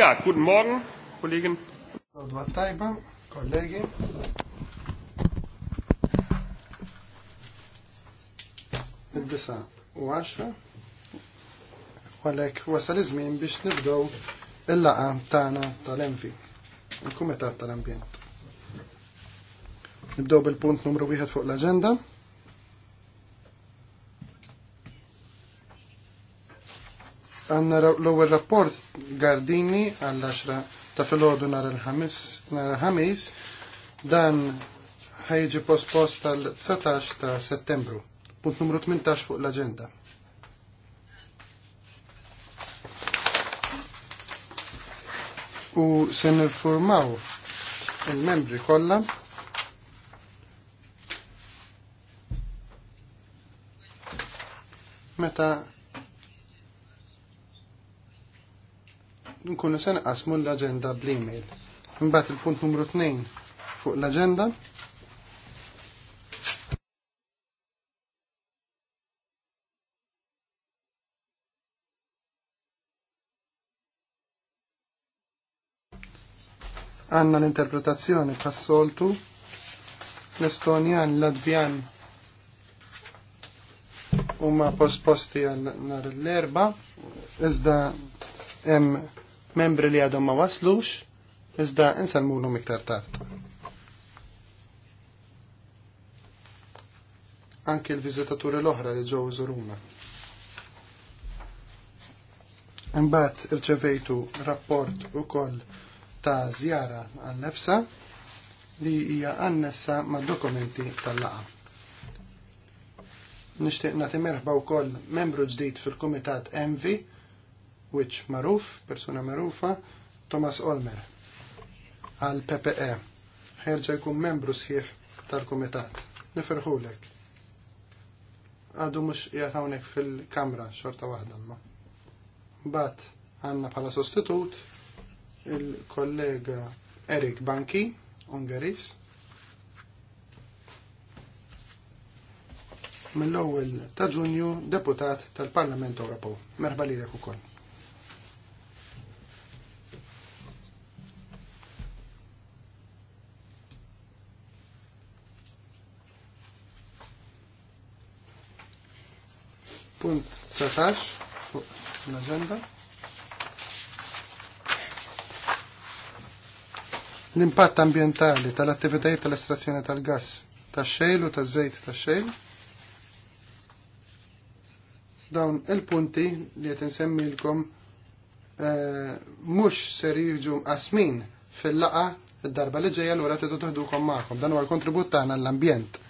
Ja, guten Morgen, Kollegen. Għodwa tajba, kollegi. Id-disa u għaxra. Għalek wasal iżmin biex nibdow il-laqa tagħna tal-envi, il-kumitat tal-ambjent. Nibdow bil-punt numru wieħed fuq l agenda għanna l ewel rapport Gardini għall-10 ta' filgħodu nar il-ħamis dan ħajġi post-post tal-19 ta' Settembru. Punt numru 18 fuq l agenda U se nirfurmaw il-membri kollha meta nkunu se nqasmu l-aġenda bl-email. Imbagħad il-punt numru 2 fuq l-aġenda. Għanna l-interpretazzjoni tas-soltu l-Estonjan, l-Latvjan huma posposti għal nar l-erba' iżda hemm membri li għadhom ma waslux, iżda insalmulhom iktar tard. Anki l-viżitaturi l-oħra li ġew iżuruna. Imbagħad irċevejtu rapport ukoll ta' żjara għan-nefsa li hija annessa mad dokumenti tal-laqa. Nixtieq nagħti merħba wkoll membru ġdid fil-Kumitat Envi which maruf, persuna marufa, Thomas Olmer, għal PPE. Ħerġa jkun membru sħiħ tal-Kumitat. Niferħulek. Għadu mux jgħatawnek fil-kamra xorta wahda ma. Bat għanna bħala sostitut il-kollega Erik Banki, Ungaris. mill-ewwel ta' Ġunju deputat tal-Parlament Ewropew. Merħba lilek ukoll. punt 19 fuq l-agenda. L-impatt ambientali tal-attivitajiet tal-estrazzjoni tal-gass tax-xejl u taż-żejt tax-xejl. Dawn il-punti li qed insemmilkom eh, mhux ser jiġu qasmin fil-laqa id-darba li ġejja l-ura tidu tuħdukom magħkom. Dan huwa l-kontribut tagħna l-ambjent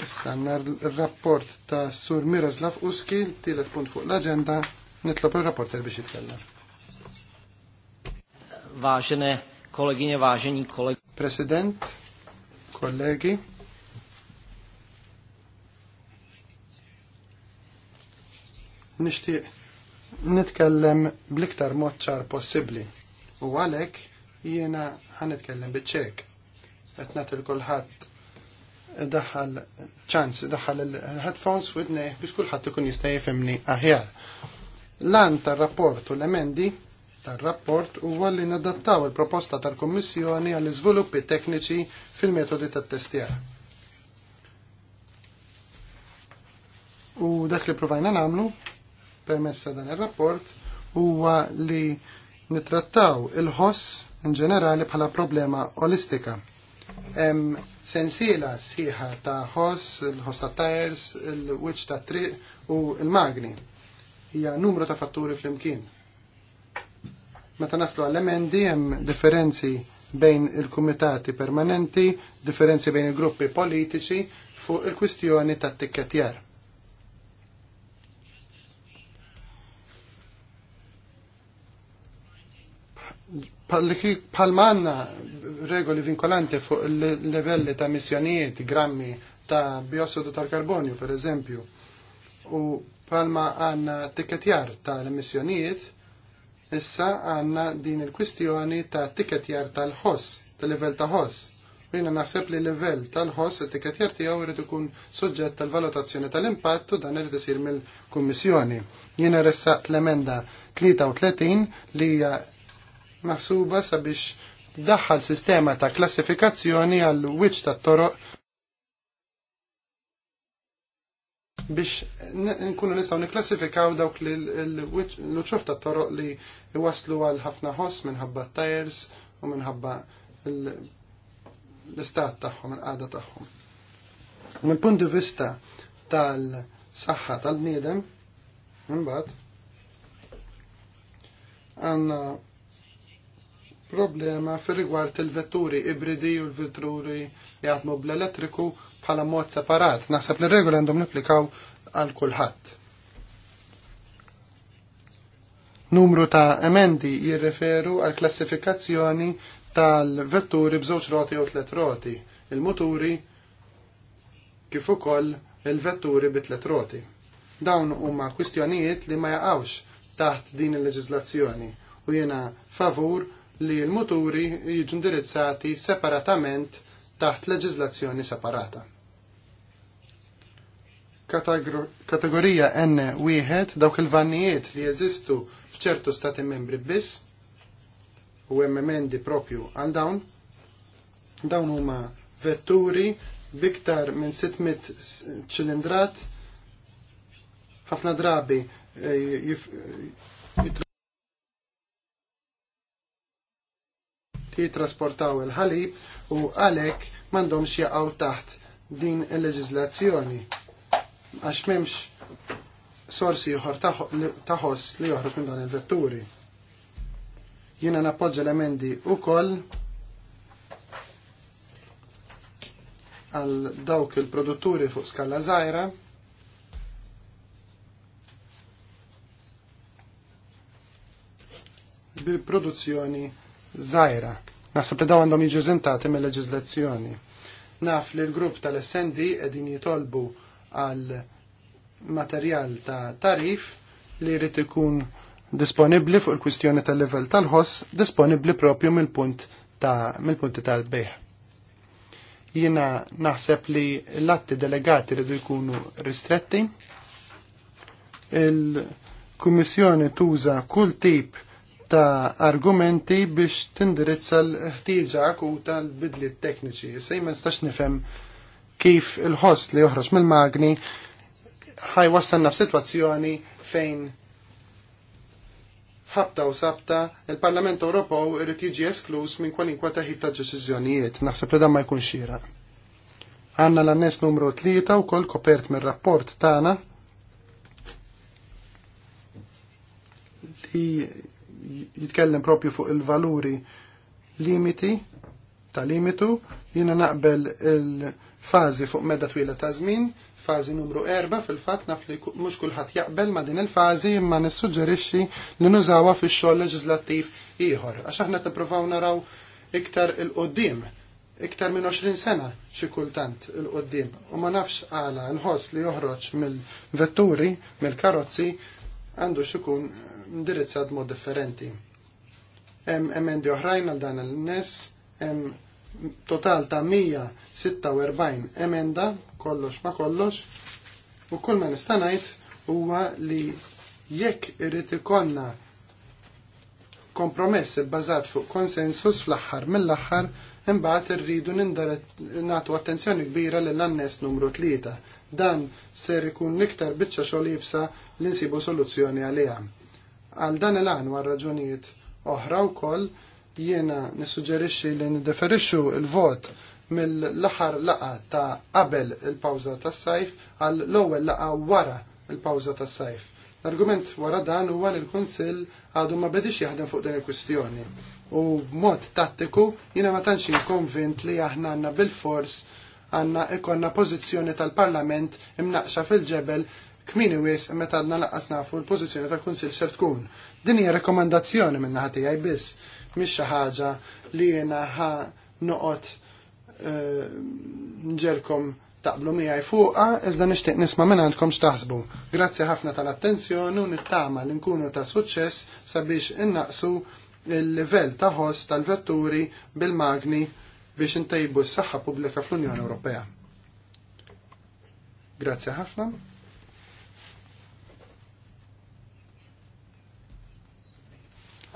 Issa nar il-rapport ta' Sur Miroslav Uski, tielet punt fuq l-agenda, nitlob il-rapporter biex jitkellem. Vaġene, kollegini, vaġeni, kollegi. President, kollegi. Nishtiq nitkellem bliktar moċċar possibli u għalek jiena ħanitkellem bieċek. Etnat il-kolħat daħal ċans, daħal il-headphones u id biex kullħat ikun jista' jifhimni aħjar. Lan tar-rapport u l-emendi tar-rapport huwa li nadattaw il-proposta tal-Kommissjoni għall iżviluppi tekniċi fil-metodi tat-testjar. U dak li provajna namlu permessa dan ir-rapport huwa li nitrattaw il-ħoss in ġenerali bħala problema olistika sensiela sħiħa ta' ħoss, il-ħoss ta' tires, il witx ta' triq u il-magni. Hija numru ta' fatturi fl-imkien. Meta naslu għall-emendi hemm differenzi bejn il-kumitati permanenti, differenzi bejn il-gruppi politiċi fuq il-kwistjoni ta' tikketjar. Palmanna regoli vinkolanti fuq il-levelli ta' missjonijiet, grammi ta' biossidu tal-karbonju, per eżempju, u palma għanna tikketjar tal-emissjonijiet, issa għanna din il-kwistjoni ta' tikketjar tal-ħoss, tal-level ta' ħoss. U jina naħseb li level tal-ħoss il-tikketjar tiegħu irid ikun suġġett tal-valutazzjoni tal-impatt u dan irid isir mill-Kummissjoni. Jina ressaqt l-emenda 33 li hija maħsuba sabiex daħħal sistema ta' klassifikazzjoni għal wiċ ta' toroq biex nkunu nistaw niklassifikaw dawk l-uċuħ ta' toroq li waslu għal ħafna ħoss minħabba tires u minħabba l-istat tagħhom, l qada tagħhom. mill punti vista tal-saħħa tal-bniedem, imbagħad għandna problema fir rigward il-vetturi ibridi u l-vetturi li jaħdmu bl-elettriku bħala mod separat. Naħseb li regola għandhom niplikaw għal kulħadd. Numru ta' emendi jirreferu għal klassifikazzjoni tal-vetturi b'żewġ roti u tliet roti, il-muturi kif ukoll il-vetturi bi tliet roti. Dawn huma kwistjonijiet li ma jaqgħux taħt din il-leġiżlazzjoni u jiena favur li l-muturi jiġu indirizzati separatament taħt leġiżlazzjoni separata. Kategorija N1 dawk il-vannijiet li jeżistu f'ċertu stati membri biss u hemm emendi propju għal dawn. Dawn huma vetturi biktar minn 600 ċilindrat ħafna drabi e, jif, jif, jitrasportaw il-ħalib u għalhekk m'għandhomx jaqgħu taħt din il-leġiżlazzjoni għax m'hemmx sorsi uħor taħos li joħroġ minn dan il-vetturi. Jiena nappoġġa l-emendi wkoll għal dawk il-produtturi fuq skala żgħira bi produzzjoni Zajra. Naħseb li daw għandhom jiġu żentati mill leġislazzjoni Naf li l-grupp tal-SND qegħdin jitolbu għal materjal ta' tarif li jrid ikun disponibbli fuq il-kwistjoni tal-livell tal-ħoss, disponibbli propju mill-punt ta' mill-punti tal-bejħ. Jiena naħseb li l-atti delegati ridu jkunu ristretti. Il-Kummissjoni tuża kull tip ta' argumenti biex tindirizza l-ħtieġa akuta l-bidliet tekniċi. Issej ma nistax nifhem kif il-ħost li joħroġ mill-magni ħajwassalna f'sitwazzjoni fejn ħabta u sabta il-Parlament Ewropew irid jiġi esklus minn kwalinkwa taħid ta' deċiżjonijiet. Naħseb li dan ma jkunx xira. Għanna l-annes numru 3 wkoll kopert mir-rapport tagħna li jitkellem propju fuq il-valuri limiti ta' limitu, jina naqbel il-fazi fuq medda twila ta' żmien, fazi numru 4 fil-fatt naf li mhux kulħadd jaqbel ma' din il-fazi imma nissuġġerixxi li nużawha fix-xogħol leġislattiv ieħor għax aħna tippruvaw naraw iktar il-qoddim iktar minn 20 sena xi kultant il-qoddim u ma nafx għala nħoss li joħroġ mill-vetturi, mill-karozzi għandu xikun indirizzat mod differenti. Hemm emendi oħrajn għal dan il-nies, hemm total ta' 146 emenda, kollox ma kollox, u kull ma nista' ngħid huwa li jekk irid ikollna kompromess bbażat fuq konsensus fl-aħħar mill-aħħar, imbagħad irridu nagħtu attenzjoni kbira lil annes numru tlieta. Dan ser ikun l-iktar biċċa xogħol jibsa li nsibu soluzzjoni għaliha. Għal dan il-għan għal raġunijiet oħra wkoll jiena nissuġġerixxi li nideferixu il-vot mill-aħħar laqa ta' qabel il pawza tas-sajf għal l-ewwel laqa wara il pawza tas-sajf. L-argument wara dan huwa li l-Kunsill għadu ma bedix jaħdem fuq din il-kwistjoni. U b'mod tattiku jiena ma tantx konvint li aħna għandna bil-fors għandna ikonna pożizzjoni tal-Parlament imnaqxa fil-ġebel kmini wis meta għadna laqqas nafu l-pożizzjoni tal-Kunsill ser tkun. Din hija rekomandazzjoni minn naħati tiegħi biss, mhix xi ħaġa li jiena ħa noqgħod eh, nġerkom taqblu miegħi fuqha iżda nixtieq nisma' minn għandkom x'taħsbu. Grazzi ħafna tal-attenzjoni u nittama li nkunu ta' suċċess sabiex innaqsu il-livell ta' ħoss tal-vetturi bil-magni biex intajbu s-saħħa pubblika fl-Unjoni Ewropea. Grazzi ħafna.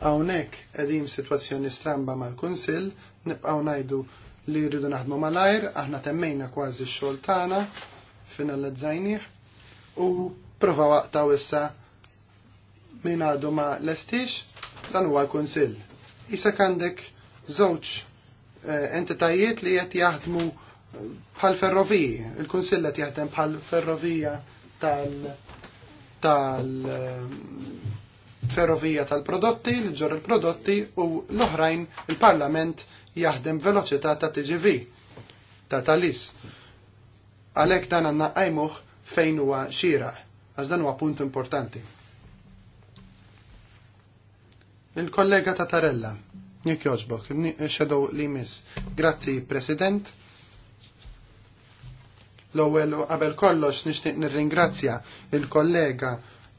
Hawnhekk qegħdin sitwazzjoni stramba mal-Kunsill, nibqgħu ngħidu li jridu naħdmu mal malajr, aħna temmejna kważi x-xogħol tagħna finalizzajnieh u prova waqtaw issa min għadu ma lestix dan huwa l-Kunsill. Isek għandek żewġ eh, entitajiet li qed jaħdmu eh, bħal ferroviji. Il-Kunsill qed jaħdem bħal ferrovija tal eh, ferrovija tal-prodotti li ġor il-prodotti u l-oħrajn il-Parlament jaħdem veloċità ta' TGV ta' talis. Għalek dan għanna għajmuħ fejn huwa xira, għax dan huwa punt importanti. Il-kollega ta' Tarella, Nick Joġbok, xedow li mis. Grazzi, President. L-ewwel qabel kollox nixtieq nirringrazzja il-kollega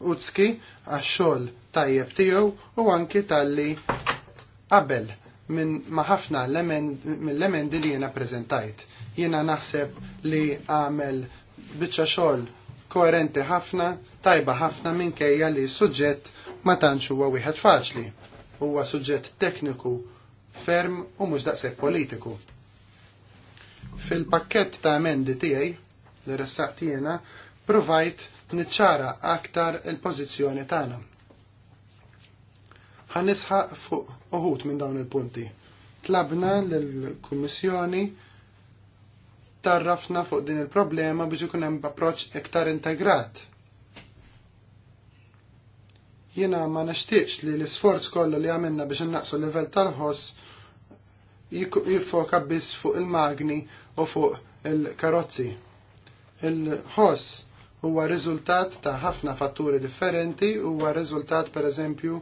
Utski għax-xogħol tajjeb tiegħu u anki talli qabel minn ma ħafna mill-emendi li jiena prezentajt. Jiena naħseb li għamel biċċa xogħol koerenti ħafna, tajba ħafna minkejja li suġġett ma tantx huwa wieħed faċli. Huwa suġġett tekniku ferm u mhux daqshekk politiku. Fil-pakkett ta' emendi tiegħi li ressaqt jiena provajt niċċara aktar il-pożizzjoni tagħna Għanisħaq fuq uħut minn dawn il-punti. Tlabna l-Kummissjoni tarrafna fuq din il-problema biex ikun hemm approċċ iktar integrat. Jiena ma nixtieqx li l-isforz kollu li għamilna biex innaqsu l-livell tal-ħoss jiffoka biss fuq il-magni u fuq il-karozzi. Il-ħoss huwa riżultat ta' ħafna fatturi differenti, huwa riżultat pereżempju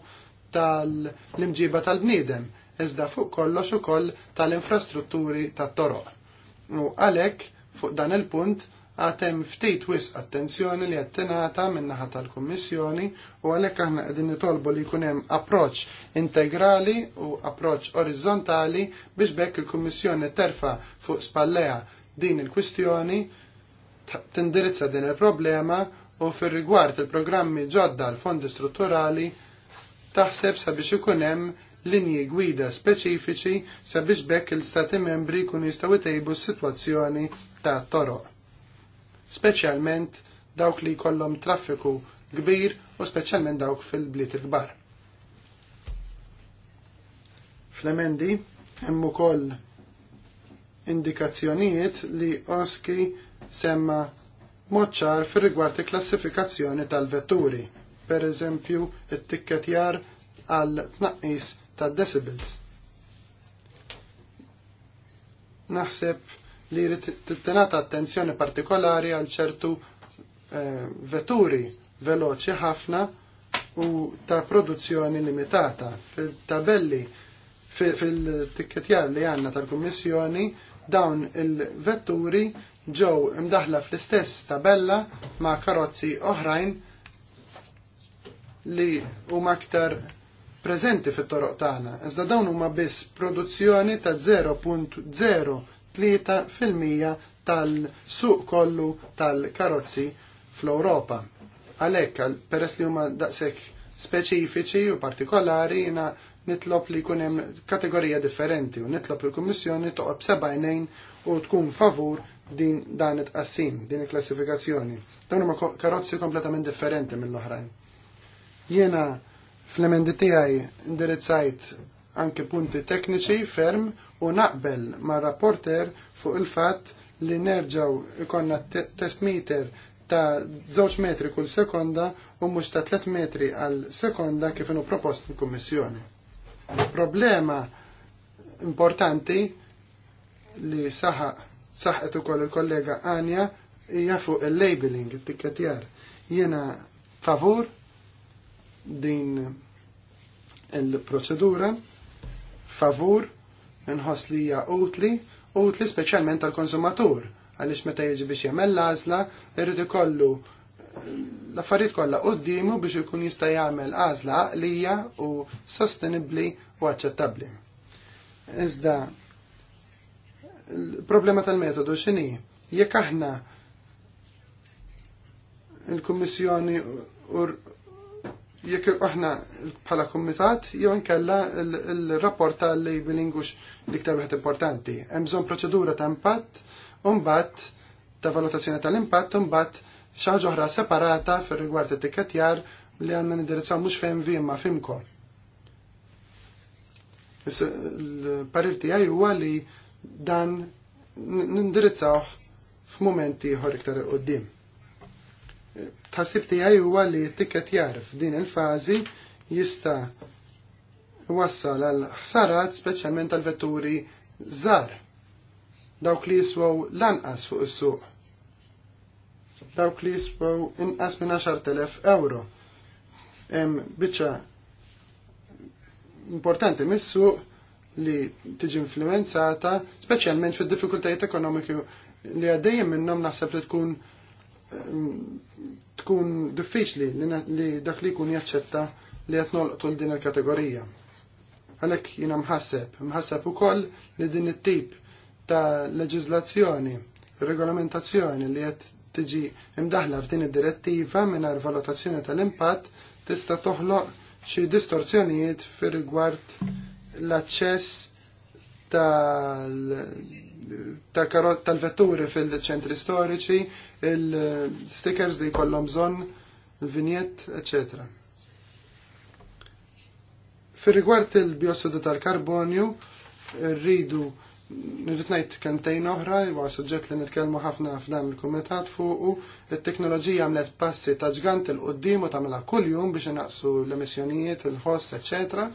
tal-imġiba tal-bniedem, iżda fuq kollox ukoll tal-infrastrutturi tat-toroq. U għalhekk fuq dan il-punt għatem ftit wis attenzjoni li għattenata minnaħat tal-Kommissjoni u għalek aħna għedin nitolbu li kunem approċ integrali u approċ orizzontali biex bekk il-Kommissjoni terfa fuq spalleja din il-kwistjoni tindirizza din il-problema u fir rigward il-programmi ġodda l-fondi strutturali taħseb sabiex ikun hemm linji gwida speċifiċi sabiex bekk il-Stati membri jkunu jistgħu jtejbu s-sitwazzjoni ta' toroq. Speċjalment dawk li jkollhom traffiku kbir u speċjalment dawk fil-bliet il-kbar. fl hemm ukoll indikazzjonijiet li Oski semma moċċar fir rigward il-klassifikazzjoni tal-vetturi per eżempju it-tikketjar għal tnaqqis ta' decibels. Naħseb li tittenata attenzjoni partikolari għal ċertu eh, vetturi veloċi ħafna u ta' produzzjoni limitata. Fil-tabelli, fil-tikketjar li għanna tal-Kummissjoni, dawn il-vetturi ġew imdaħla fl-istess tabella ma' karozzi oħrajn li huma aktar prezenti fit-toroq tagħna, iżda dawn huma biss produzzjoni ta' 0.03 fil-mija tal-suq kollu tal-karozzi fl-Ewropa. Għalhekk, peress li huma daqshekk speċifiċi u partikolari, jiena nitlob li jkun hemm kategorija differenti u nitlob il-Kummissjoni toqgħod sebajnejn u tkun favur din dan it-qassim, din il-klassifikazzjoni. Dawn huma karozzi kompletament differenti mill-oħrajn. Jena fl-emendi tiegħi indirizzajt anke punti tekniċi ferm u naqbel ma' rapporter fuq il-fatt li nerġaw ikonna test meter ta' 2 metri kull sekonda u mhux ta' 3 metri għal sekonda kif inhu propost mill-Kummissjoni. Problema importanti li saħaq u ukoll il-kollega Anja hija fuq il-labeling, it-tikketjar. Jiena favur din il-proċedura favur nħoss li hija utli, utli speċjalment tal-konsumatur għaliex meta jieġi biex jagħmel l-għażla irrid ikollu l-affarijiet kollha quddiemu biex ikun jista' jagħmel għażla għaqlija u sostenibbli u aċċettabbli. Iżda il-problema tal-metodu x'inhi? Jekk aħna il-Kummissjoni jekk aħna bħala kumitat jew inkella l-rapport tal-labeling l-iktar wieħed importanti. Hemm bżonn proċedura ta' impatt u mbagħad ta' valutazzjoni tal-impatt u mbagħad xi ħaġa oħra separata fir-rigward it-tikketjar li għandna nindirizzaw mhux fejn vi imma fimkom. L-parir tiegħi huwa li dan nindirizzaw f'mumenti ħor iktar qudiem tħassib tiegħi huwa li t-tikket jarf din il-fażi jista' wassal għal ħsarat speċjalment tal vetturi żgħar dawk li jiswaw lanqas fuq is-suq. Dawk li jiswaw inqas minn 10,000 euro. Hemm biċċa importanti mis-suq li tiġi influenzata speċjalment fid-diffikultajiet ekonomiku li għaddejjem minnhom naħseb li tkun tkun diffiċli li dak li jkun jaċċetta li qed nolqtu din il-kategorija. Għalhekk jiena mħasseb, mħasseb ukoll li din it-tip ta' leġiżlazzjoni, regolamentazzjoni li qed tiġi imdaħla f'din id-direttiva mingħajr valutazzjoni tal-impatt tista' toħloq xi distorzjonijiet fir rigward l-aċċess tal tal-vetturi fil-ċentri storiċi, il-stickers li jkollhom bżonn, il-vinjet, eccetera. Fir-rigward il-biossidu tal-karbonju, rridu nirritnajt ngħid kentejn oħra, huwa suġġett li nitkellmu ħafna f'dan il-kumitat fuqu, it-teknoloġija għamlet passi ta' ġgant il qudiem u kull kuljum biex naqsu l-emissjonijiet, il-ħoss, eċetera,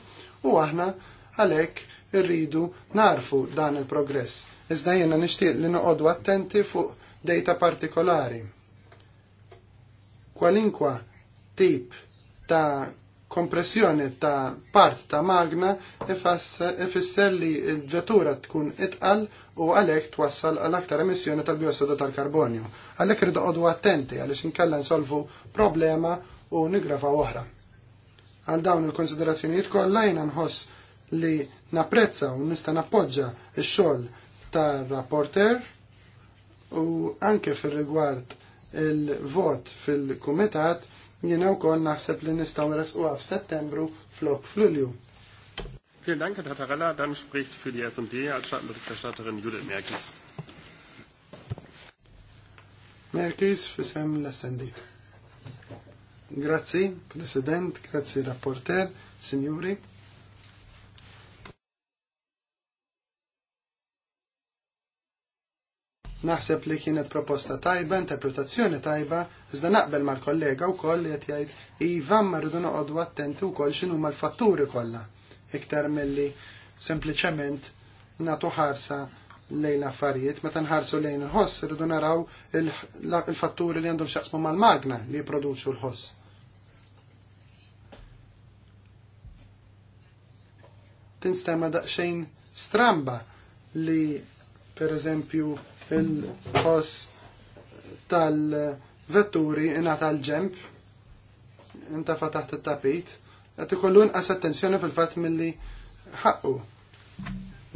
u aħna għalhekk irridu narfu dan il-progress. Iżda jiena nixtieq li noqodu attenti fuq data partikolari. Kwalinkwa tip ta' kompressjoni ta' part ta' magna ifisser li l-ġatura tkun itqal u għalek twassal għal aktar emissjoni tal-biossidu tal-karbonju. Għalek rridu għodu attenti għalix nkella nsolvu problema u nigrafa oħra. Għal dawn il-konsiderazzjonijiet jitkollajna nħoss li napprezza u nista nappoġġa x-xogħol tar rapporter u anke fil-rigward il-vot fil-kumitat jiena wkoll naħseb li nistgħu nresquha f'Settembru flok f'Lulju. Vielen Dank, Herr Tarella. Dann spricht für die SMD als Schattenberichterstatterin Judith Merkis. Merkis, fissem l-S&D. Grazzi, President, grazie rapporteur, Signori. Naħseb li kienet proposta tajba, interpretazzjoni tajba, iżda naqbel mal-kollega u koll li jgħid iva ma rridu noqogħdu attenti wkoll x'inhu mal-fatturi kollha. Iktar milli sempliċement nagħtu ħarsa lejn affarijiet, meta nħarsu lejn il-ħoss rridu naraw il-fatturi li għandhom x'jaqsmu mal-magna li jipproduċu l-ħoss. Tinstema daqsxejn stramba li per eżempju il-ħoss tal-vetturi inna l-ġemp inta fataħt it-tapit qed ikollu inqas attenzjoni fil-fatt milli ħaqqu.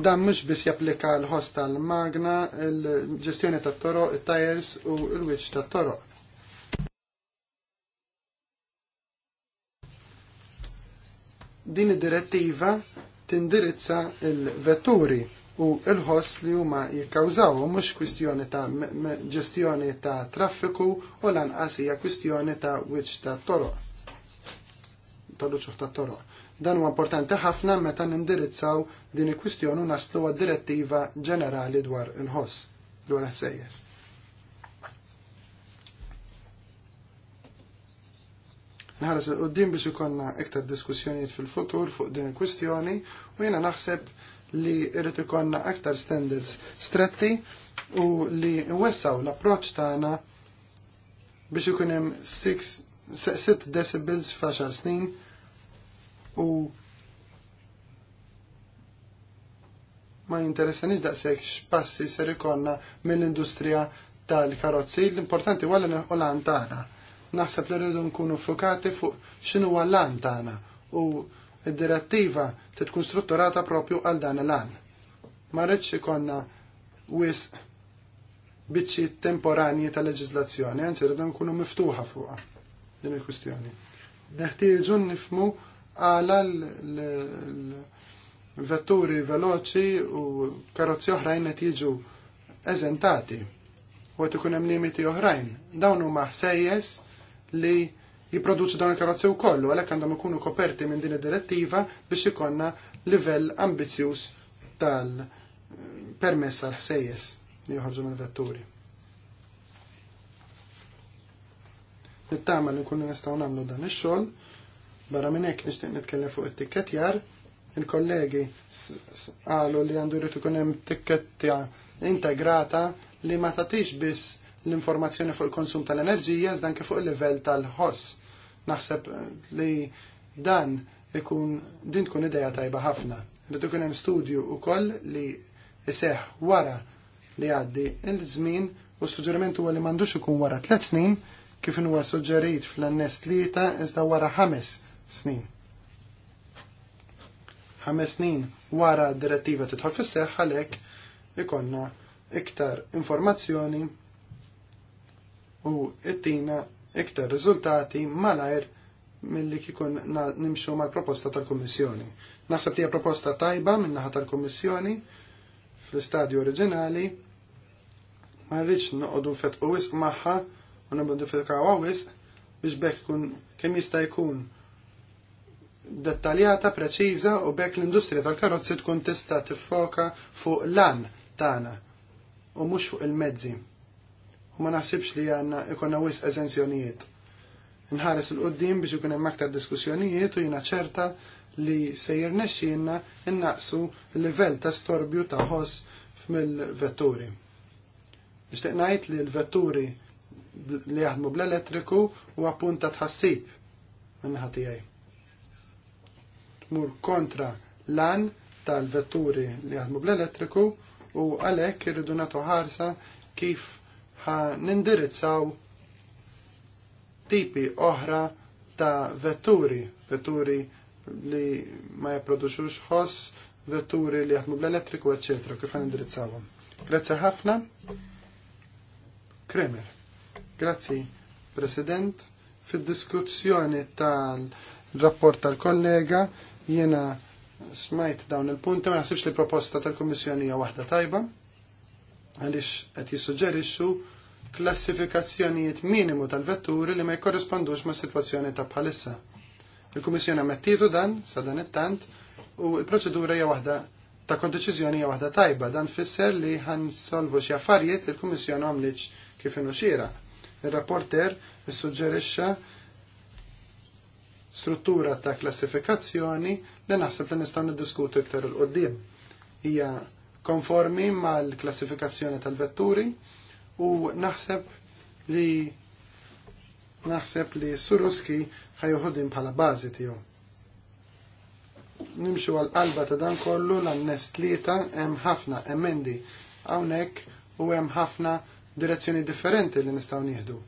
Dan mux biss japplika l-ħoss tal-magna, il-ġestjoni tat-toroq, il tires u l-wiċċ tat-toroq. Din id-direttiva tindirizza il-vetturi u il-ħoss li huma jikkawżaw mhux kwistjoni ta' ġestjoni ta' traffiku u lanqas hija kwistjoni ta' wiċċ ta' toroq. Ta' ta' toroq. Dan huwa importanti ħafna meta nindirizzaw din il-kwistjoni u naslu direttiva ġenerali dwar il-ħoss dwar ħsejjes. Nħares il-qoddim biex ikonna iktar diskussjonijiet fil-futur fuq din il-kwistjoni u jiena naħseb li irrid konna aktar standards stretti u li wessaw l-approċ tagħna biex ikun hemm 6 decibels f'għaxar snin u ma jinteressanix daqshekk x'passi ser ikollna mill-industrija tal-karozzi. L-importanti huwa l-għan tagħna. Naħseb li rridu nkunu fukati fuq x'inhu l-għan tagħna u Id-direttiva titkun strutturata propju għal dan l-għan. Ma rridx ikonna wisq biċċi temporanji ta' leġizlazzjoni, għanzi rridu kunu miftuħa fuqha din il-kustjoni. Neħtieġu nifmu għala l-vetturi veloċi u karozzi oħrajn qed jiġu eżentati u qed ikun hemm limiti oħrajn. Dawn huma ħsejjes li Jiproduċu dan il-karozzi wkoll kollu, għalhekk għandhom ikunu koperti minn din id-direttiva biex ikonna livell ambizzjuż tal-permess għal ħsejjes li joħorġu minn vetturi. Nittama li nkunu nistgħu nagħmlu dan ix-xogħol, barra minn hekk nixtieq nitkellem fuq it-tikketjar, il-kollegi qalu li għandu jrid ikun hemm integrata li ma tagħtix biss l-informazzjoni fuq il-konsum tal-enerġija zdan fuq il-level tal-ħoss. Naħseb eh, li dan ikun din tkun ideja tajba ħafna. Li tkun hemm studju wkoll li iseħ wara li għaddi il-żmien u suġġeriment huwa li m'għandux ikun wara tliet snin kif huwa suġġerit fl-annes tlieta iżda wara ħames snin. Ħames snin wara d-direttiva tidħol fis-seħħ għalhekk ikonna iktar informazzjoni u ittina iktar riżultati malajr mill-li kikun nimxu mal-proposta tal-Kommissjoni. Naħseb hija proposta tajba minnaħa tal-Kommissjoni fl-istadju oriġinali, ma rridx noqogħdu fetqu wisq magħha u nibodifikaw wisq biex bekk kun kemm jista' jkun dettaljata, preċiża u bekk l-industrija tal-karozzi tkun tista' tiffoka fuq lan tagħna u mhux fuq il-mezzi u ma naħsibx li għanna ikonna wis eżenzjonijiet. Nħares il-qoddim biex ikun hemm aktar diskussjonijiet u jiena ċerta li sejjer nexxinna innaqsu l-livell ta' storbju ta' ħoss mill-vetturi. Nixtieq ngħid li l-vetturi li jaħdmu bl-elettriku u appunta tħassib minnaħa tiegħi. Mur kontra lan tal-vetturi li jaħdmu bl-elettriku u għalhekk irridu nagħtu ħarsa kif ħa nindirizzaw tipi oħra ta' vetturi, vetturi li ma jipproduxux ħoss, vetturi li jaħdmu bl-elettriku, ecc. kif għan indirizzawhom. Grazzi ħafna. Kremer. Grazzi, President. Fid-diskussjoni tal-rapport tal-kollega jiena smajt dawn il-punti ma jasibx li proposta tal-Kummissjoni hija waħda tajba għaliex qed jissuġġerixxu klassifikazzjonijiet minimu tal-vetturi li ma jkorrispondux ma' situazzjoni ta' bħalissa. Il-Kummissjoni ammettitu dan, sa dan it-tant, u il-proċedura hija waħda ta' kondeċiżjoni hija waħda tajba, dan fisser li ħansolvu xi affarijiet li l-Kummissjoni għamlitx kif inhu xira. Il-rapporter issuġġerixxa struttura ta' klassifikazzjoni li naħseb li nistgħu niddiskutu iktar il qoddim Hija konformi mal-klassifikazzjoni tal-vetturi, u naħseb li naħseb li Suruski ħajuħodin bħala bażi tiegħu. Nimxu għal qalba ta' dan kollu l-annes tlieta hemm ħafna emendi hawnhekk u hemm ħafna direzzjoni differenti li nistgħu nieħdu.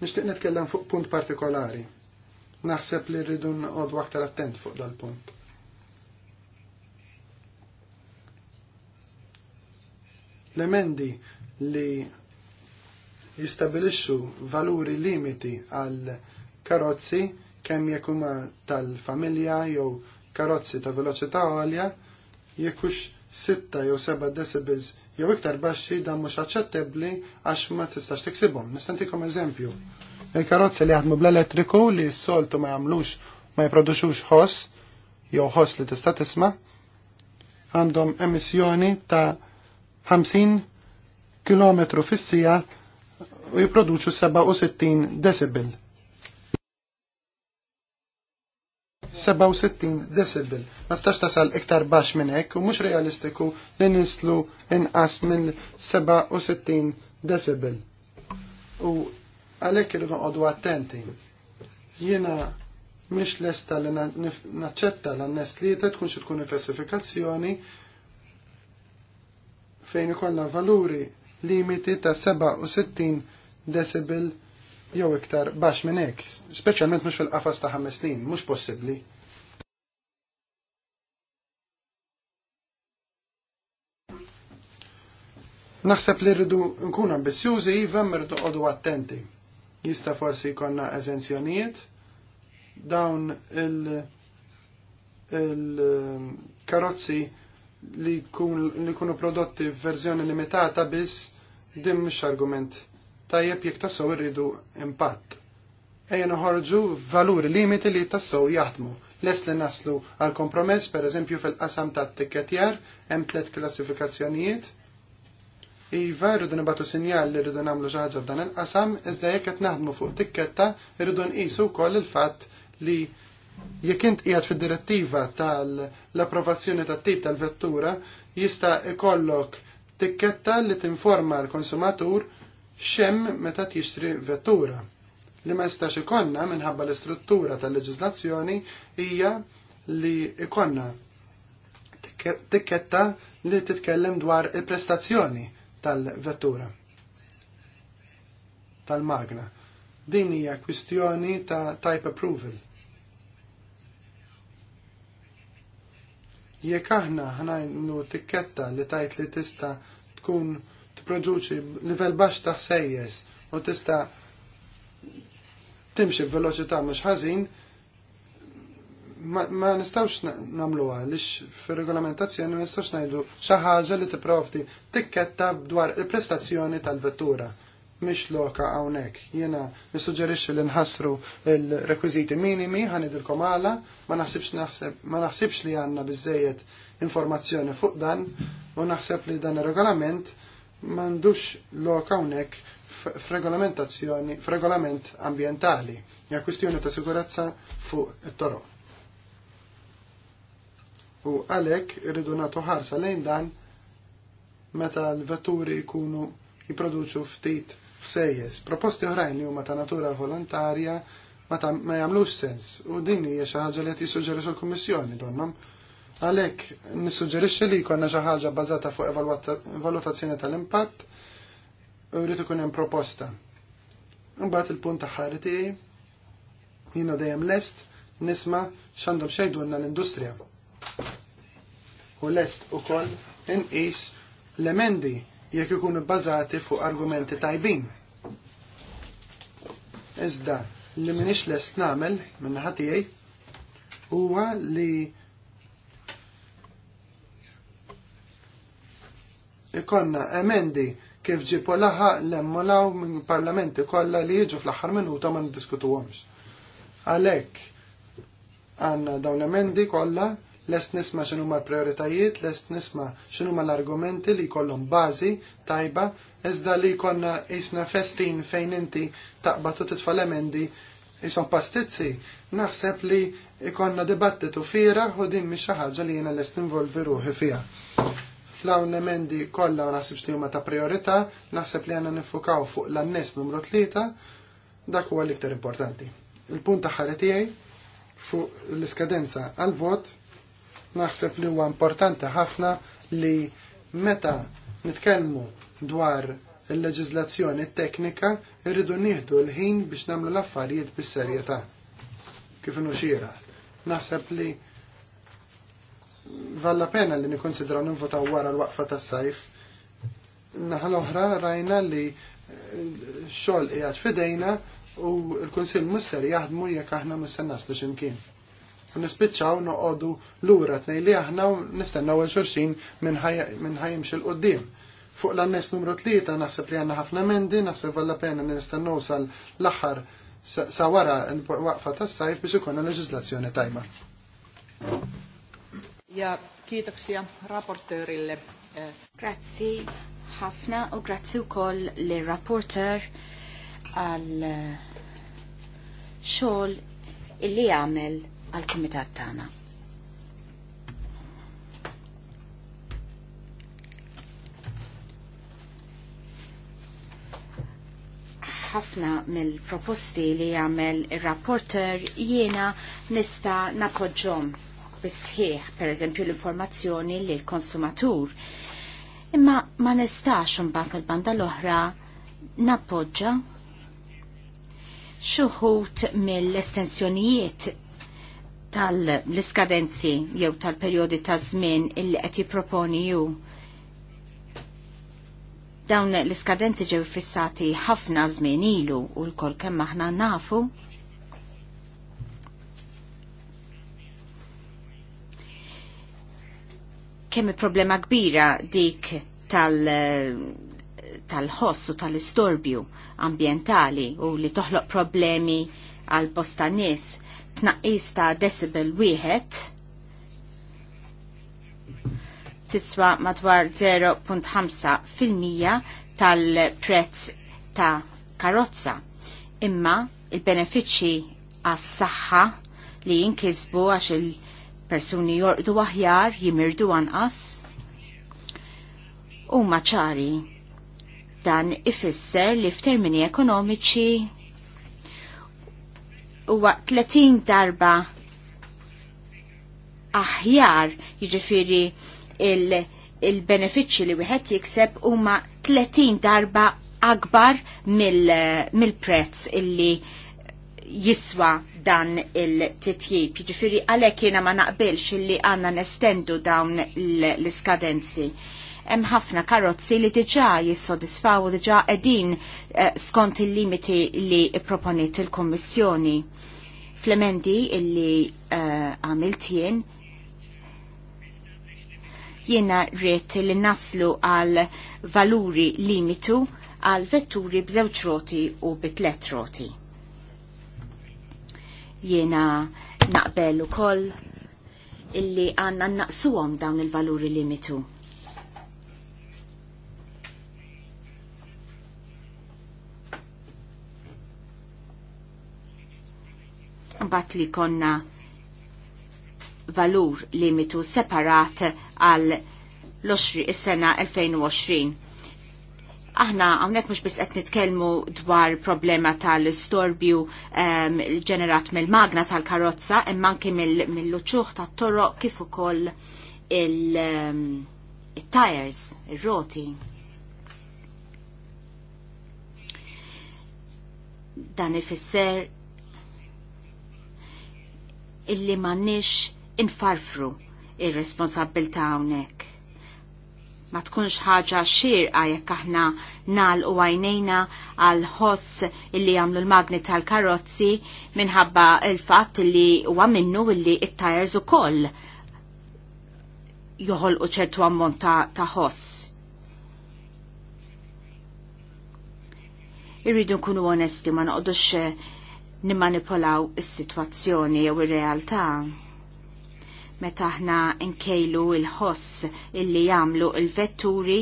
Nixtieq nitkellem fuq punt partikolari. Naħseb li rridu nqogħdu aktar attent fuq dal-punt. L-emendi li jistabilixxu valuri limiti għal karozzi kemm jekk huma tal-familja jew karozzi ta' veloċità għolja jekk hux 6 jew 7 decibels jew iktar baxxi dan mhux aċċettabbli għax ma tistax tiksibhom. Nistentikom eżempju. Il-karozzi li jaħdmu bl-elettriku li s-soltu ma jagħmlux ma jipproduxux ħoss jew ħoss li tista' tisma' għandhom emissjoni ta' 50 km fis-sija u jipproduċu 67 decibel. 67 decibel. Ma stax tasal iktar baxx minn hekk u mhux realistiku li nislu inqas minn 67 decibel. U għalhekk irridu noqogħdu attenti. Jiena mhix lesta li naċċetta l-annes li tkun xi tkun il-klassifikazzjoni fejn ikollna valuri limiti ta' 67 decibel jew iktar baxx minn hekk, speċjalment mhux fil-qafas ta' ħames snin, mhux possibbli. Naħseb li rridu nkun ambizzjużi iva rridu qogħdu attenti. Jista' forsi jkollna eżenzjonijiet dawn il- il-karozzi um, li jkunu prodotti f'verżjoni limitata biss din mhux argument tajjeb jekk tassew irridu impatt. Ejja noħorġu valuri limiti li tassew jaħdmu. Lest li naslu għal kompromess, per eżempju fil-qasam ta' tikketjar, hemm tliet klassifikazzjonijiet. Iva, rridu nibatu sinjal li rridu namlu ħaġa f'dan il-qasam, iżda jekk qed naħdmu fuq tikketta, rridu nqisu wkoll il-fatt li jekk int qiegħed fid-direttiva tal-approvazzjoni tat-tip tal-vettura, jista' ikollok tikketta li tinforma l-konsumatur xem meta tixtri vettura li ma jistax ikonna minħabba l-istruttura tal-leġizlazzjoni hija li ikonna tikketta li titkellem dwar il-prestazzjoni tal-vettura tal-magna. Din hija kwistjoni ta' type approval. Jekk aħna ħnajnu tikketta li tajt li tista' tkun tipproduċi nivell baxx ta' u tista' timxi veloċità mhux ħażin, ma nistawx namluha lix fir-regolamentazzjoni ma nistawx ngħidu xi ħaġa li tipprovdi tikketta dwar il-prestazzjoni tal-vettura mish loka għawnek. Jena nissuġġerixxi li nħassru l-rekwiziti minimi ħanidilkom għala, ma naħsibx ma naħsibx li għandna bizzejet informazzjoni fuq dan u naħseb li dan ir-regolament m'għandux lok hawnhekk f'regolamentazzjoni, f'regolament ambientali, hija kwistjoni ta' sigurazza fuq it-toroq. U għalhekk irridu nagħtu ħarsa lejn dan meta l-vetturi jkunu jipproduċu ftit f'sejjes. Proposti oħrajn li huma ta' natura volontarja ma, ta, ma jamlux sens u din hija xi ħaġa li qed jissuġġeri l kummissjoni donhom Għalhekk nissuġġerixxi li jkollna xi ħaġa bbażata fuq valutazzjoni tal-impatt u jrid ikun hemm proposta. Imbagħad il-punt ta' ħari tiegħi jiena dejjem lest nisma' x'għandhom xejdunna l-industrija. U lest ukoll inqis l-emendi jekk ikunu bbażati fuq argumenti tajbin. Iżda li minix lest nagħmel minn tiegħi huwa li ikonna emendi kif ġipu laħa l-emmolaw minn parlamenti kolla li jiġu fl-axar minuta ma għomx. Għalek, għanna dawn l-emendi kolla, lest nisma xinu ma prioritajiet, lest nisma xinu ma l-argumenti li kollum bazi, tajba, iżda li konna jisna festin fejn inti taqbatu titfa l-emendi jisom pastizzi, naħseb li ikonna dibattitu fira u din mi xaħġa li jena lest involvi ruħi fija. Flawn l-emendi kollha u naħseb li huma ta' priorità, naħseb li għandna nifukaw fuq l-annes numru tlieta, dak huwa l-iktar importanti. Il-punt ta' tiegħi fuq l-iskadenza għal-vot naħseb li huwa importanti ħafna li meta nitkellmu dwar il-leġizlazzjoni teknika irridu nieħdu l-ħin biex nagħmlu l-affarijiet bis-serjetà. Kif inhu xira. Naħseb li valla pena li nikonsidraw nivvotaw wara l-waqfa tas sajf Naħal oħra rajna li eh, xogħol qiegħed fidejna u l-Kunsill musser jaħdmu jekk aħna musser naslu x'imkien. Nispiċċaw noqogħdu lura tnej li aħna nistennaw għal xulxin minn ħajim xil qudiem Fuq l-annes numru tlieta naħseb li għandna ħafna mendi, naħseb valla pena li sal l-aħħar sa wara l-waqfa tas-sajf biex ikun leġiżlazzjoni tajba ja kiitoksia raportöörille. Grazzi ħafna u grazzi wkoll li rapporter għal eh, xogħol illi għamel għal kumitat tagħna. ħafna mill-proposti li jagħmel ir-rapporter jiena nista' napoġġhom bisħieħ, per eżempju, l-informazzjoni li l-konsumatur. Imma ma nistax mbagħad mill-banda l-oħra nappoġġa xuħut mill-estensjonijiet tal-iskadenzi jew tal-perjodi ta' żmien il qed jipproponi ju. Dawn l-iskadenzi ġew fissati ħafna żmien ilu u l-kol kemm aħna nafu kemm problema kbira dik tal- tal-ħoss u tal-istorbju ambientali u li toħloq problemi għal bosta nies tnaqqis ta' decibel wieħed tiswa madwar 0.5 fil-mija tal-prezz ta' karozza. Imma il-benefiċċji għas saħħa li jinkisbu għax il- persuni jorqdu aħjar, jimirdu anqas. U maċari, dan ifisser li f'termini ekonomiċi huwa 30 darba aħjar jiġifieri il- il-benefiċċji li wieħed jikseb huma 30 darba akbar mill-prezz mil illi jiswa dan il-titjib. Ġifiri għalek jena ma naqbilx illi għanna nestendu dawn l-iskadenzi. Hemm ħafna karozzi li diġà jissodisfaw u diġà qegħdin eh, skont il-limiti li proponiet il-Kommissjoni. Flemendi illi eh, għamilt jien jiena rrit li naslu għal valuri limitu għal vetturi b'żewġ roti u bitlet roti. Jiena naqbel ukoll illi għandna naqsuhom dawn il-valuri limitu. Mbatt li konna valur limitu separat għal l-20 is-sena 2020 Aħna hawnhekk mhux biss qed nitkellmu dwar problema tal storbju um, ehm, ġenerat mill-magna tal-karozza imma anke mill-luċuħ tat-toroq kif ukoll ehm, il-tires, um, il ir-roti. dan ifisser illi mannix infarfru il-responsabil ta' hawnhekk ma tkunx ħaġa xirqa jekk aħna nal u għajnejna għal ħoss illi għamlu l-magni tal-karozzi minħabba il-fatt illi huwa minnu illi it-tajers u koll joħolqu ċertu ammont ta' ħoss. Irridu nkunu onesti ma noqdux nimmanipolaw is-sitwazzjoni jew ir-realtà meta aħna nkejlu il-ħoss illi jagħmlu il-vetturi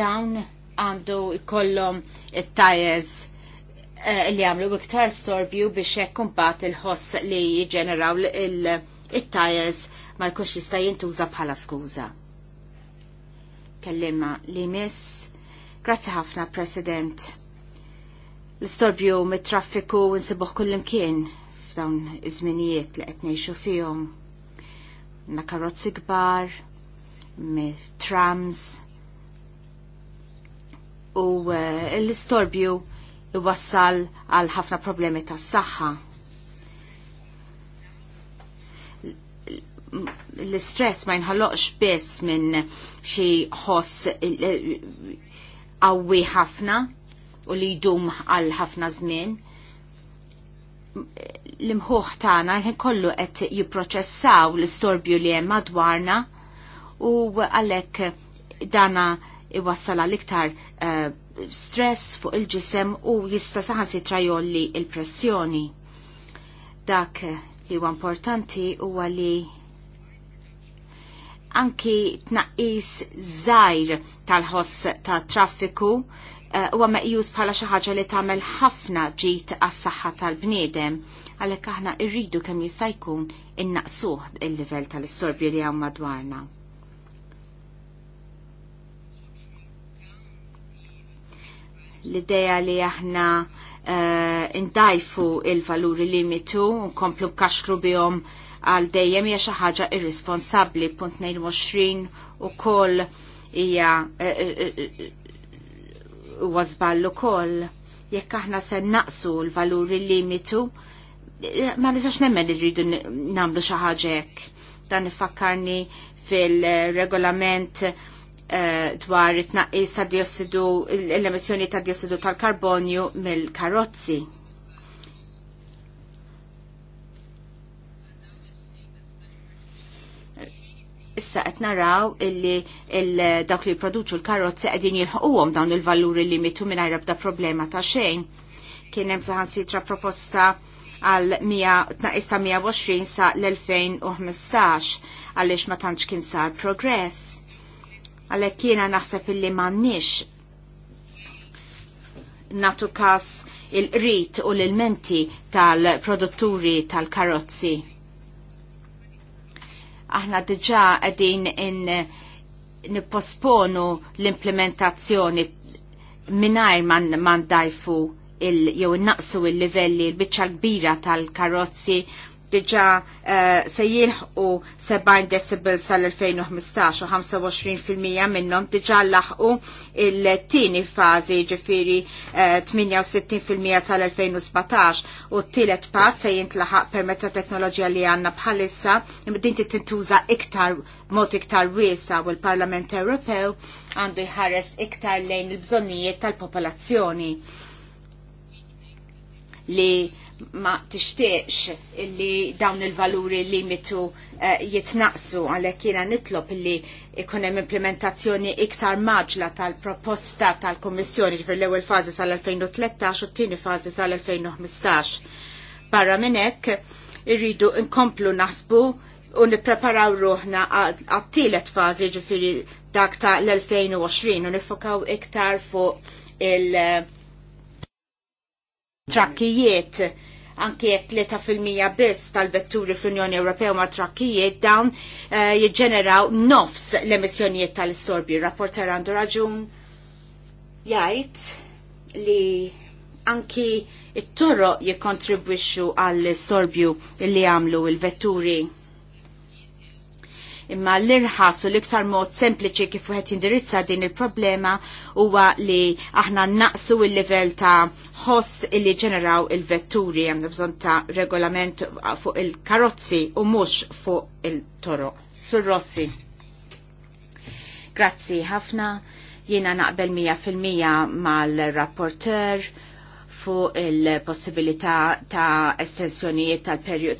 dawn għandu jkollhom it-tajez eh, li għamlu iktar storbju biex hekk kumbat il-ħoss li jiġġeneraw il tajez ma jkunx jista' jintuża bħala skuża. Kellima li miss. Grazzi ħafna, President. L-istorbju mit-traffiku nsibuh kullimkien f'dawn iż-żminijiet li qed ngħixu fihom. Na karozzi kbar, trams u eh, l-istorbju iwassal għal ħafna problemi tas-saħħa. l-istress ma jinħalloqx biss minn xi ħoss eh, qawwi ħafna u li jdum għal ħafna żmien l-imħuħ tagħna kollu qed jipproċessaw l-istorbju li hemm madwarna u għalhekk dana iwassal l iktar uh, stress fuq il-ġisem u jista' saħansi trajolli il-pressjoni. Dak li huwa importanti huwa li anki tnaqqis żgħir tal-ħoss ta' traffiku eh, huwa uh, meqjus bħala xi ħaġa li tagħmel ħafna ġid għas-saħħa tal-bniedem għalhekk aħna rridu kemm jista' jkun innaqsuh il-livell tal-istorbju li għamma dwarna. L-idea li aħna uh, eh, indajfu il-valuri limitu, nkomplu kaxkru bihom għal dejjem hija xi ħaġa irresponsabbli punt 22 ukoll hija eh, eh, huwa żball ukoll jekk aħna se naqsu l-valuri limitu ma nisax nemmen irridu namlu xaħġek. Dan ifakkarni fil-regolament eh, dwar it-naqis ta' diossidu, l-emissjoni ta' diossidu tal-karbonju mill-karozzi. issa qed naraw illi dawk li jipproduċu l-karozzi qegħdin jilħquhom dawn il-valuri li mitu mingħajr ebda problema ta' xejn. Kien hemm saħansitra proposta għal 120 sa l-2015 għalix ma tantx kien sar progress. Għalek kiena naħseb illi mannix natu kas il-rit u l-menti tal-produtturi tal-karozzi. Aħna diġa għedin in nipposponu l-implementazzjoni minnajr man, man dajfu jew innaqsu il-livelli l-biċċa kbira tal-karozzi diġa uh, se jilħu 70 decibel sal-2015 u 25% minnom diġa laħqu il-tini fazi ġifiri uh, eh, 68% sal-2017 u t-tielet pass se jintlaħaq permezza teknoloġija li għanna bħalissa imdin tintuża iktar mod iktar wiesa u l-Parlament Ewropew għandu jħares iktar lejn il-bżonnijiet tal-popolazzjoni li ma tixtieqx li dawn il-valuri li mitu eh, jitnaqsu għalhekk jiena nitlob li ikun hemm implementazzjoni iktar maġla tal-proposta tal-Kummissjoni fil l-ewwel fażi sal-2013 u t-tieni fażi sal-2015. Barra minn hekk irridu nkomplu naħsbu u nippreparaw ruħna għat-tielet fażi ġifieri dak ta' l-2020 u nifokaw iktar fuq il- trakkijiet anki fil 3% biss tal-vetturi fl-Unjoni Ewropea ma' trakkijiet dawn eh, jiġġeneraw nofs l-emissjonijiet tal-istorbi. Rapporter għandu raġun jgħid li anki it torro jikkontribwixxu għall-istorbju li għamlu il-vetturi. il vetturi Imma l-irħas u l-iktar mod sempliċi kif wieħed jindirizza din il-problema huwa li aħna naqsu il level ta' ħoss illi ġeneraw il-vetturi hemm bżonn ta' regolament fuq il-karozzi u mhux fuq il toro Sur Rossi. Grazzi ħafna. Jiena naqbel 100% mal-rapporter fuq il-possibilità ta' estensjonijiet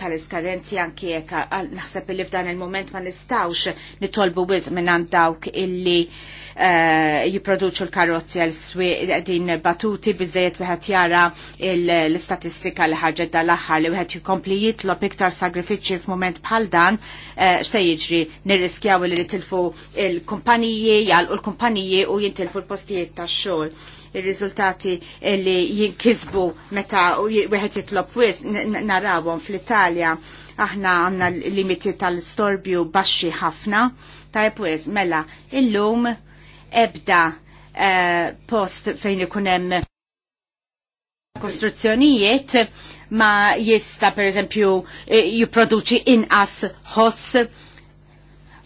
tal-iskadenti anki jekk naħseb li f'dan il-moment ma nistawx nitolbu wiz minn dawk illi eh, jipproduċu l-karozzi għal din batuti bizzejet wieħed jara l-istatistika li ħarġet dal-aħħar li wieħed jikompli jitlob iktar sagrifiċċji f'mument bħal dan eh, x'se jiġri nirriskjaw li tilfu l-kumpaniji jgħalqu l-kumpaniji u jintilfu l-postijiet tax-xogħol il-riżultati li jinkisbu meta wieħed jitlob wis narawhom fl-Italja aħna għanna limiti tal-storbju baxxi ħafna, ta' wis, mela, illum ebda eh, post fejn ikunem kostruzzjonijiet ma jista per eżempju eh, jiproduċi inqas ħoss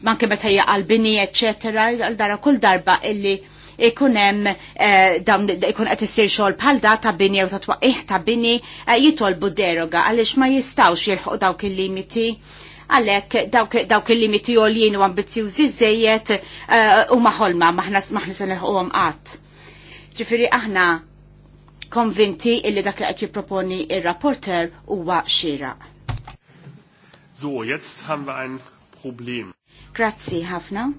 manke meta jaqalbini eċetera, eċċetera għal dara kull darba illi ikunem hemm eh, dawn ikun qed isir xogħol bħal da ta' bini jew ta' twaqqih ta' bini eh, jitolbu deroga għaliex ma jistgħux jilħuq dawk il-limiti għalek dawk il-limiti għoljien u ambizjużi zzejiet eh, u maħolma maħna se nilħu għom għat. Ġifiri aħna konvinti illi dak li qed proponi il-rapporter huwa xira. So, jetzt haben wir ein Problem. Grazzi ħafna.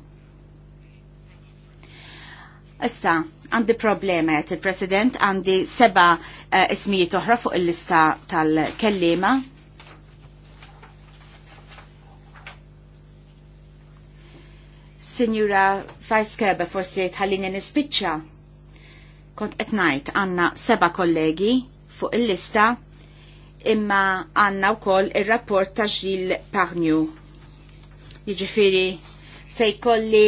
Issa, għandi problema jgħet il-President, għandi seba uh, ismijiet oħra fuq il-lista tal-kellima. Signora Fajskeba forsi tħallini nispiċċa. Kont etnajt għanna seba kollegi fuq il-lista imma għanna u koll il-rapport ta' Gilles Pargnew. Jiġifieri se jkolli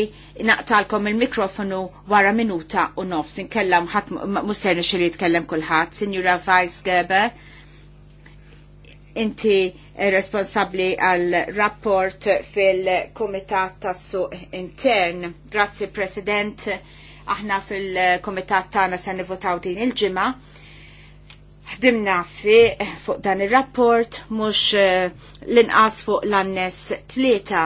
naqtalkom il-mikrofonu wara minuta u nofs. Nkellem ħadd musserni xi li jitkellem kulħadd, signora Vice Geber. Inti responsabli għal rapport fil-Komitat tas-Suq Intern. Grazzi President, aħna fil-Komitat tagħna se nivotaw din il-ġimgħa ħdimna sfi fuq dan ir rapport mhux eh, l-inqas fuq l-annes tlieta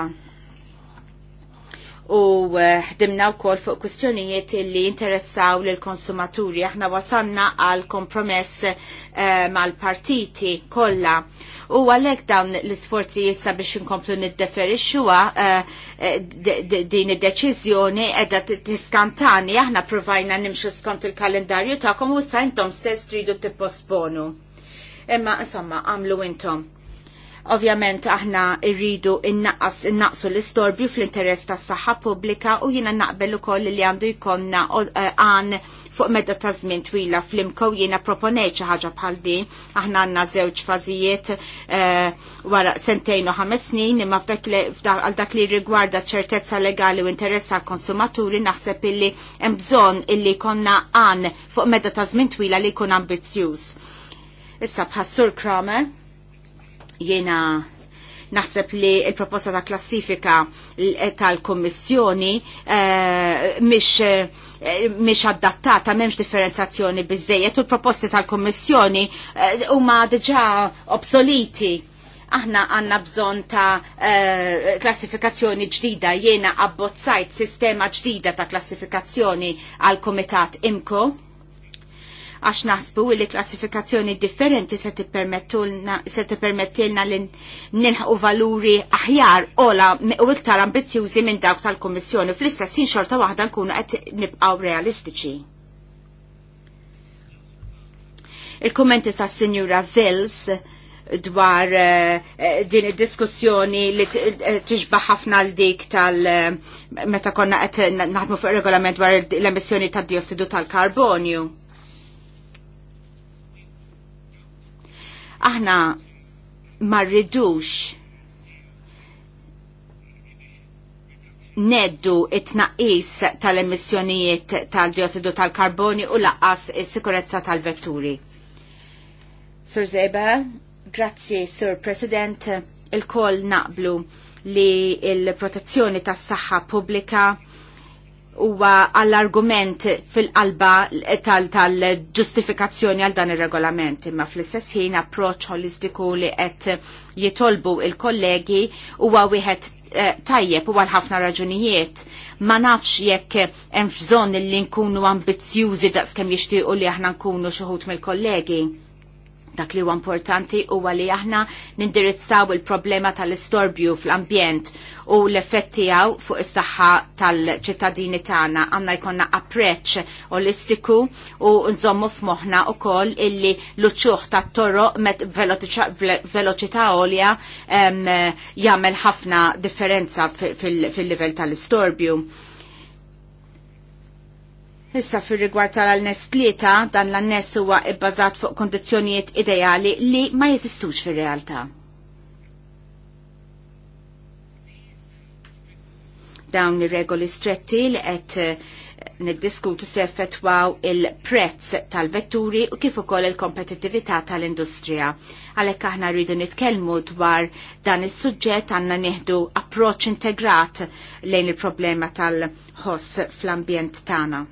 u eh, ħdimna wkoll fuq kwistjonijiet li interessaw l konsumaturi aħna wasanna għal kompromess eh, mal-partiti kollha. U għalhekk dawn l-isforzi issa biex inkomplu niddeferixxuha eh, din id-deċiżjoni qiegħda tiskantani aħna provajna nimxu skont il-kalendarju ta' u sa intom stess tridu tipposponu. Imma insomma għamlu intom Ovvjament aħna rridu innaqqas innaqsu l-istorbju fl-interess tas saħħa pubblika u jiena naqbel ukoll li għandu jkollna e, għan fuq medda ta' żmien twila fl-imkow jiena proponejt xi ħaġa bħal din. Aħna għandna żewġ fażijiet e, wara sentejn u ħames snin imma għal dak li rigwarda ċertezza legali u interess għal konsumaturi naħseb illi hemm bżonn illi konna għan fuq medda ta' żmien twila li jkun ambizzjuż. Issa b'ħassur Kramer Jena naħseb li il-proposta ta' klassifika eh, tal-Kommissjoni eh, mhix mish eh, adattata, memx differenzazzjoni bizzejet u l-proposti tal-Kommissjoni huma diġà obsoliti. Aħna għanna bżon ta' klassifikazzjoni ġdida, jena abbozzajt sistema ġdida ta' klassifikazzjoni għal-Komitat IMCO għax naħsbu li klassifikazzjoni differenti se tippermettilna li nilħu valuri aħjar ola u iktar ambizjużi minn dawk tal kummissjoni fl-istess ħin xorta waħda nkunu qed nibqgħu realistiċi. Il-kummenti tas-Sinjura Vils dwar eh, eh, din id-diskussjoni li eh, tiġbaħ ħafna l dik tal- meta konna qed naħdmu fuq regolament dwar l-emissjoni tad-diossidu tal-karbonju. Aħna marridux neddu it-naqis tal-emissjonijiet tal diossidu tal-karboni u laqqas is-sikurezza tal-vetturi. Sur Zeba, grazzi Sur President, il-koll naqblu li il-protezzjoni tas saħħa pubblika huwa għall-argument fil-qalba tal-ġustifikazzjoni għal dan ir-regolament imma fl-istess ħin approċċ holistiku li qed jitolbu il-kollegi huwa wieħed eh, tajjeb huwa ħafna raġunijiet ma nafx jekk hemm bżonn li nkunu ambizzjużi daqskemm jixtiequ li aħna nkunu xi mill-kollegi Dak li huwa importanti huwa li aħna nindirizzaw il-problema tal-istorbju fl-ambjent u l-effetti għaw fuq is-saħħa tal-ċittadini tagħna għandna jkollna appreċċ olistiku u nżommu f'moħħna wkoll illi l-uċċuħ tat-toroq met veloċità għolja jagħmel ħafna differenza fil-livell tal-istorbju. Issa fir rigward tal-annes tlieta dan l-annes huwa ibbażat fuq kondizzjonijiet ideali li ma jeżistux fir-realtà. Dawn ir-regoli stretti li qed eh, niddiskutu se effettwaw il-prezz tal-vetturi u kif ukoll il-kompetittività tal-industrija. Għalhekk aħna rridu nitkellmu dwar dan is-suġġett għandna nieħdu approċċ integrat lejn il-problema tal-ħoss fl-ambjent tagħna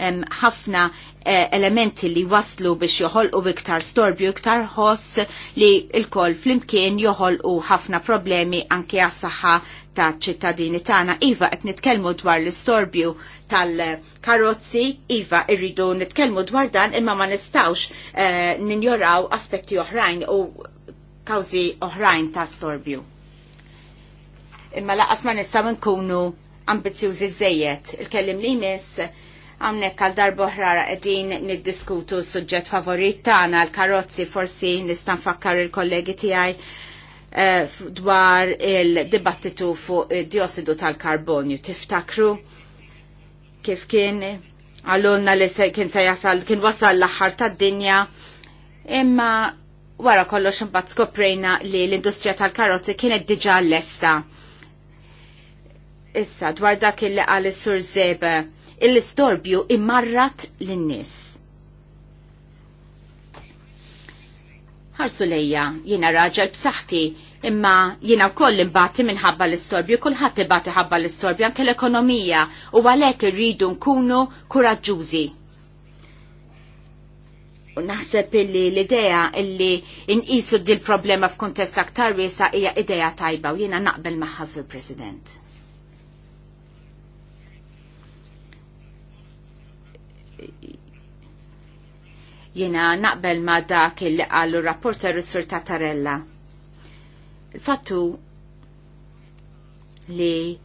ħafna eh, elementi li waslu biex joħolqu iktar storbju iktar ħoss li l-koll flimkien joħolqu ħafna problemi anke għas-saħħa ta' ċittadini tagħna. Iva qed nitkellmu dwar l-istorbju tal-karozzi, iva irridu nitkellmu dwar dan imma ma nistgħux eh, ninjoraw aspetti oħrajn u kawżi oħrajn ta' storbju. Imma laqas ma nistgħu nkunu ambizjużi żejjed. Il-kellim li jmiss Għamnek għal darboħra edin niddiskutu suġġett favorit tagħna l-karozzi forsi nista' nfakkar il-kollegi tiegħi eh, dwar il-dibattitu fuq id-diossidu tal-karbonju. Tiftakru kif kien għallunna li kien se jasal kien wasal l-aħħar tad-dinja imma wara kollox imbagħad skoprejna li l-industrija tal-karozzi kienet diġà lesta. Issa dwar dak il-li għal sur Zebe il istorbju immarrat l-nis. Ħarsu lejja, jiena raġel b'saħħti imma jiena wkoll imbati minħabba l-istorbju, kulħadd ibati ħabba l-istorbju anke l-ekonomija u għalhekk irridu nkunu kuraġġużi. U naħseb illi l-idea illi inqisu dil problema f'kuntest aktar wiesa hija idea tajba u jiena naqbel maħħa sur President. Jena naqbel ma dak il għallu rapporter Sur Tatarella. Il-fattu li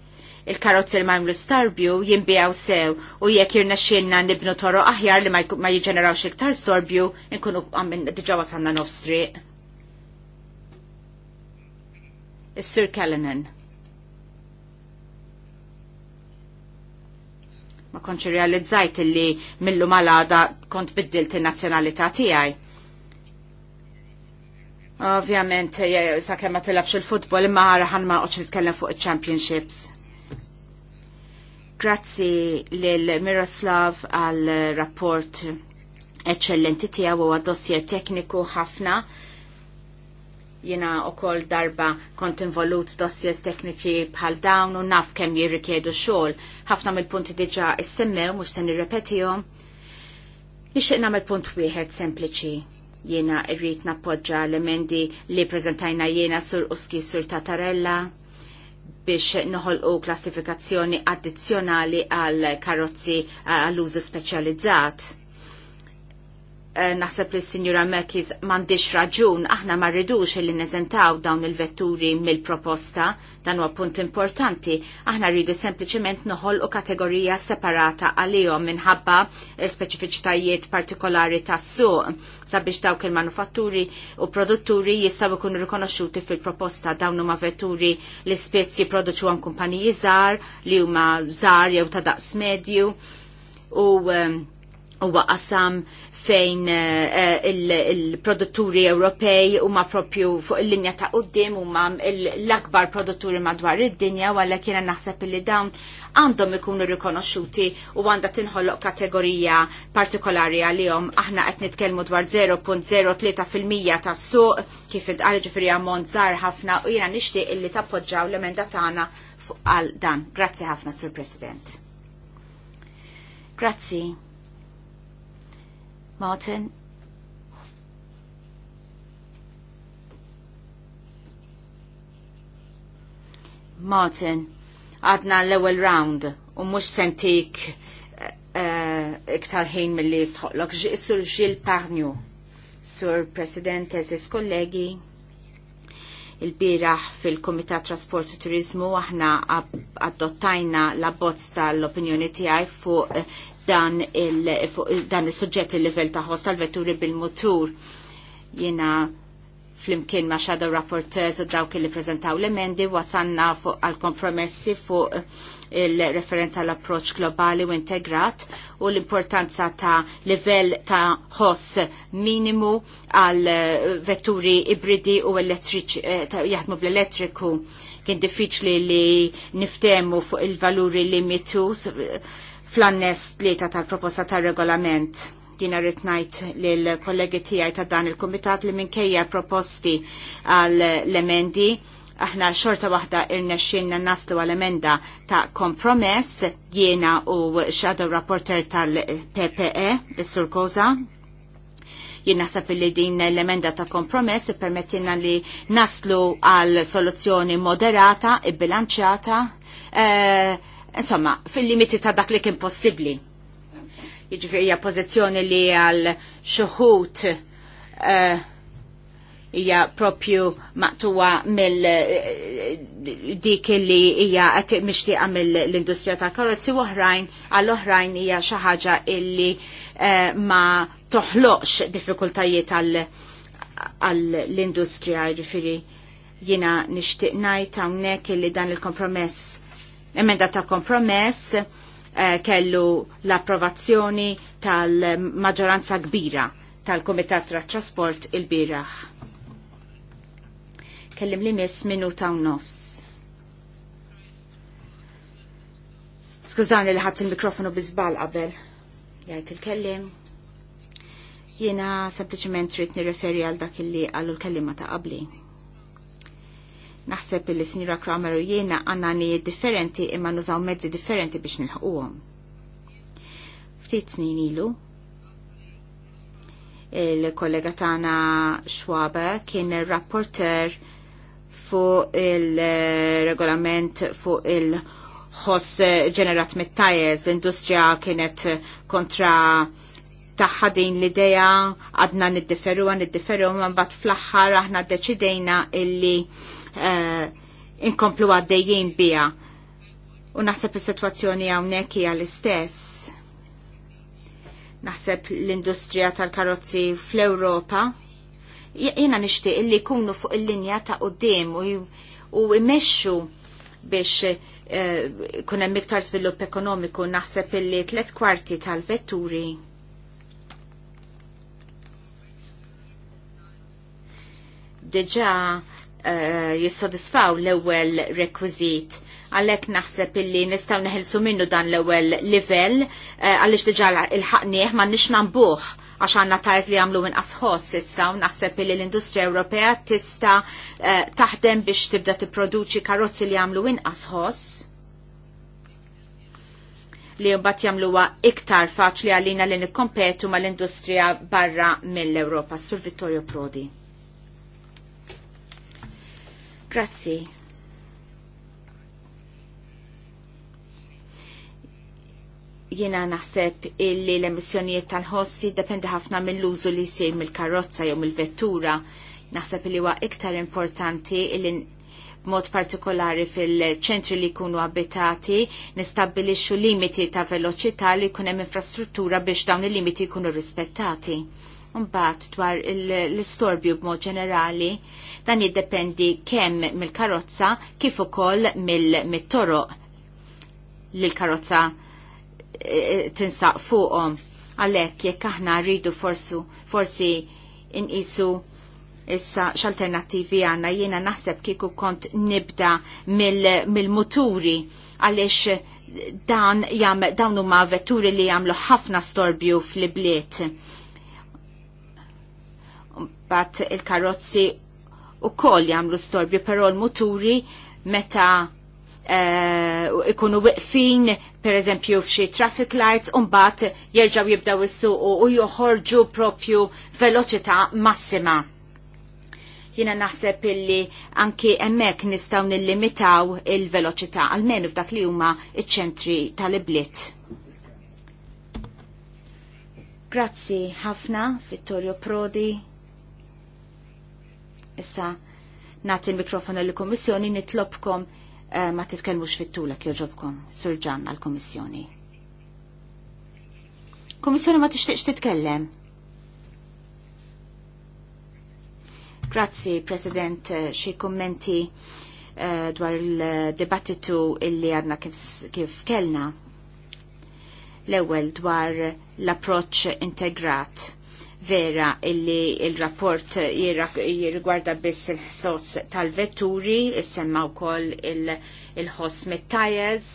il-karozzi li ma jimlu starbju jimbijaw sew u jekk jirna xinna nibnu toro aħjar li ma jiġenerawx iktar starbju inkunu għammin diġa wasanna nofstri. Is-Sir Callanan. ma konċi realizzajt illi millu malada kont biddilt il-nazzjonalità tiegħi. Ovvjament, sa' kemma ma tilabx il-futbol, imma ħan ma' oċ nitkellem fuq il-championships. Grazzi lil Miroslav għal rapport eccellenti tiegħu u għad dossier tekniku ħafna jina u koll darba kont involut dossiers tekniċi bħal dawn u naf kem jirrikjedu xol. ħafna mill-punti diġa issemmew, mux sen irrepetijom. Nixtieq nagħmel punt wieħed sempliċi. Jiena rrid nappoġġa l-emendi li prezentajna jiena sur Uski sur Tatarella biex noħolqu klassifikazzjoni addizzjonali għal karozzi għall-użu speċjalizzat Eh, naħseb li s-Sinjura Mekis mandiċ raġun, aħna ma rridux li neżentaw dawn il-vetturi mill-proposta, dan huwa punt importanti, aħna rridu sempliciment noħol u kategorija separata għalihom minħabba speċifiċitajiet partikolari tas-suq sabiex dawk il-manufatturi u produtturi jistgħu jkunu rikonoxxuti fil-proposta dawn huma vetturi li spess jipproduċuhom għan kumpaniji żgħar li huma żgħar jew ta' daqs medju u um, huwa qasam fejn eh, eh, il-produtturi Ewropej huma propju fuq il-linja ta' u huma l-akbar produtturi madwar id-dinja walla kiena naħseb li dawn għandhom ikunu rikonoxxuti u għandha tinħolloq kategorija partikolari għalihom aħna qed nitkellmu dwar 0.03% tas-suq kif intqal ġifieri ammont żgħar ħafna u jiena nixtieq illi tappoġġaw l-emenda tagħna għal dan. Grazzi ħafna, Sur President. Grazzi. Martin. Martin, għadna l-ewel round u mux sentik eh, eh, iktar ħin mill-li jistħoqlok. Sur Gil Parnu, sur President, eżis kollegi, il-biraħ fil-Komitat Trasport u Turizmu aħna adottajna la bozz tal-opinjoni tiegħi fuq dan il-sujġet il-level ta' ħost tal-vetturi bil-motur. Jiena flimkien ma' shadow rapporteurs u dawk li prezentaw l-emendi wasanna fuq għal-kompromessi fuq il-referenza l-approċ globali u integrat u l-importanza ta' livell ta' ħoss minimu għal vetturi ibridi u elettriċi eh, jaħdmu bl-elettriku. Kien diffiċli li niftemu fuq il-valuri limitu fl-annes tlieta tal-proposta tal-regolament din jina ritnajt l-kollegi tijaj ta' dan il-komitat li minkejja proposti għal lemendi emendi Aħna xorta wahda irnexxinna naslu għal emenda ta' kompromess jiena u shadow rapporter tal-PPE, il-Sur Koza. Jien naħseb li din l-emenda ta' kompromess permettina li naslu għal soluzzjoni moderata, ibbilanċata, bilanċata eh, insomma, fil-limiti ta' dak li kien possibli. Jiġifieri hija pożizzjoni li għal xuħut eh, hija uh, propju maqtuwa mill eh, dik li hija qed mixtieqa mill-industrija tal-karozzi u oħrajn għall oħrajn hija xi ħaġa illi uh, ma toħloqx diffikultajiet għall-industrija jiġifieri jiena nixtieq ngħid hawnhekk illi dan il-kompromess Emenda ta' kompromess eh, kellu l-approvazzjoni tal-maġġoranza kbira tal-Komitat tra Trasport il-biraħ. Kellim li miss minuta u nofs. Skużani li ħadd il-mikrofonu biżbal qabel. Jgħid il-kellim. Jiena sempliċement trid nirreferi għal dak illi għallu l-kellima ta' qabli. Naħseb li Sinjura Kramer u jiena għandna nijiet differenti imma nużaw mezzi differenti biex nilħquhom. Ftit snin ilu, il-kollega Tana Schwabe kien ir rapporter fuq il-regolament fuq il- ħoss ġenerat mit-tajes, l-industrija kienet kontra taħħa din l-ideja għadna nid-differu għan nid-differu man bat fl-axħar aħna deċidejna illi Eh, inkomplu għaddejjien bija. U naħseb is-sitwazzjoni hawnhekk hija l-istess. Naħseb l-industrija tal-karozzi fl-Ewropa jiena nixtieq illi jkunu fuq il-linja ta' qudiem u imexxu biex eh, kun hemm iktar żvilupp ekonomiku naħseb illi tliet kwarti tal-vetturi diġà Eh, jissodisfaw l-ewwel rekwiżit għalhekk naħseb illi nistgħu neħilsu minnu dan l-ewwel livell eh, għaliex diġà il-ħaqnieh ma nix nambuh għax għandna tajt li għamlu minn asħoss issa u naħseb illi l-industrija Ewropea tista eh, taħdem biex tibda tipproduċi karozzi li għamlu minn asħoss li jumbat jamluwa iktar faċli għalina li nikkompetu mal-industrija barra mill-Europa. Sur Vittorio Prodi. Grazzi. Jiena naħseb illi l-emissjonijiet tal-ħossi dependi ħafna mill-użu li jsir mill karrozza jew mill-vettura. Naħseb illi huwa iktar importanti illi mod partikolari fil-ċentri li jkunu abitati nistabbilixxu limiti ta' veloċità li jkun hemm infrastruttura biex dawn il-limiti jkunu rispettati Mbagħad dwar l-istorbju b'mod ġenerali dan jiddependi kemm mill-karozza kif ukoll mill-toroq li l-karozza eh, eh, tinsaq fuqhom. Għalhekk jekk aħna rridu forsu forsi inqisu issa x'alternattivi għandna jiena naħseb kieku kont nibda mill-muturi għaliex dan jam, dawn huma vetturi li jagħmlu ħafna storbju fl ibliet bat il-karozzi u koll jamlu storbju, però l-muturi meta uh, ikunu weqfin per eżempju, f'xi traffic lights, bat jirġaw jibdaw is-suq u joħorġu propju veloċità massima. Jina naħseb illi anki emmek nistaw nillimitaw il-veloċità, għalmenu f'dak li huma iċ-ċentri tal iblit Grazzi ħafna, Vittorio Prodi. Issa nati l-mikrofon lill-Kummissjoni nitlobkom eh, ma titkellmux fit-tulek joġobkom, Sur Ġan għall-Kummissjoni. Kummissjoni ma tixtieqx titkellem. Grazzi, President, eh, xi kummenti eh, dwar il debattitu illi għadna kif, kif kellna l-ewwel dwar l-approċċ integrat vera illi il-rapport jirrigwarda biss il-ħsos tal-vetturi, semma u koll il-ħos mit-tajes.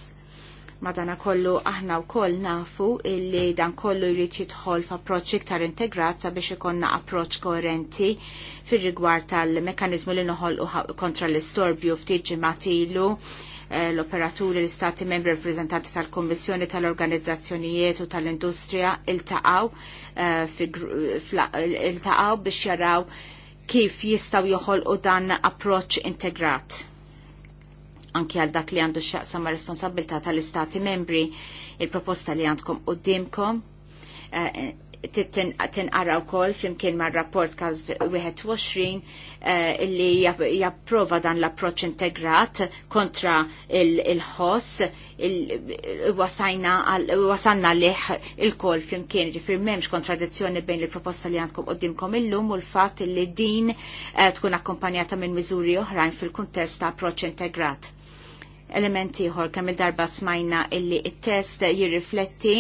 Madana kollu aħna u koll nafu illi dan kollu jrid jidħol f'approċċ iktar integrat sabiex ikonna approċċ koerenti fir rigward tal-mekanizmu li noħol kontra l-istorbju ftit ġimatilu Eh, l-operaturi l-istati membri rappresentanti tal-Kommissjoni tal-Organizzazzjonijiet u tal-Industrija il-taqaw eh, biex jaraw kif jistaw joħolqu dan approċ integrat anki għal dak li għandu xaqsama responsabilta tal-istati membri il-proposta li għandkom u dimkom eh, tinqara u kol flimkien ma' rapport kaz 21 Eh, illi japprova dan l-approċ integrat kontra il-ħoss wasanna liħ il-kol flimkien ġifir memx kontradizzjoni bejn il-proposta li għandkom il illum u l-fat li din eh, tkun akkompanjata minn miżuri oħrajn fil-kuntest ta' approċ integrat elementi ieħor kemm il-darba smajna illi it-test jirrifletti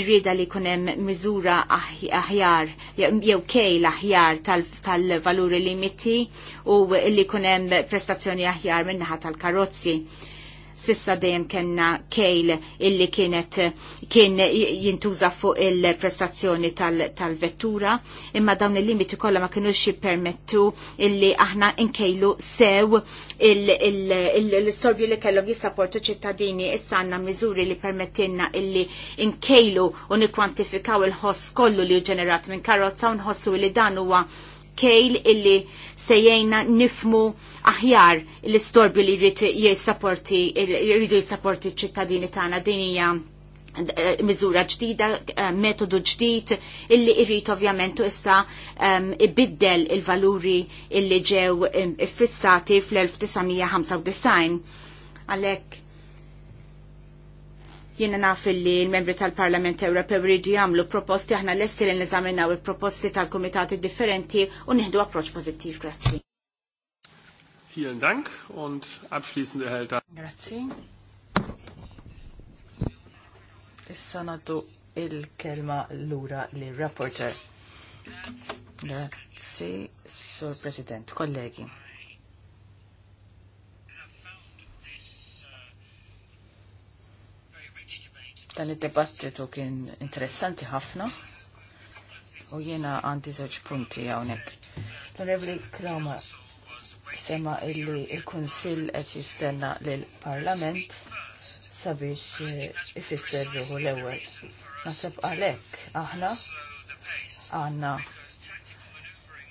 irrida li hemm miżura aħjar jew l aħjar tal-valuri limiti u illi hemm prestazzjoni aħjar minnaħa tal-karozzi sissa dejjem kellna kejl illi kienet kien jintuża fuq il-prestazzjoni tal-vettura, tal imma dawn il-limiti kollha ma kinux jippermettu illi aħna nkejlu sew il-sorbju li kellhom jissapportu ċittadini issa għandna miżuri li permettinna illi nkejlu u nikkwantifikaw il-ħoss kollu li ġenerat minn karozza u nħossu li dan huwa kejl illi sejjena nifmu aħjar l istorbi li jrid jissapporti ċittadini tagħna din hija eh, miżura ġdida, eh, metodu ġdid illi irrid ovvjament issa ehm, ibiddel il-valuri illi ġew ehm, fissati fl-1995. Għalhekk Jiena naf li l-membri tal-Parlament Ewropew rridu jagħmlu proposti aħna lesti li neżaminaw il-proposti tal-kumitati differenti u nieħdu approċċ pożittiv. Grazzi. Vielen Dank und abschließend erhält er. Grazzi. Issa nagħtu il-kelma lura li rapporter. Grazzi, Sur President, kollegi. Dan id-debattitu kien interessanti ħafna u jiena għandi żewġ punti hawnhekk. L-Onorevoli Krama sema illi il-Kunsill qed jistenna lill-Parlament sabiex eh, ifisser ruħu l-ewwel. Naħseb għalhekk aħna għandna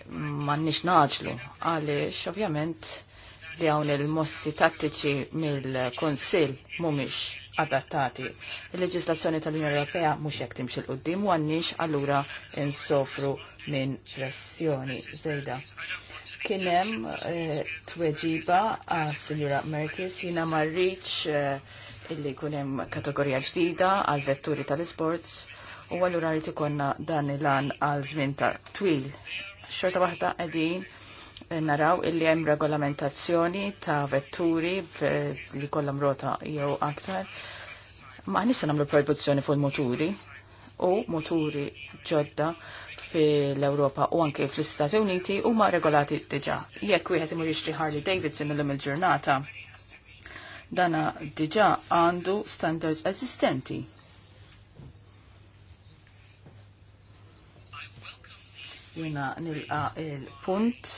m'għandniex naġlu, għaliex ovvjament li għawn il-mossi tattiċi mill-konsil mumiex adattati. Il-leġislazzjoni tal-Unjoni Ewropea mhux hekk timxi l qudiem u għandniex allura insofru minn pressjoni żejda. Kien hemm eh, tweġiba għas-Sinjura Merkis jiena ma rridx eh, illi jkun hemm kategorija ġdida għal vetturi tal-isports u allura rrid ikonna dan il-għan għal żmien ta' twil. Xorta waħda qegħdin naraw illi hemm regolamentazzjoni ta' vetturi li kollha rota jew aktar. Ma nista' nagħmlu proibizzjoni fuq il-moturi u moturi ġodda fil-Ewropa u anke fl-Istati Uniti huma regolati diġà. Jekk wieħed imur jixtri Harley Davidson mill-lum il-ġurnata, dana diġà għandu standards eżistenti. Jina nilqa il-punt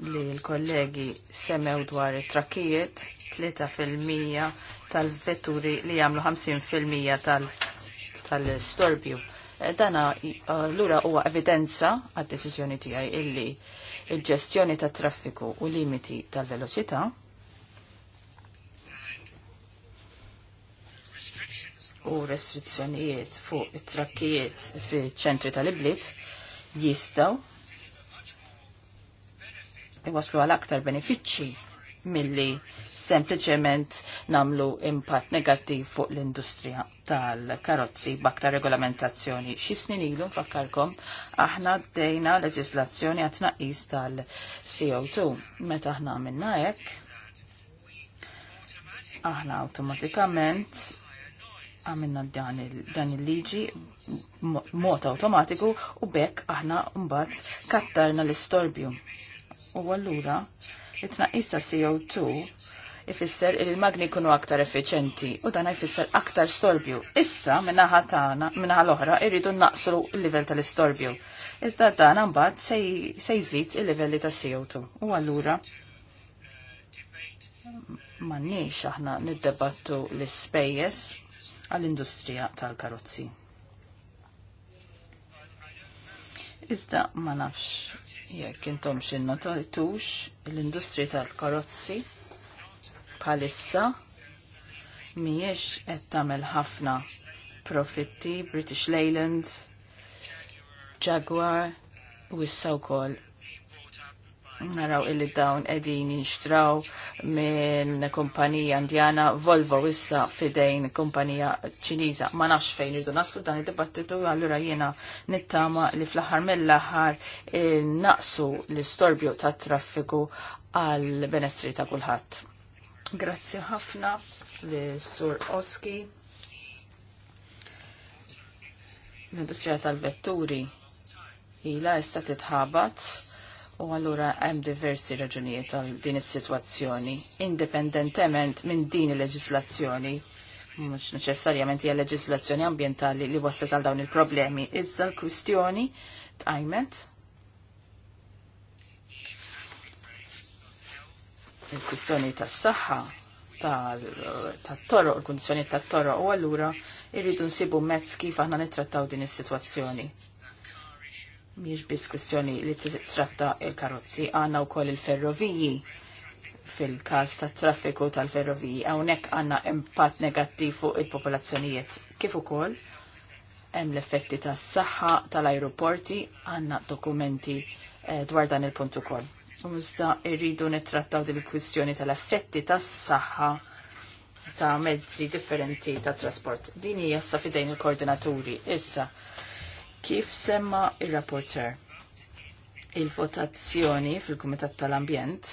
li l-kollegi semmew dwar it-trakkijiet 3% tal-vetturi li jagħmlu 50% tal-storbju. Tal eh, Dana eh, lura huwa evidenza għad-deċiżjoni tiegħi illi il-ġestjoni tat traffiku u limiti tal-veloċità u restrizzjonijiet fuq it-trakkijiet fi ċentri tal-ibliet jistaw iwaslu għal aktar benefiċċji milli sempliċement namlu impatt negattiv fuq l-industrija tal-karozzi baktar regolamentazzjoni. Xi snin ilu nfakkarkom aħna dejna leġislazzjoni għat tnaqqis tal-CO2. Meta aħna għamilna hekk, aħna awtomatikament għamilna dan il-liġi mod automatiku u bekk aħna mbagħad kattarna l-istorbju U allura it-tnaqqis ta' CO2 ifisser li magni jkunu aktar effiċenti u dan jfisser aktar storbju. Issa minna tagħna l-oħra irridu naqsru l-livell tal-istorbju. Iżda dan mbagħad se jżid il-livelli ta' CO2. U allura m'għandniex aħna niddebattu l-ispejjeż għall-industrija tal-karozzi. Iżda ma nafx jekk intom xinna tajtux l-industri tal-karozzi palissa miex qed tagħmel ħafna profitti British Leyland, Jaguar u issa wkoll naraw illi dawn edin jinxtraw minn kumpanija indjana Volvo issa fidejn kumpanija ċiniża. Ma nafx fejn irdu naslu dan id-dibattitu allura jiena nittama li fl-aħħar mill-aħħar eh, naqsu l-istorbju ta' traffiku għal benestri ta' kulħadd. Grazzi ħafna li Sur Oski. L-industrija tal-vetturi ila issa titħabat U allura hemm diversi raġunijiet għal din is-sitwazzjoni, indipendentement minn din il-leġislazzjoni mhux neċessarjament hija leġislazzjoni ambjentali li waslet għal dawn il-problemi, iżda l-kwistjoni tqajmet. Il-kwistjoni tas-saħħa tat-toroq, il-kundizzjoni tat-toroq u allura irridu nsibu mezz kif aħna nittrattaw din is-sitwazzjoni miex biss kwestjoni li titratta il-karozzi għanna u koll il-ferroviji fil-kas ta' traffiku tal-ferroviji għawnek għanna impatt negattiv fuq il-popolazzjonijiet. Kif ukoll hemm l-effetti tas saħħa tal-aeroporti għanna dokumenti eh, dwar dan il-punt ukoll. Mużda irridu nittrattaw din il-kwistjoni tal-effetti tas saħħa ta' mezzi differenti ta' trasport. Din hija issa fidejn il-koordinaturi. Issa, kif semma il-rapporter. Il-votazzjoni fil-Kumitat tal-Ambjent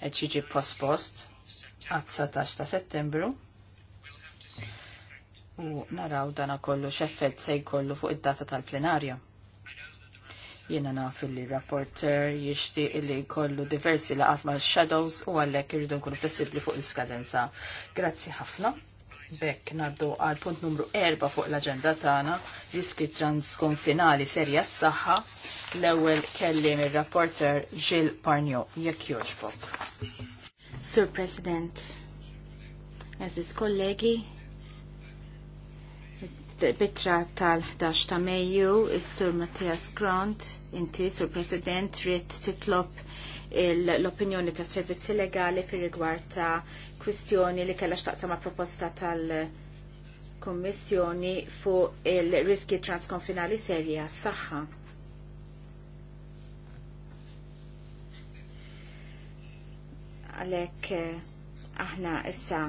qed jiġi post-post għat 19 ta' Settembru u naraw dana kollu x'effett se jkollu fuq id-data tal-plenarja. Jiena naf li rapporter jixtieq li jkollu diversi laqat mal shadows u għalhekk irridu nkunu flessibbli fuq l-iskadenza. Grazzi ħafna. Bekk naddu għal punt numru 4 fuq l-agenda tagħna, riski transkonfinali serja s-saħħa, l-ewwel kellim ir-rapporter Jill Parnio, jekk jogħġbok. Sur President, eżis kollegi, bitra tal-11 ta' Mejju, is-Sur Mattias Grant, inti, Sur President, rrit titlob l-opinjoni ta' servizzi legali fir rigward ta' kwistjoni li kellha x'taqsam ma' proposta tal-Kommissjoni fuq il-riski transkonfinali serja saħħa Għalhekk eh, aħna issa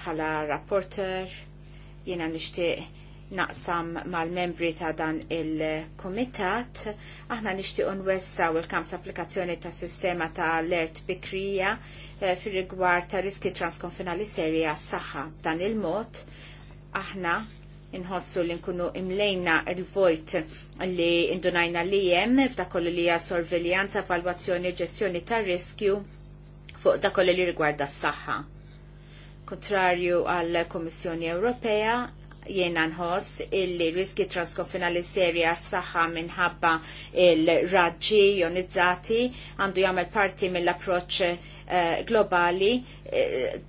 bħala rapporter jiena nixtieq naqsam mal-membri ta' dan il-komitat, aħna nixtiequ nwessaw il-kamp ta' applikazzjoni ta' sistema ta' alert bikrija Eh, fil-rigward ta' riski transkonfinali serja s-saxħa. Dan il-mod, aħna inħossu li nkunu imlejna il-vojt li indunajna li jem f'da kollu li hija sorveljanza, valwazzjoni, ġestjoni ta' riskju fuq da kollu li rigwarda s-saxħa. Kontrarju għal Komissjoni Ewropea, Jiena nħoss illi riski transkonfinali serja s-saxħa minħabba il-raġġi jonizzati għandu jagħmel parti mill-approċ eh, globali eh,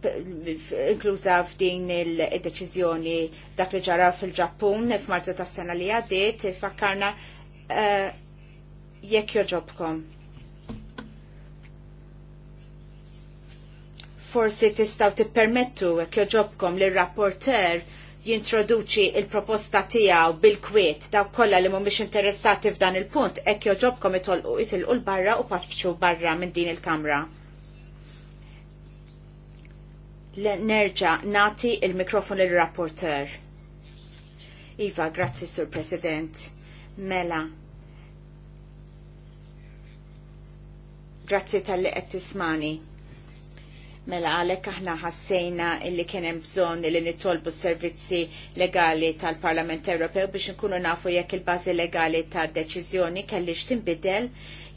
inkluża f'din il-deċiżjoni dak li ġara fil-Ġappun f'Marzu tas-sena li għaddiet fakkarna eh, jekk joġobkom. Forsi tistaw tippermettu jekk joġobkom lir rapporter jintroduċi il-proposta tiegħu bil-kwiet daw kollha li mhumiex interessati f'dan il-punt hekk joġobkom itolqu itilqu l-barra u patbċu barra minn din il-kamra. Nerġa' nati il-mikrofon il rapporteur Iva, grazzi Sur President. Mela, Grazzi tal-li qed tismani. Mela għalek aħna ħassejna illi kienem bżon illi nitolbu s-servizzi legali tal-Parlament Ewropew biex nkunu nafu jekk il-bazi legali tad deċiżjoni kelli tinbidel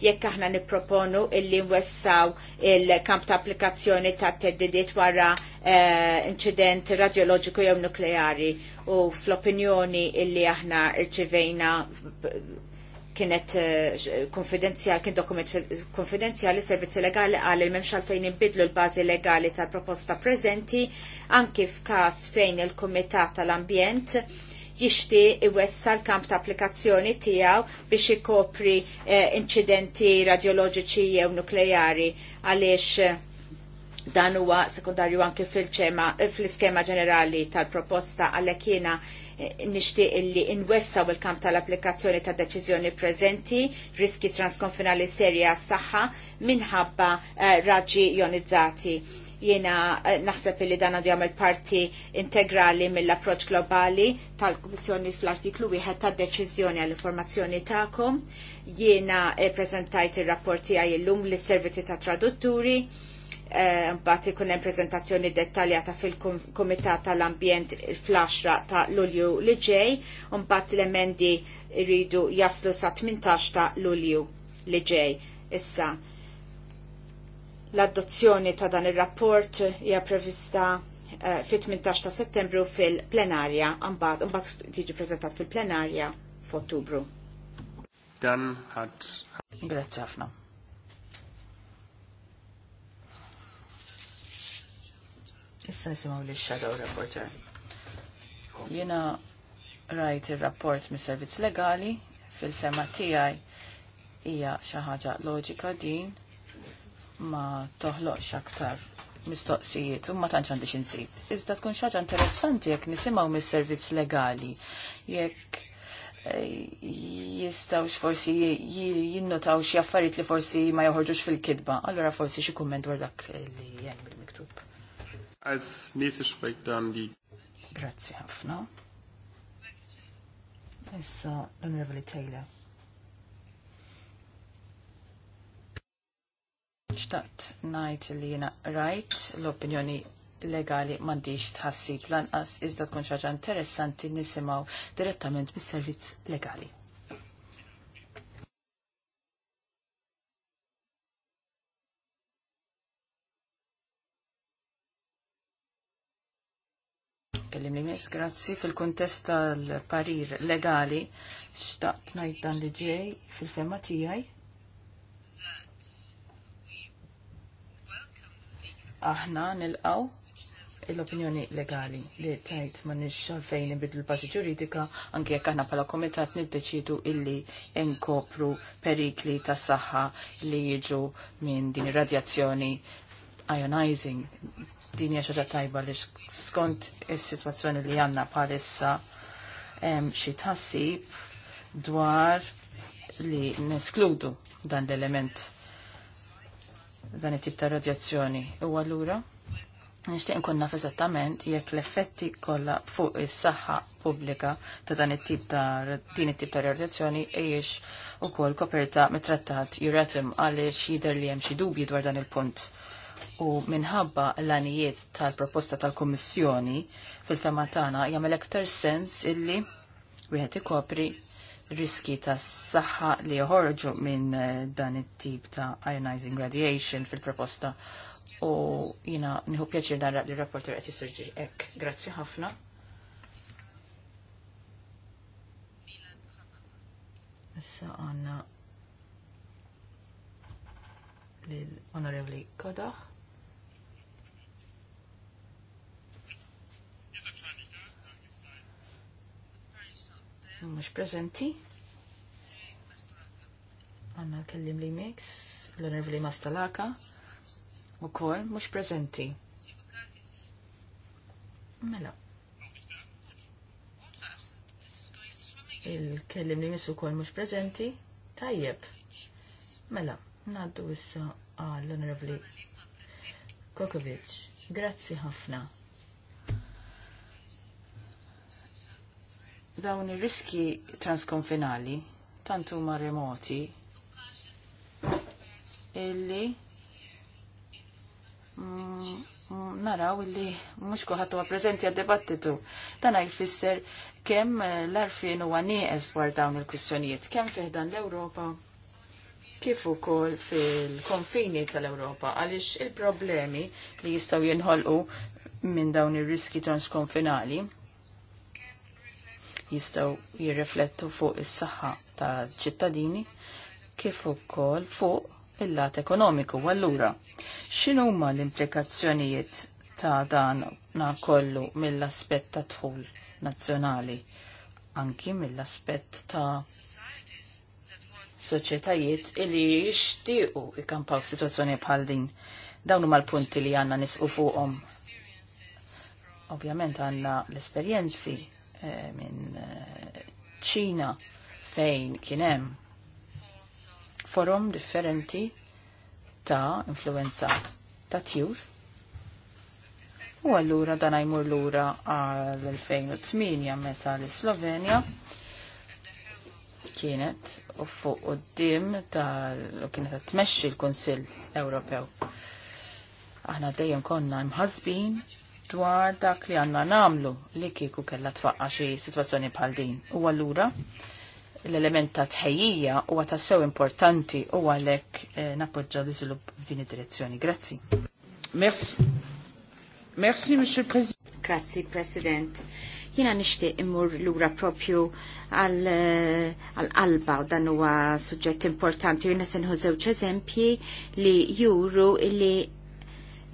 jekk aħna nipproponu illi nwessaw il-kamp ta' applikazzjoni ta' teddidiet wara eh, incident radioloġiku jew nukleari u fl-opinjoni illi aħna rċivejna kienet eh, konfidenzjali, kien dokument konfidenzjali, servizzi legali għal il-memx għalfejn imbidlu l-bazi legali tal-proposta prezenti, anki f'kas fejn il-Komitat tal-Ambjent jixti iwessa l-kamp ta' applikazzjoni tijaw biex ikopri eh, incidenti radjoloġiċi jew nukleari għaliex eh, Dan huwa sekundarju anke fil-ċema fl-iskema ġenerali tal-proposta għalhekk jiena eh, nixtieq illi nwessaw il-kamp tal-applikazzjoni ta' deċiżjoni preżenti, riski transkonfinali serja s-saħħa minħabba eh, raġġi jonizzati. Jiena eh, naħseb illi dan għandu jagħmel parti integrali mill-approċ globali tal-Kummissjoni fl-artiklu wieħed tad-deċiżjoni għall-informazzjoni tagħkom. Jiena preżentajt ir-rapporti għaj illum lis-servizzi ta' tradutturi Eh, mbagħad ikun hemm preżentazzjoni dettaljata fil-Kumitat tal-Ambjent fl-10 ta' Lulju li ġej, u mbagħad l-emendi jridu jaslu sa' 18 ta' Lulju li ġej. Issa l-adozzjoni ta' dan ir-rapport hija prevista eh, fit-18 ta' settembru fil-plenarja, mbagħad mbagħad tiġi preżentat fil-plenarja f'Ottubru. Dan ħadd. Grazzi ħafna. Issa nisimaw li shadow reporter. Jena rajt il-rapport mis servizz legali fil-fema tijaj hija xi ħaġa loġika din ma toħloqx aktar mistoqsijiet u ma tantx għandix zid. Iżda tkun xi ħaġa interessanti jekk nisimgħu mis-servizz legali jekk eh, jistawx forsi jinnotaw xi affarijiet li forsi ma joħorġux fil-kidba. allora forsi xi kumment dwar dak li hemm Als nächstes spricht dann die. Grazie ħafna. Issa l-Onorevoli Taylor. Xtaqt najt li jena rajt l-opinjoni legali mandiġ tħassib lanqas iżda tkun xaġa interessanti nisimaw direttament mis-servizz legali. Kellim li mis, grazzi. Fil-kontest tal-parir legali, xtaqt najt dan li ġej fil-fema tijaj. Aħna nilqaw l-opinjoni legali li tajt ma nix għalfejn nibidlu l-bazi ġuridika, anki jekk aħna pala komitat niddeċidu illi nkopru perikli tas saħħa li jiġu minn din ir radjazzjoni ionizing din hija xaġa tajba li skont is-sitwazzjoni li għandna bħalissa xi tħassib dwar li neskludu dan l-element dan it-tip ta' radjazzjoni. U allura nixtieq nkun naf eżattament jekk l-effetti kollha fuq is-saħħa pubblika ta' dan it-tip ta' din it-tip ta' radjazzjoni ejjex ukoll koperta mit-trattat juratim għaliex jidher li hemm xi dubji dwar dan il-punt u minħabba l-anijiet tal-proposta tal-Kommissjoni fil-fema tagħna jagħmel aktar sens illi wieħed ikopri riski tas saħħa li joħorġu minn eh, dan it-tip ta' ionizing radiation fil-proposta. U jina nħu pjaċir narra li rapporter qed jisirġi hekk. Grazzi ħafna. Issa għanna l-Onorevli Kodaħ. Mux prezenti. Għanna kellim li mix, l-Onorevli Mastalaka. U kol, mux prezenti. Mela. Il-kellim li misu kol mux prezenti. Tajjeb. Mela. Naddu issa għall-Onorevoli Kokovic. Grazzi ħafna. Dawn ir-riski transkonfinali tant huma remoti illi mm, mm, naraw illi mhux kulħadd huwa preżenti għad-dibattitu. Dan jfisser kemm l-arfin huwa nieqes dwar dawn il-kwistjonijiet, kemm fih dan l-Ewropa kif ukoll fil-konfini tal-Ewropa għaliex il-problemi li jistgħu jinħolqu minn dawn ir-riski transkonfinali jistgħu jirriflettu fuq is-saħħa tal-ċittadini kif ukoll fuq il-lat ekonomiku. Allura, x'inhu huma l-implikazzjonijiet ta' dan na kollu mill-aspett ta' tħul nazzjonali anki mill-aspett ta' soċjetajiet illi jishtiqu ikkampaw situazzjoni bħal din. Dawn huma l-punti li għandna nisqu fuqhom. Ovvjament għandna l-esperjenzi eh, minn eh, ċina fejn kien hemm forum differenti ta' influenza ta' tjur. U allura dan għajmur lura għal 2008 meta l-Slovenja kienet u fuq u d-dim ta' kienet ta' tmexxi l-Konsil Ewropew. Aħna dejjem konna imħazbin dwar dak li għanna namlu li kieku kella tfaqqa xi situazzjoni bħal din. U allura l-element ta' tħejjija huwa ta' sew importanti u għalhekk eh, nappoġġa l-iżvilupp f'din id-direzzjoni. Grazzi. Merci. Merci, Monsieur President. Grazzi, President. Jiena nixtieq immur lura propju għal-qalba u dan huwa suġġett importanti. Jiena se nħu żewġ eżempji li juru li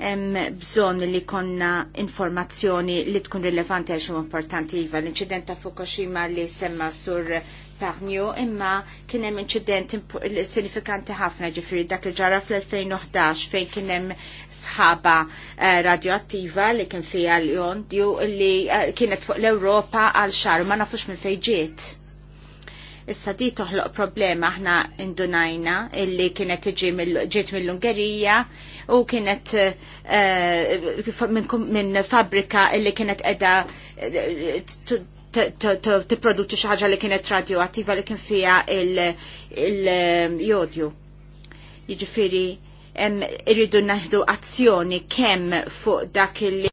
hemm bżonn li konna informazzjoni li tkun rilevanti xi importanti iva. L-inċident ta' Fukushima li semma sur Parnio imma kien hemm inċident sinifikanti ħafna ġifieri dak li ġara fl-2011 fejn kien hemm sħaba eh, radioattiva li kien fiha l-jondju li eh, kienet fuq l-Ewropa għal xar ma nafux minn fejn ġiet. Issa di toħloq problema aħna indunajna illi kienet tiġi ġiet mill-Ungerija u kienet eh, minn fabrika illi kienet edha tipproduċi xi ħaġa li kienet radioattiva li kien fiha il-jodju. Um, jiġifieri irridu naħdu azzjoni kemm fuq dak il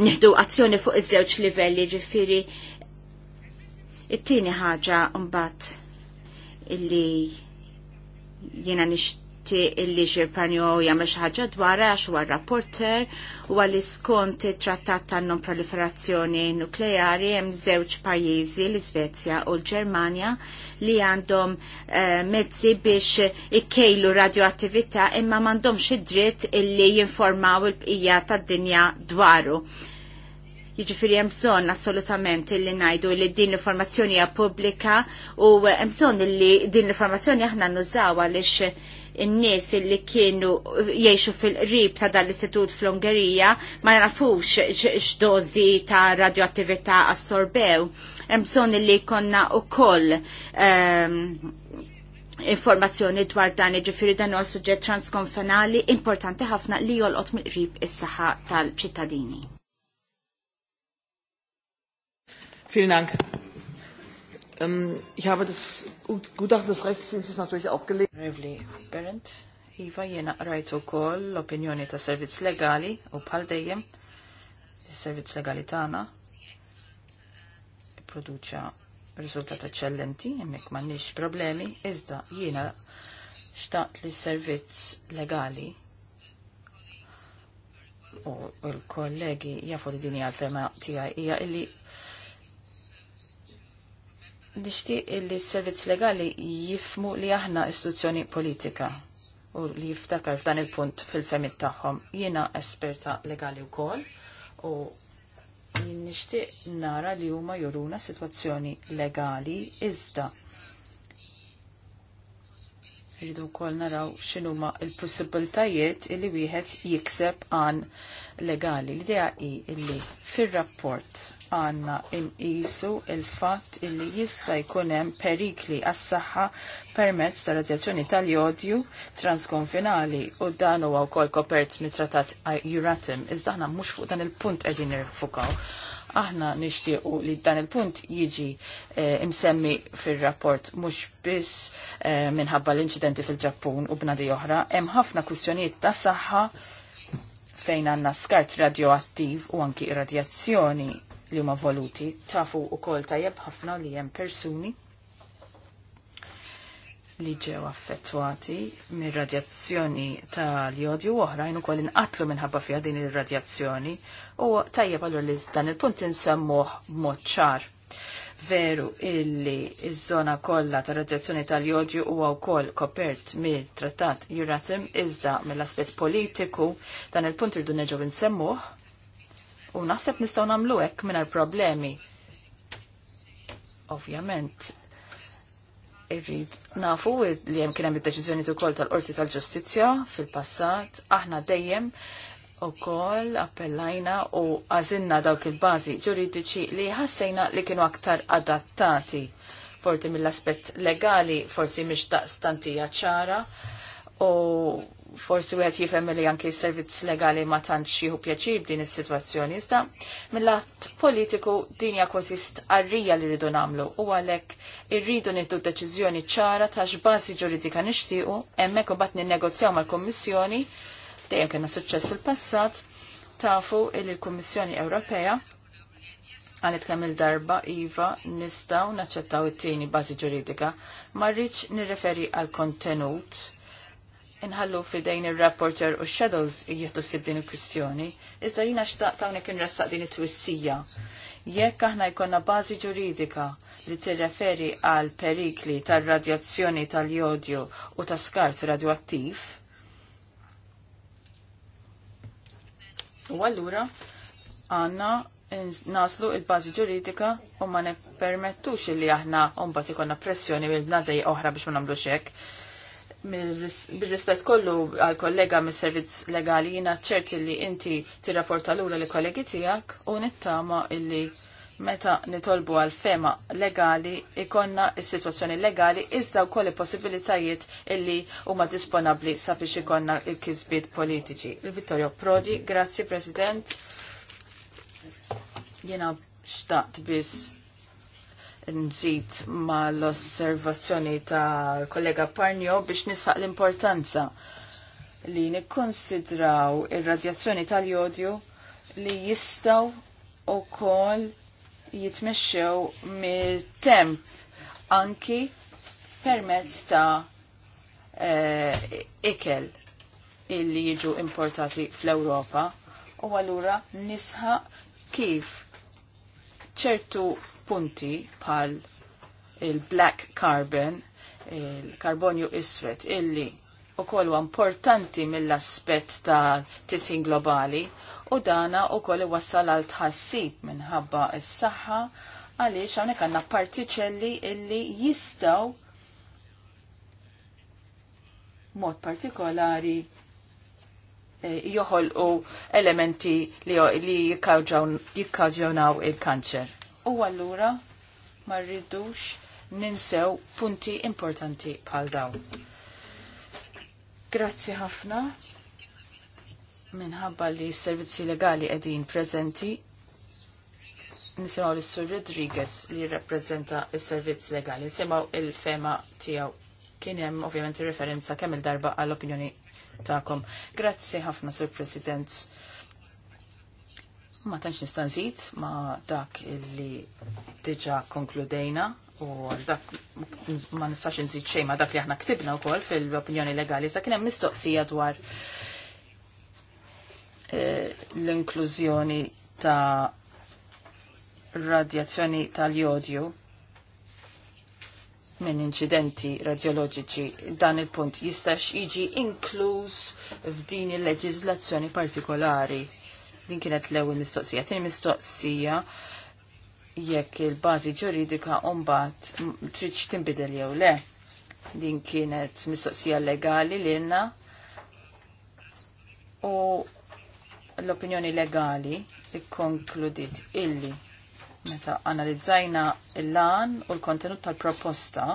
nieħdu azzjoni fuq iż-żewġ livelli ġifiri it-tieni ħaġa mbagħad illi jiena nixtieq nixtieq illi xirpanjo jagħmel xaħġa ħaġa dwarha għax huwa rapporter u għal skont it-trattat ta' non proliferazzjoni nukleari hemm żewġ pajjiżi l-Iżvezja u l-Ġermanja li għandhom eh, mezzi biex ikkejlu radioattività imma m'għandhomx id-dritt illi jinformaw il-bqija tad-dinja dwaru. Jiġifieri hemm bżonn assolutament illi ngħidu li din l-informazzjoni hija pubblika u hemm bżonn li din l-informazzjoni aħna nużaw għaliex n-nies li kienu uh, jiexu fil-qrib ta' dan l-istitut fl-Ungerija ma nafux x-dozi ta' radioattività assorbew. Hemm li konna ukoll um, ehm, informazzjoni dwar dan iġifiri dan huwa suġġett transkonfenali importanti ħafna li jolqot mill-qrib is-saħħa tal-ċittadini. Vielen Dank. Um, ich habe das Gutachten des Rechtsdienstes natürlich auch gelesen. Rivli Berend, Iva jena rajtu kol l-opinjoni ta' servizz legali u bħal dejjem servizz legali tana, produċa riżultat eċċellenti, hemmhekk nix problemi, izda jena xtaqt li servizz legali u l-kollegi jafu li dini għal fema tija ija illi Nishtiq li s-servizz legali jifmu li aħna istituzzjoni politika u li jiftakar f'dan il-punt fil-femit tagħhom. Jiena esperta legali wkoll u jien nixtieq nara li huma juruna sitwazzjoni legali iżda. Rridu wkoll naraw x'inhuma l-possibiltajiet li wieħed jikseb għan legali. L-idea hi illi fir-rapport għanna inqisu il-fatt illi jista' jkun hemm perikli għas-saħħa permezz ta' radjazzjoni tal-jodju transkonfinali u dan huwa wkoll kopert mit-Tratat Juratem, iżda aħna mhux fuq dan il-punt qegħdin nirfukaw. Aħna nixtiequ li dan il-punt jiġi e, imsemmi fir-rapport mhux biss eh, minħabba l-inċidenti fil-Ġappun u bnadi oħra, hemm ħafna kwistjonijiet ta' saħħa fejn għanna skart radioattiv u anki ir-radjazzjoni li huma voluti. Tafu wkoll tajjeb ħafna li hemm persuni li ġew affettwati mir radjazzjoni tal-jodju oħrajn ukoll inqatlu minħabba fiha din ir-radjazzjoni u tajjeb allura li dan il-punt insemmuh mod ċar. Veru illi iż-żona kollha tar radjazzjoni tal-jodju huwa wkoll kopert mill-Trattat Juratim iżda mill-aspett politiku dan il-punt irdu neġgħu insemmuh U naħseb nistgħu nagħmlu hekk mingħajr problemi. Ovvjament, irrid nafu li hemm kien hemm id-deċiżjoni ukoll tal-Qorti tal-Ġustizzja fil-passat, aħna dejjem ukoll appellajna u għażilna dawk il-bażi ġuridiċi li ħassejna li kienu aktar adattati forti mill-aspett legali, forsi mhix daqstantija ċara u forsi wieħed jifem li anke s-servizz legali ma tantx jieħu pjaċir b'din is-sitwazzjoni iżda mill-att politiku din hija kważi stqarrija li rridu nagħmlu u għalhekk irridu niddu deċiżjoni ċara ta' xbazi ġuridika nixtiequ hemmhekk u negozjaw ninnegozjaw mal-Kummissjoni dejjem kena suċċess fil-passat tafu li l-Kummissjoni Ewropea għanet kemm il-darba Iva nistaw naċċettaw it-tieni bażi ġuridika, ma rridx nirreferi għal kontenut inħallu fidejn il-rapporter u shadows jieħdu sib din il-kwistjoni, iżda jina xtaqt hawnhekk inressaq din it-twissija. Jekk aħna jkollna bażi ġuridika li tirreferi għal perikli tar-radjazzjoni tal-jodju u ta' skart radioattiv, u allura għanna naslu il-bażi ġuridika u ma nippermettux li aħna umbat jkonna pressjoni mill-bnadej oħra biex ma namlu hekk bil-rispet kollu għal kollega mis servizz legali jina ċerti li inti tirrapporta lura li kollegi tijak u nittama illi meta nitolbu għal fema legali ikonna il-situazzjoni legali iżda wkoll il-possibilitajiet illi huma disponabli sabiex ikonna il-kisbiet politiċi. Il-Vittorio Prodi, grazzi President. Jena xtaqt biss nżid mal-osservazzjoni ta' kollega Parnio biex nisaq l-importanza li nikkonsidraw ir-radjazzjoni tal-jodju li jistaw u kol jitmexxew mit temp anki permezz ta' eh, ikel illi jiġu importati fl-Ewropa u għallura nisħa kif ċertu punti bħal il-black carbon, il-karbonju iswed, illi u kollu importanti mill-aspet ta' tisin globali u dana u kollu wassal għal tħassib minħabba s-saħħa għaliex għonek għanna partiċelli illi jistaw mod partikolari eh, joħolqu elementi li jikkawġawnaw il-kanċer. U allura ma rridux ninsew punti importanti bħal dawn. Grazzi ħafna minħabba li s-servizzi legali qegħdin prezenti. nisimaw l-Sur Rodriguez li jirrappreżenta s-servizz legali. Nisimaw il-fema tiegħu kien hemm ovvjament referenza kemm il-darba għall-opinjoni tagħkom. Grazzi ħafna Sur President. Ma tantx nista' nżid ma dak illi diġa' konkludejna u dak ma nistax nżid xejn ma dak li aħna ktibna wkoll fil-opinjoni legali sa kien hemm mistoqsija dwar eh, l-inklużjoni ta' radjazzjoni tal-jodju minn inċidenti radjoloġiċi dan il-punt jistax jiġi inkluż f'din il-leġiżlazzjoni partikolari Din kienet l-ewwel mistoqsija. Tieni mistoqsija jekk il-bażi ġuridika mbagħad trid tinbidel jew le. Din kienet mistoqsija legali lilna u l-opinjoni legali ikkonkludiet illi meta analizzajna il-lan u l-kontenut tal-proposta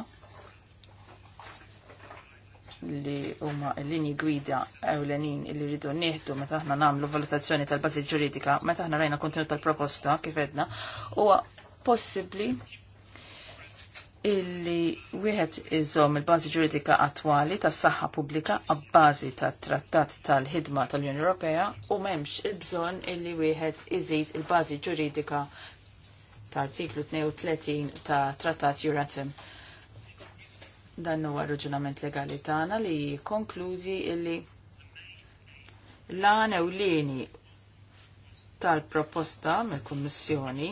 li huma l-linji gwida ewlenin li rridu nieħdu meta aħna nagħmlu valutazzjoni tal-bażi ġuridika, meta aħna rajna kontenut tal-proposta kif edna, huwa possibbli illi wieħed iżom il-bażi ġuridika attwali tas-saħħa pubblika għabbażi tat-Trattat tal-Ħidma tal-Unjoni Ewropea u m'hemmx il-bżonn illi wieħed iżid il-bażi ġuridika tal artiklu 32 ta' Trattat Euratom Dan huwa raġunament legali tagħna li konklużi illi l-għan ewlieni tal-proposta mill-Kummissjoni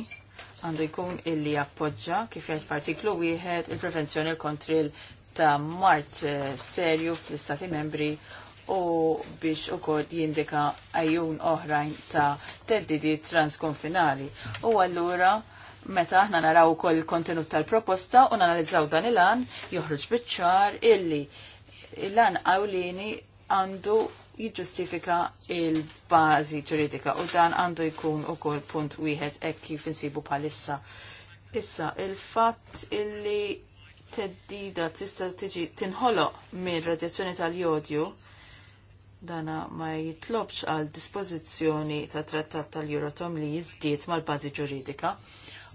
għandu jkun illi appoġġa kif jgħid partiklu wieħed il-prevenzjoni l kontrill ta' mart eh, serju fl-Istati membri u biex u kod jindika għajjun oħrajn ta' teddidi transkonfinali. U għallura Meta aħna naraw ukoll il-kontenut tal-proposta u nanalizzaw dan il-an, joħroġ biċ-ċar illi il-an għawlini għandu jiġġustifika il-bażi ġuridika u dan għandu jkun ukoll punt wieħed hekk kif insibu bħalissa. Issa il-fatt illi teddida tista' tiġi tinħoloq mir-radjazzjoni tal-jodju dana ma jitlobx għal dispożizzjoni ta' trattat tal jurotom li jizdiet mal-bazi ġuridika.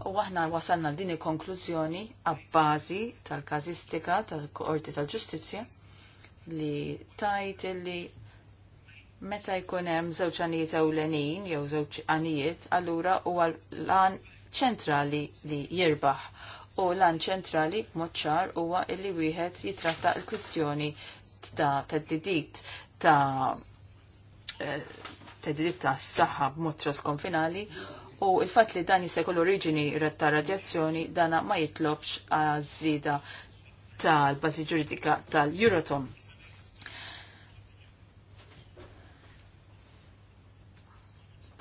U aħna wasalna din il-konklużjoni għabbazi tal-kazistika tal-Qorti tal-Ġustizzja li tajt li meta jkun hemm żewġ anijiet ewlenin jew żewġ anijiet, allura huwa lan ċentrali li jirbaħ u lan ċentrali moċċar huwa li wieħed jitratta l-kwistjoni ta' teddidit ta' eh, teddidit ta' s-saħħa konfinali. trasconfinali u il-fat li dan l oriġini retta radjazzjoni dana ma jitlobx għazzida tal-bazi ġuridika tal-Euratom.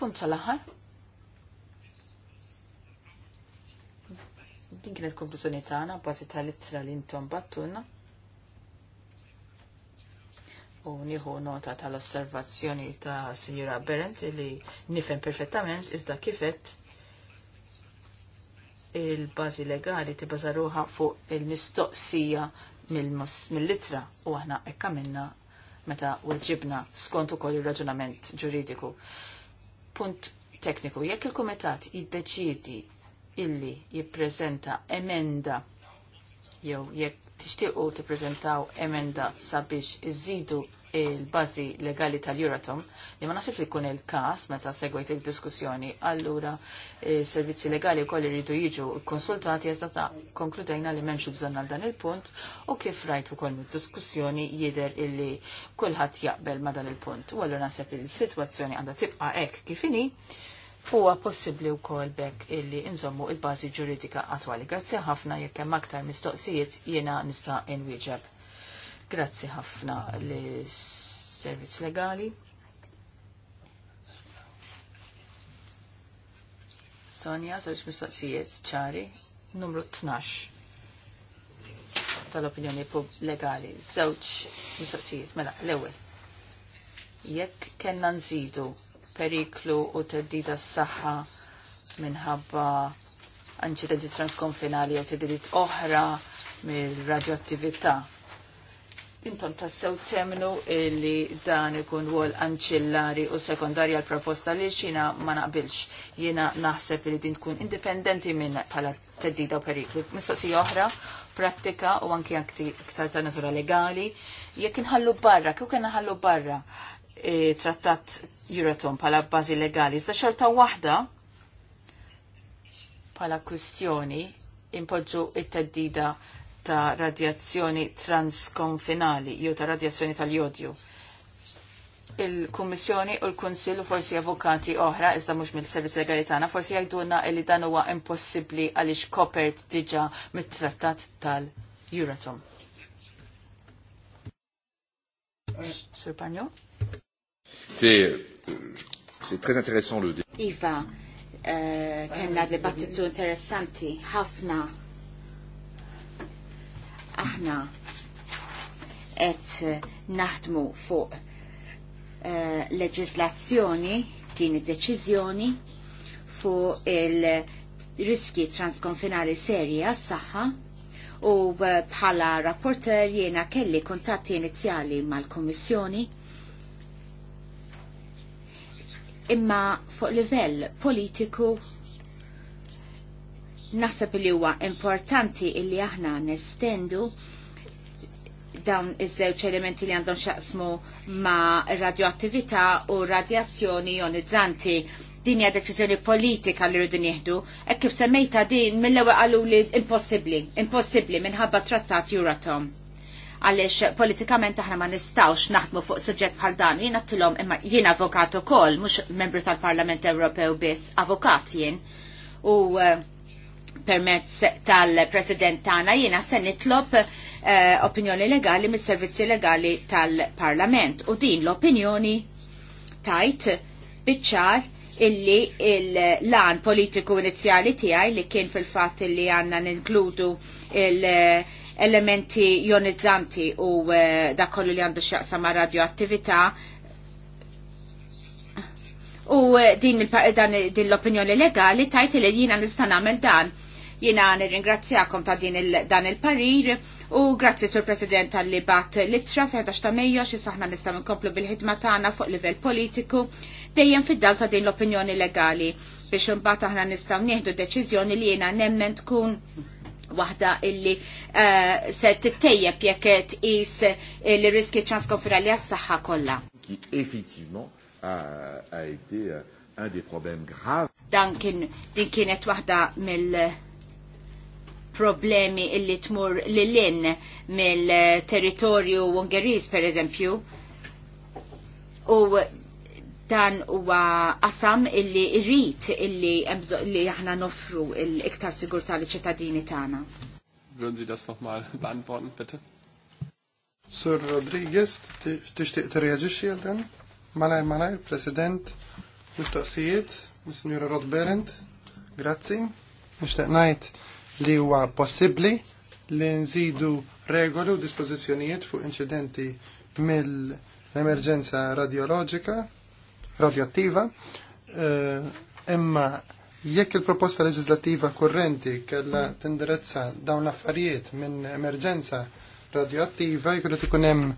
Punt tal-aħħar. Din kienet konklużjoni tagħna bażi tal-ittra li intom battuna u nieħu nota tal-osservazzjoni ta' Sinjura Berent li nifhem perfettament iżda kifet il-bażi legali tibbaża ruħa fuq il-mistoqsija mill-litra u aħna hekk għamilna meta weġibna skont ukoll ir-raġunament ġuridiku. Punt tekniku, jekk il-kumitat jiddeċiedi illi jippreżenta emenda jew jekk tixtiequ tippreżentaw emenda sabiex iżidu il-bazi legali tal-Euratom li ma nasib li kun il-kas meta segwajt il-diskussjoni. Allura, eh, servizzi legali u kolli rridu jiġu konsultati jazda ta' konkludajna li memxu bżonna għal dan il-punt u kif rajt u koll diskussjoni jider illi kullħat jaqbel ma dan il-punt. U allura nasib il-situazzjoni għanda tibqa ek kifini huwa possibbli wkoll bekk illi inżommu il-bażi ġuridika attwali. Grazzi ħafna jekk hemm aktar mistoqsijiet jiena nista' inwieġeb. Grazzi ħafna li servizz legali. Sonja, sarġ mistoqsijiet ċari, numru 12 tal-opinjoni legali, żewġ mistoqsijiet, mela, l-ewwel. Jekk kellna nżidu periklu u teddida s-saħħa minħabba anċidenti transkonfinali jew teddidiet oħra mill-radioattività intom tassew temnu li dan ikun wol anċillari u sekundarja l-proposta li xina ma naqbilx. Jina naħseb li din tkun indipendenti minn pala teddida u periklu. Mistoqsija oħra, pratika u anki ktar ta' natura legali. Jekk inħallu barra, kif kien barra e, trattat Euratom pala bażi legali, iżda xorta waħda pala kwistjoni impoġġu it-teddida ta' radjazzjoni transkonfinali jew ta' radjazzjoni tal-jodju. Il-Kummissjoni u l-Kunsill u forsi avukati oħra, iżda mhux mill-Servizz Legali tagħna, forsi jgħidulna li dan huwa impossibbli għaliex kopert diġà mit-Trattat tal-Euratom. Sur Pagno? C'est très intéressant le Iva, uh, kena dibattitu interessanti, ħafna aħna qed eh, naħdmu fuq eh, leġislazzjoni din id-deċiżjoni fuq il-riski transkonfinali serji għas-saħħa u eh, bħala rapporter jiena kelli kontatti inizjali mal-Komissjoni imma fuq livell politiku Naħseb li huwa importanti illi aħna nestendu dawn iż-żewġ elementi li għandhom xaqsmu ma' radioattività u radjazzjoni ionizzanti din hija deċiżjoni politika li rridu nieħdu, hekk kif semmejta din mill-ewwel qalu li impossibbli, impossibbli minħabba trattat Euratom. Għaliex politikament aħna ma nistawx naħdmu fuq suġġett bħal dan, jiena tilhom imma jien avukat ukoll, mhux membru tal-Parlament Ewropew biss, avukat jien. U uh, permezz tal-President tagħna jiena se nitlob uh, opinjoni legali mis-servizzi legali tal-Parlament u din l-opinjoni tajt biċċar illi il-lan politiku inizjali tiegħi li kien fil-fatt illi għandna ninkludu il-elementi jonizzanti u uh, eh, dakollu li għandu xaqsa ma' radioattività U eh, din, din l-opinjoni legali tajt li jina nista' nagħmel dan nir nirringrazzjakom ta' din il, dan il-parir u grazzi sur President li bat litra 11 ta' mejo xie saħna nistgħu nkomplu bil-ħidma tagħna fuq livell politiku dejjem fid-dal ta' din l-opinjoni legali biex imbagħad aħna nistgħu nieħdu deċiżjoni li jiena nemmen tkun waħda illi uh, se tittejjeb jekk tqis li riski transkonfera li għas-saħħa kollha. Effettivement a, a été un des problèmes graves. Dan kien din kienet waħda mill- problemi illi tmur lilin mill-territorju Ungeriż per eżempju. U dan huwa qasam illi rrit illi li aħna nofru l-iktar sigurtà li ċittadini tagħna. Würden Sie das nochmal beantworten, bitte? Sur Rodriguez, tixtieq tirreaġixxi għal dan? Malaj Malaj, President, mistoqsijiet, Signora Rod Berend, grazzi. Nixtieq ngħid li huwa possibbli li nżidu regoli u dispożizzjonijiet fuq inċidenti mill-emerġenza radioloġika, radioattiva, eh, imma jekk il-proposta leġislattiva kurrenti kella tindirezza dawn l-affarijiet minn emerġenza radioattiva jkunu ikun hemm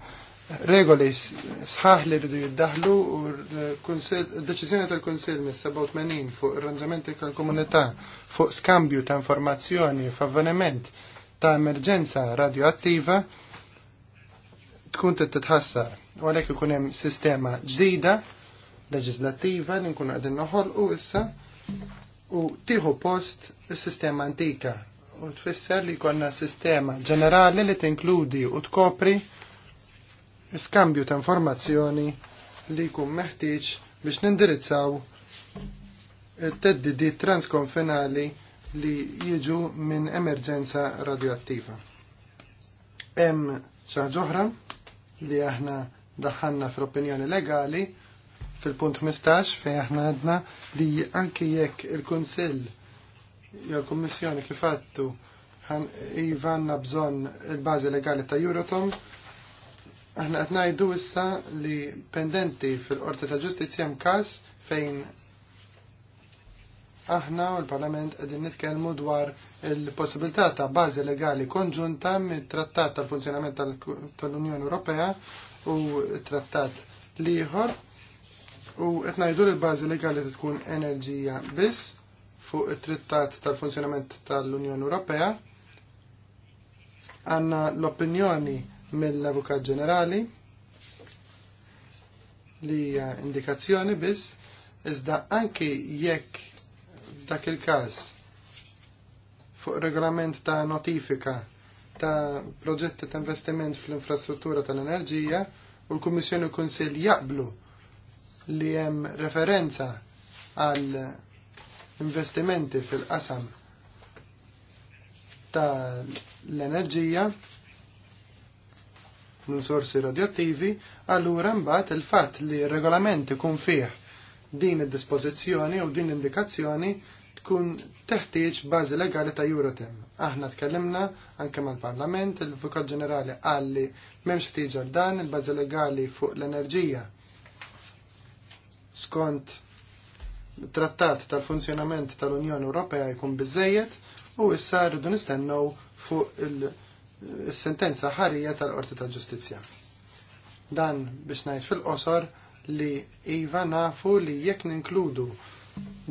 regoli sħaħ li rridu jiddaħlu u l-deċiżjoni tal-Kunsill mis-87 fuq ir-ranġamenti tal-komunità fuq skambju ta' informazzjoni f'avveniment ta' emerġenza radioattiva tkun titħassar. U għalhekk ikun hemm sistema ġdida leġislattiva li nkunu qegħdin noħolqu issa u tieħu post is-sistema antika u tfisser li konna sistema ġenerali li tinkludi u tkopri skambju ta' informazzjoni li jkun meħtieġ biex nindirizzaw teddidi transkonfinali li jiġu minn emerġenza radioattiva. Hemm ċaħġoħra li aħna daħanna fl-opinjoni legali fil-punt 15 fejn aħna għadna li anki jekk il-Kunsill jew l-Kummissjoni kif għattu ivanna bżonn il-bażi legali ta' Eurotom, aħna qed ngħidu issa li pendenti fil-Qorti ta' Ġustizzja hemm każ fejn aħna u l-Parlament qegħdin nitkellmu dwar il-possibilità ta' bażi legali konġunta mit-Trattat tal-Funzjonament tal-Unjoni Ewropea u trattat liħor u qed ngħidu li l-bażi legali tkun enerġija biss fuq it-Trattat tal-Funzjonament tal-Unjoni Ewropea. Għandna l-opinjoni mill-Avukat Ġenerali li hija indikazzjoni biss iżda anki jekk dak il-każ fuq regolament ta' notifika ta' proġetti ta' investiment fl-infrastruttura tal-enerġija u l-Kummissjoni u Kunsill jaqblu li hemm referenza għal investimenti fil-qasam ta' l-enerġija minn sorsi radioattivi, allura mbagħad il-fatt li r-regolament ikun fih din id-dispożizzjoni u din l-indikazzjoni tkun teħtieġ bażi legali ta' Eurotem. Aħna tkellimna anke mal-Parlament, il-Vukat Ġenerali qal li m'hemmx ħtieġa dan il-bażi legali fuq l-enerġija. Skont trattat tal-funzjonament tal-Unjoni Ewropea jkun biżejjed u issa rridu nistennew fuq il-sentenza ħarija tal-Qorti tal-Ġustizzja. Dan biex ngħid fil-qosor li iva nafu li jekk ninkludu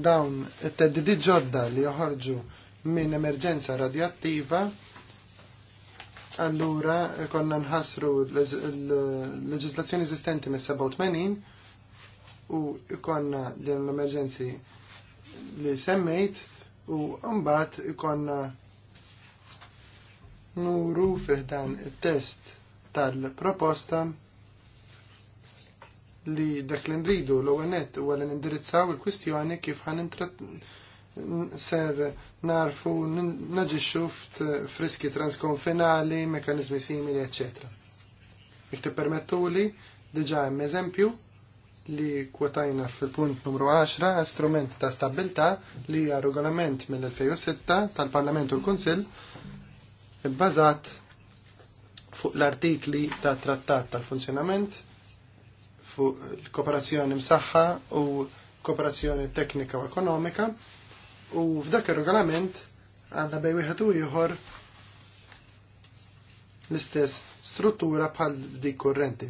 Dawn it-teddidi ġodda li joħorġu minn emerġenza radioattiva, allura konna nħasru l-leġislazzjoni esistenti mis-87 u konna din l-emerġenzi li semmejt u mbagħad konna nuru fih dan it-test tal-proposta li dak li nridu l-ewwel u huwa indirizzaw il-kwistjoni kif ħan ser narfu naġixxu f'riski transkonfinali, mekanizmi simili, eċċetera. Jek tippermettu li hemm eżempju li kwotajna fil-punt numru 10 strument ta' stabilità li hija regolament mill-2006 tal-Parlament u l-Kunsill bbażat fuq l-artikli ta' trattat tal-funzjonament fuq il kooperazzjoni msaħħa u kooperazzjoni teknika u ekonomika u f'dak ir-regolament għandna bej wieħed u ieħor l-istess struttura bħal dik kurrenti.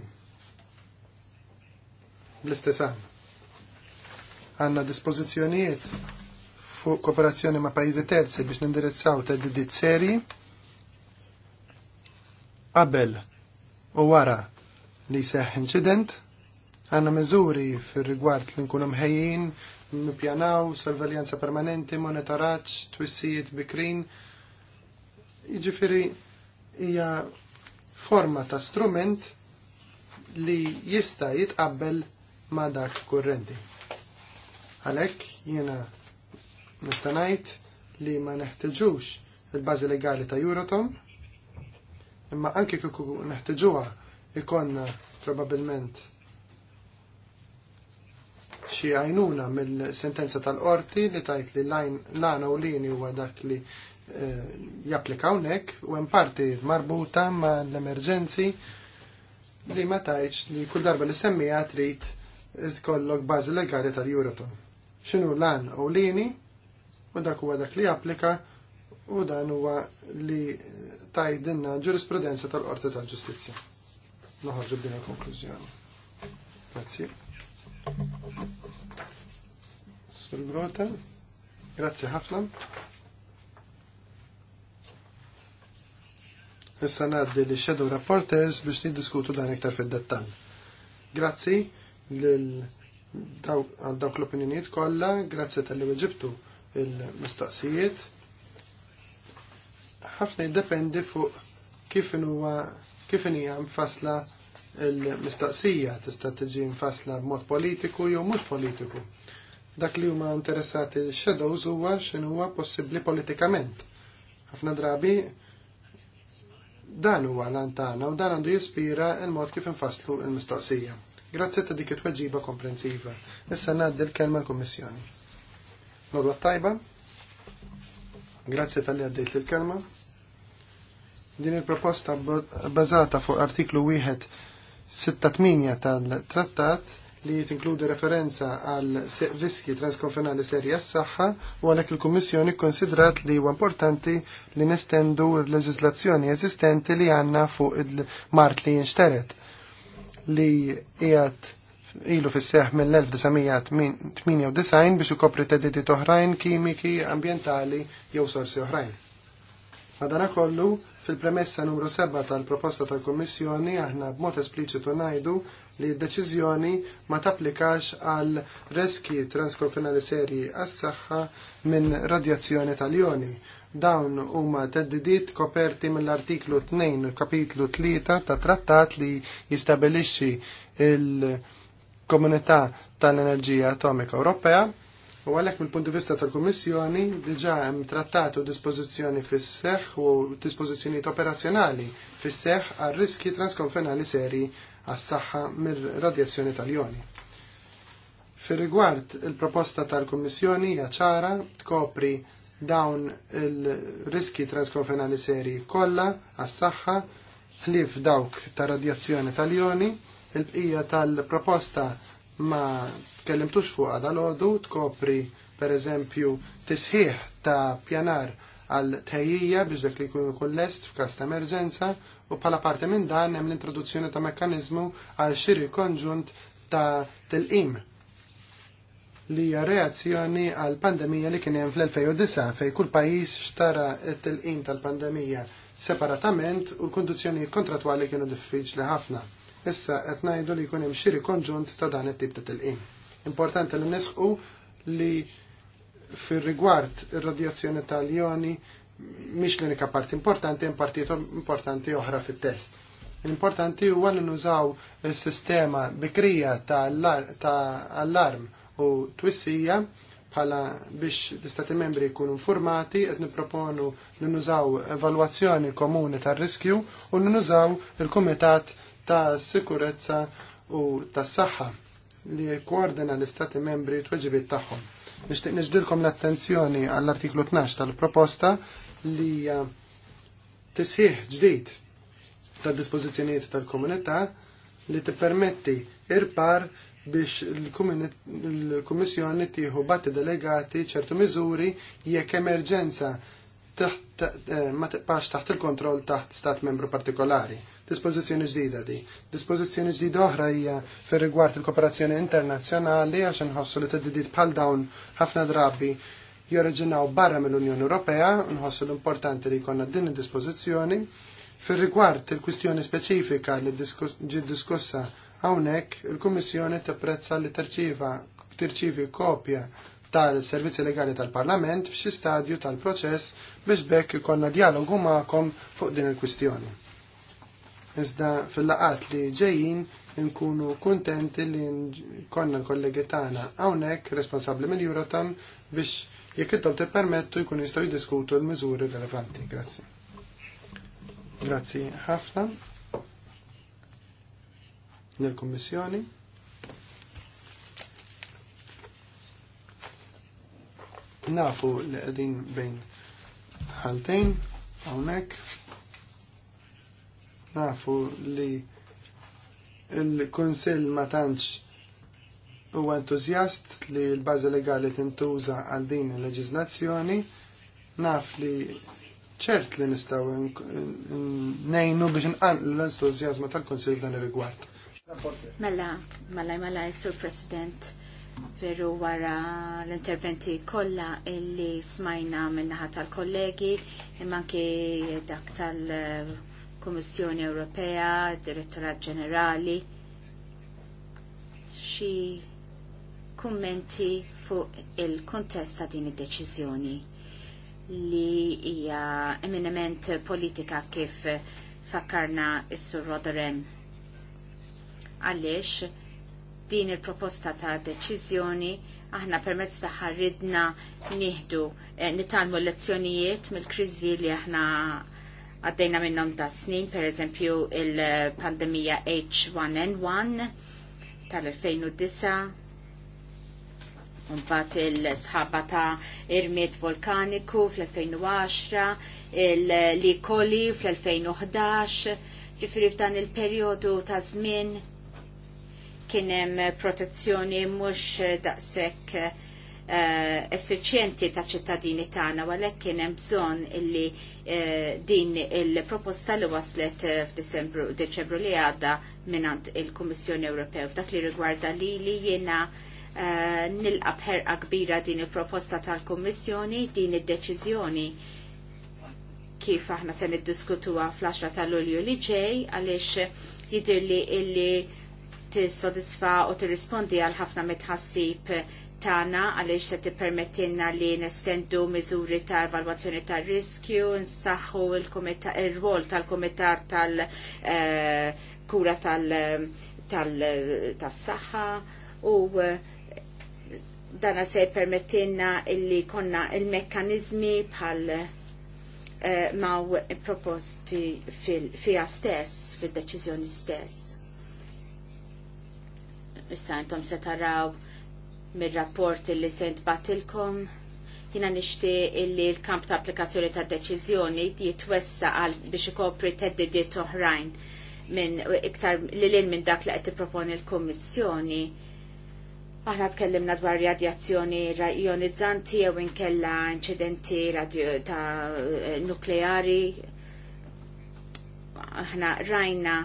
Bl-istess għan. Għanna dispożizzjonijiet fuq kooperazzjoni ma' pajjiżi terzi biex nindirizzaw teddidiet serji qabel u wara li seħħ incident Għanna mezzuri fil-rigward li nkunu mħejjin, nippjanaw, sorveljanza permanenti, monitoraġġ, twissijiet bikrin. Jiġifieri hija forma ta' strument li jista' jitqabbel ma' dak kurrenti. Għalhekk jiena nista' ngħid li ma neħtiġux il-bażi legali ta' Juratom, imma anke kieku neħtiġuha ikonna probabilment xie għajnuna mill-sentenza tal-qorti li tajt li l-għana u lini huwa dak li eh, japplikaw nek u hemm parti marbuta ma' l-emerġenzi li ma tajċ li kull darba li semmija trid tkollok bażi legali tal-Euratom. X'inhu lan u lini u dak huwa dak li japplika, u dan huwa li tajdinna ġurisprudenza tal-Qorti tal-Ġustizzja. Noħorġu b'din il-konklużjoni. Grazie. Sur Grota, grazzi ħafna. Issa naddi li Shadow Reporters biex niddiskutu dan iktar fid-dettall. Grazzi lil għal dawk l opinjoniet kollha, grazzi tal-li weġibtu il mistoqsijiet Ħafna jiddependi fuq kif huwa kif hija il-mistaqsija tista' tiġi mfassla b'mod politiku jew mhux politiku. Dak li huma interessati x-shadows huwa x'in huwa possibbli politikament. Ħafna drabi dan huwa lantana u dan għandu jispira il-mod kif infasslu il-mistoqsija. Grazzi ta' dik it-tweġiba komprensiva. Issa ngħaddi l-kelma l-Kummissjoni. Lodwa tajba. Grazzi tal-li għaddejt l-kelma. Din il-proposta bazata fuq artiklu wieħed 6-8 tal-trattat li tinkludi referenza għal riski transkonfinali serja s-saħħa u għalhekk il-Kummissjoni konsidrat li huwa importanti li nestendu l-leġiżlazzjoni eżistenti li għandna fuq il-mart li jinxteret li qiegħed ilu fis-seħ mill-1998 biex ikopri teddidiet oħrajn kimiki, ambjentali jew sorsi oħrajn. Madana kollu, Fil-premessa numru 7 tal-proposta tal-Kommissjoni aħna b'mod espliċitu ngħidu li d-deċiżjoni ma tapplikax għal reski transkonfinali serji għas-saħħa minn radjazzjoni tal-joni. Dawn huma teddidiet koperti mill-artiklu 2 kapitlu 3 ta' trattat li jistabilixxi il-Komunità tal-Enerġija Atomika Ewropea U għalhekk mill-punt vista tal-Kummissjoni diġà hemm trattatu dispożizzjoni fis-seħħ u dispożizzjonijiet operazzjonali fis-seħħ għal riski transkonfenali seri għas-saħħa mir-radjazzjoni tal-joni. Fir-rigward il-proposta tal-Kummissjoni hija ċara tkopri dawn il-riski transkonfenali seri kollha għas-saħħa ħlief dawk ta' radjazzjoni tal-joni, il-bqija tal-proposta ma' tkellimtux fuq dan għodu tkopri per eżempju tisħiħ ta' pjanar għal tejjija biex li jkun ikun lest f'każ ta' emerġenza u bħala parti minn dan hemm l-introduzzjoni ta' mekkaniżmu għal xiri konġunt ta' tilqim li hija reazzjoni għal pandemija li kien hemm fl-2009 fejn kull pajjiż xtara t-tilqim tal-pandemija separatament u l-kondizzjonijiet kontratwali kienu diffiċli ħafna. Issa qed ngħidu li jkun hemm xiri konġunt ta' dan it-tip ta' tilqim. Importanti li nisħu li fir rigward ir-radjazzjoni tal-joni mhix l-unika parti importanti, hemm partijiet importanti oħra fit-test. L-importanti huwa li nużaw il sistema bikrija ta' allarm u twissija bħala biex l-istati membri jkunu informati, qed nipproponu l nużaw evalwazzjoni komuni tar-riskju u nużaw il-Kumitat ta' Sikurezza u tas-Saħħa li koordina l-Istati membri t-weġibit tagħhom. Nixtieq nixdilkom l-attenzjoni għall-artiklu 12 tal-proposta li tisħiħ ġdid tad dispożizzjonijiet tal-komunità li tippermetti irpar biex il-Kummissjoni tieħu batti delegati ċertu miżuri jekk emerġenza eh, ma tiqpax taħt il-kontroll taħt stat membru partikolari. Dispożizzjoni ġdida di. Dispożizzjoni ġdida oħra hija fir rigward il-kooperazzjoni internazzjonali għax nħossu li teddidiet bħal dawn ħafna drabi jorriġinaw barra mill-Unjoni Ewropea, nħossu l-importanti li jkollna din id-dispożizzjoni. Fir rigward il-kwistjoni speċifika li ġiet diskussa hawnhekk, il-Kummissjoni tipprezza li terċiva tirċivi kopja tal-servizzi legali tal-Parlament f'xi stadju tal-proċess biex bekk ikonna dialogu magħkom fuq din il-kwistjoni iżda fil-laqat li ġejjin nkunu kuntenti li konna l-kollegi tagħna hawnhekk responsabbli mill-Eurotam biex jekk intom tippermettu jkun jistgħu jiddiskutu l-miżuri rilevanti. Grazzi. Grazzi ħafna nel kummissjoni Nafu li qegħdin bejn ħaltejn hawnhekk nafu li il-Kunsill ma tantx huwa entużjast li l-bażi legali tintuża għal din il-leġiżlazzjoni. Naf li ċert li nistgħu nejnu biex nqallu l-entużjażmu tal-Kunsill dan ir-rigward. Mela, mela, mela, Sur President, veru wara l-interventi kollha illi smajna minnaħat tal-kollegi, imma anke dak tal- Kommissjoni Ewropea, Direttorat Ġenerali, xi kummenti fuq il-kontest ta' din id-deċiżjoni li hija eminement politika kif fakkarna s-sur Rodoren. Għaliex din il-proposta ta' deċiżjoni aħna permezz ta' ħarridna nieħdu eh, nitalmu lezzjonijiet mill-kriżi li aħna għaddejna minnom ta' snin, per eżempju il-pandemija H1N1 tal-2009, Unbat il-sħabba ta' irmiet vulkaniku fl-2010, il koli fl-2011, ġifiri f'dan il-periodu ta' żmien kienem protezzjoni mhux daqshekk Eh, effiċjenti ta' ċittadini tagħna għalhekk kien hemm bżonn illi eh, din il-proposta li waslet eh, f'Diċembru Deċembru li għadda minant il-Kummissjoni Ewropew f'dak li rigwarda li li jiena nilqa bħerqa kbira din il-proposta tal-Kummissjoni din id-deċiżjoni kif aħna se niddiskutuha fl-10 ta' Lulju li ġej għaliex jidir li illi tissodisfa u tirrispondi għal ħafna mitħassib tagħna għaliex se tippermettilna li nestendu miżuri ta' evalwazzjoni tar riskju, nsaħħu il-rwol tal-Kumitat tal-Kura eh, tal-Saħħa u eh, dana se jippermettilna illi konna il-mekkanizmi bħal eh, maw proposti fija stess, fil-deċizjoni stess. Issa intom se taraw mir-rapport li se ntbatilkom jina nishti illi l-kamp ta' applikazzjoni ta' deċizjoni jitwessa għal biex ikopri teddidiet oħrajn minn iktar lilin minn dak li qed tipproponi l-Kummissjoni. Aħna tkellimna dwar radjazzjoni rajonizzanti jew inkella inċidenti ta' nukleari. Aħna rajna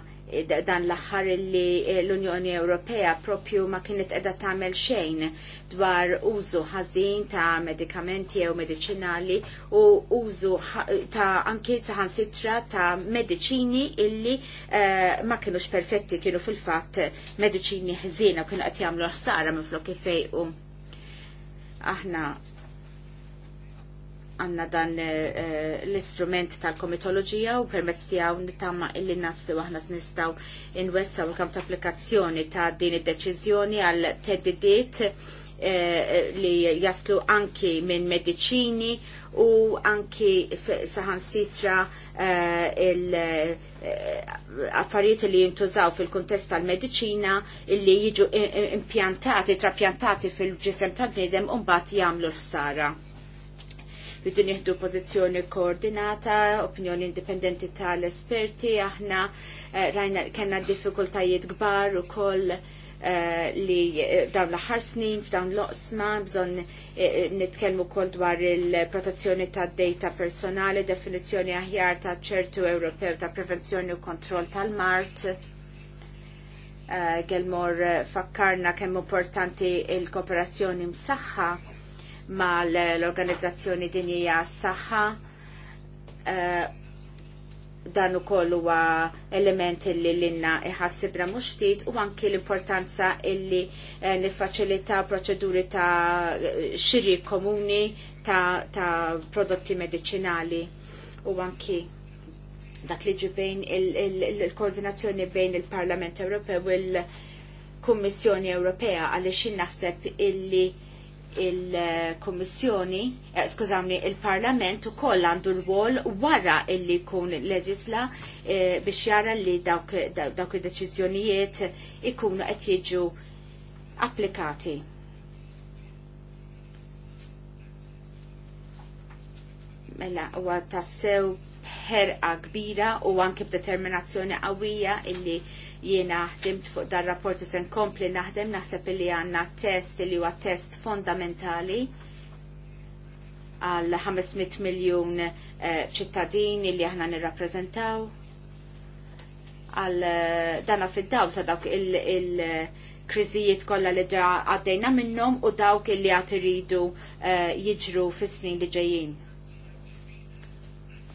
dan l-aħħar li l-Unjoni Ewropea propju ma kienet edha tagħmel xejn dwar użu ħażin ta' medikamenti jew medicinali u użu ta' anki ta' sitra ta' medicini illi uh, ma kienux perfetti kienu fil fat medicini ħzina kienu qed jagħmlu ħsara minn flok fejqu. Aħna għanna dan eh, eh, l-istrument tal-komitologija u permezz tiegħu nittama illi naslu aħna nistgħu inwessaw u kamp ta' applikazzjoni ta' din id-deċiżjoni għal teddidiet eh, li jaslu anki minn medicini u anki saħansitra affarijiet li jintużaw fil-kontest tal-medicina illi jiġu impjantati, trapjantati fil-ġisem tal-bnidem un bat jamlu l-ħsara rridu nieħdu pożizzjoni koordinata, opinjoni indipendenti tal-esperti, aħna eh, rajna kena diffikultajiet kbar ukoll eh, li eh, dawn l-aħħar snin f'dawn l-oqsma bżonn nitkellmu wkoll dwar il-protezzjoni tad-data personali, definizzjoni aħjar ta' ċertu Ewropew ta' prevenzjoni u kontroll tal-mart. Gelmor fakkarna kemm importanti il-kooperazzjoni msaħħa ma l-Organizzazzjoni Dinjija Saħħa eh, dan ukoll huwa elementi li l-inna iħassibna mhux ftit u anki l-importanza illi uh, proċeduri ta' xiri komuni ta', prodotti medicinali u anki dak li ġi bejn il-koordinazzjoni bejn il-Parlament Ewropew u l-Kummissjoni Ewropea għaliex naħseb illi il-Kommissjoni, eh, skużawni, il-Parlament u koll għandu rwol wara illi kun leġisla eh, biex jara li dawk, il-deċizjonijiet ikunu qed jiġu applikati. Mela, huwa tassew ħerqa kbira u anke b'determinazzjoni qawwija illi jiena ħdimt fuq dar rapport u sen kompli naħdem naħseb illi għandna test illi huwa test fondamentali għal 500 miljun eh, ċittadin illi aħna nirrappreżentaw għal eh, dana fid-daw ta' dawk il- kriżijiet kollha li għaddejna minnhom u dawk illi għad iridu eh, jiġru fis-snin li ġejjin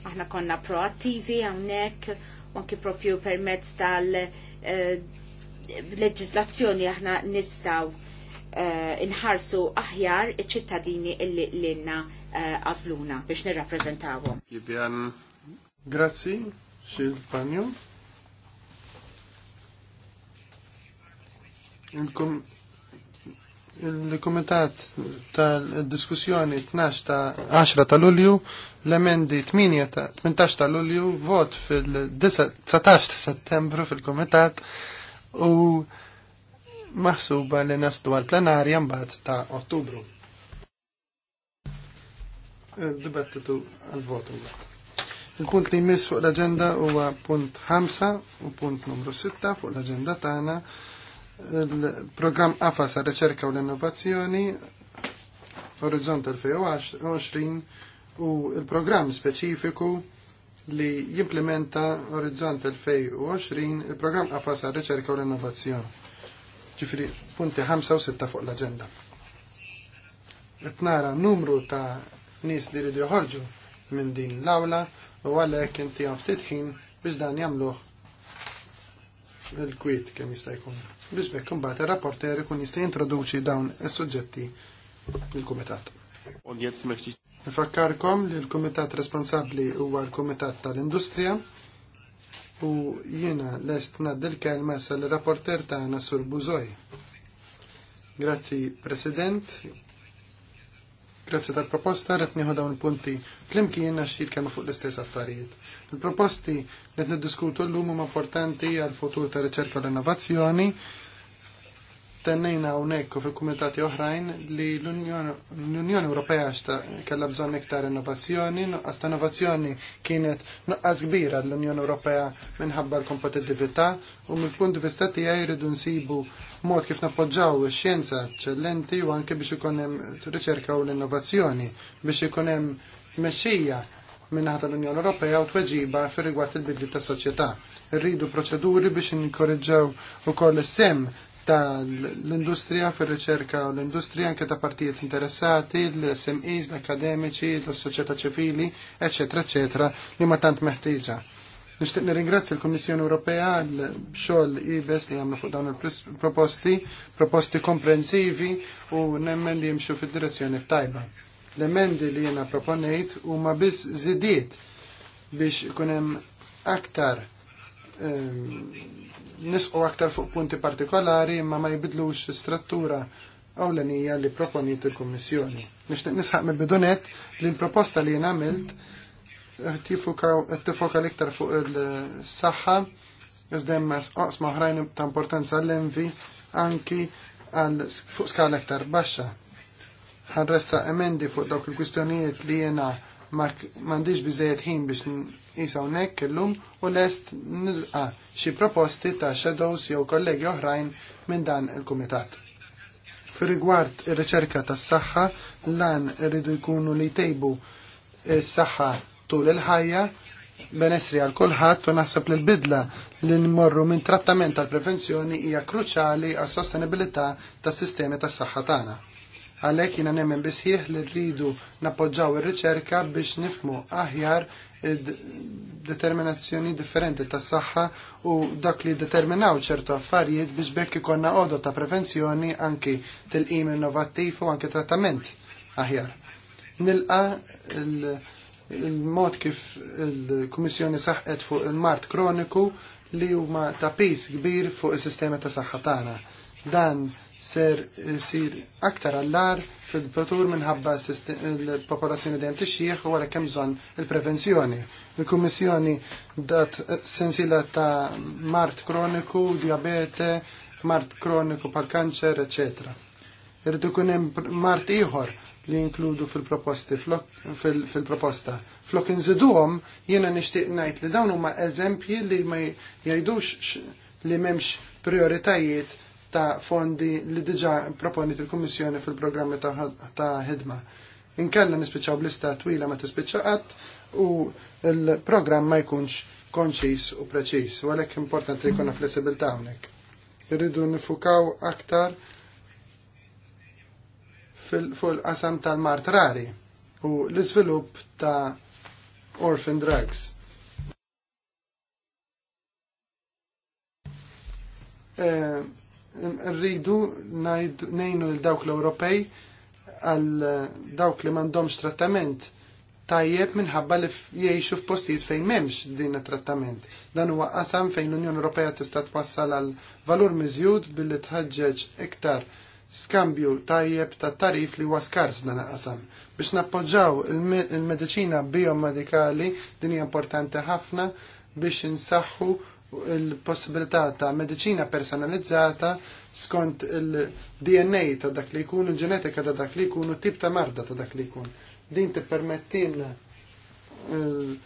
Aħna konna proattivi hawnhekk, anki propju permezz tal-leġislazzjoni eh, aħna nistaw eh, inħarsu aħjar iċ-ċittadini illi l-inna eh, għazluna biex nirrappreżentawhom. Jibjan. Grazzi, xil panju. Il-komitat tal-diskussjoni 12 ta' 10 ta' Lulju l-emendi 18 ta' lulju, vot fil-19 ta' settembru fil-komitat u maħsuba li nasdu għal-plenarja mbagħad ta' ottubru. Eh, dibattitu għal-votu mbagħad. Il-punt li jmiss fuq l-agenda huwa punt 5 u punt numru 6 fuq l-agenda tagħna il-programm AFAS għal riċerka u l-innovazzjoni Orizzont 2020 u il-programm speċifiku li jimplementa Orizzont 2020 il-programm għafas għal riċerka u l-innovazzjoni. Ġifri, punti 5 u 6 fuq l-agenda. Etnara numru ta' nis li ridu joħorġu minn din l-awla u għalek inti għaf ħin biex dan jamluħ il-kwiet kemm jista' jkun. Biex bekk imbagħad ir rapporteri ikun jista' jintroduċi dawn is-suġġetti il-kumitat. Nifakkarkom li l-Kumitat Responsabbli huwa l-Kumitat tal-Industrija u jiena lest naddi l-kelma sal-rapporter tagħna Sur Buzoj. Grazzi President, Grazzi tal-proposta qed nieħu dawn il-punti flimkien għax jitkellmu fuq l-istess affarijiet. Il-proposti li qed niddiskutu llum huma importanti għal futur ta' riċerka u l-innovazzjoni tennejna hawnhekk u fil komitati oħrajn li l-Unjoni Ewropea kellha bżonn iktar innovazzjoni, għasta innovazzjoni kienet nuqqas kbira l-Unjoni Ewropea minħabba l kompetitività u mill-punt di vista tiegħi jridu nsibu mod kif nappoġġaw ix-xjenza eċċellenti u anke biex ikun hemm riċerka u l-innovazzjoni biex ikun hemm mexxija minnaħat l-Unjoni Ewropea u tweġiba fir rigward il-bidli ta' soċjetà. Rridu proċeduri biex inkorreġġew ukoll is-sem Ta' l industrija fil-riċerka u l-industrija anke ta' partijiet interessati, l-SMEs, l-akademiċi, l-soċjetà ċivili, eccetera, eccetera, li ma tant meħtieġa. Nishtiq nirringrazzja l-Kommissjoni Ewropea l xogħol ibes li għamlu fuq dawn il-proposti, proposti komprensivi u nemmen li jimxu fid-direzzjoni tajba. L-emendi li jena proponejt huma biss żidiet biex ikun hemm aktar um, nisqu aktar fuq punti partikolari imma ma jibidlux struttura ewlenija li proponiet il-Kummissjoni. Nixtieq nisħaq me bidunet li l-proposta li jien għamilt eh, tifoka l-iktar fuq il-saħħa iżda hemm oqsma maħrajn ta' importanza l-envi anki fuq skala iktar baxxa. Ħarressa emendi fuq dawk il-kwistjonijiet li jiena mandiġ biżejjed ħin biex isa hawnhekk illum u lest nilqa xi proposti ta' shadows jew kollegi oħrajn minn dan il-kumitat. Fir-rigward ir-riċerka tas-saħħa, lan rridu jkunu li tejbu s-saħħa tul il-ħajja benessri għal kulħadd u naħseb li l-bidla li nmorru minn trattament tal prevenzjoni hija kruċjali għas sostenibilità tas-sistemi tas-saħħa tagħna. Għalhekk jiena nemmen bisħieħ li rridu nappoġġaw ir-riċerka biex nifmu aħjar determinazzjoni differenti tas saħħa u dak li determinaw ċertu affarijiet biex bekk ikonna għodu ta' prevenzjoni anki til qim innovattiv u anki trattament aħjar. Nilqa il-mod kif il-Kummissjoni saħqet fuq il-mart kroniku li huma ta' pis kbir fuq is-sistema ta' saħħa tagħna. Dan ser sir aktar allar fil-futur minħabba l-popolazzjoni dejjem tixjieħ u għalhekk hemm bżonn il-prevenzjoni. Il-Kummissjoni dat sensila ta' mart kroniku, diabete, mart kroniku pal kanċer, ecc. Irridu kun hemm mart ieħor li inkludu fil-proposti, fil-proposta. Flok inżiduhom jiena nixtieq ngħid li dawn huma eżempji li ma jgħidux li m'hemmx prioritajiet ta' fondi li diġa proponit il-Kommissjoni fil-programmi ta' ħidma. Inkella nispiċaw blista twila ma tispiċċa u il-programm ma jkunx konċis u preċis, u għalhekk importanti li flessibil ta' hawnhekk. Irridu nifukaw aktar fil qasam tal-mart rari u l-iżvilupp ta' orphan drugs. Eh, rridu nejnu l-dawk l-Ewropej għal dawk li mandomx trattament tajjeb minħabba li jiexu f'postijiet fejn memx din trattament. Dan huwa qasam fejn l-Unjoni Ewropea tista' twassal għal valur miżjud billi tħaġġeġ iktar skambju tajjeb ta' tarif li huwa skars dan qasam. Biex nappoġġaw il-mediċina biomedikali din hija importanti ħafna biex insaħħu il-possibilità ta' medicina personalizzata skont il-DNA ta' dak li jkun, il-ġenetika ta' dak li jkun, u tip ta' marda ta' dak li jkun. Din tippermettilna eh,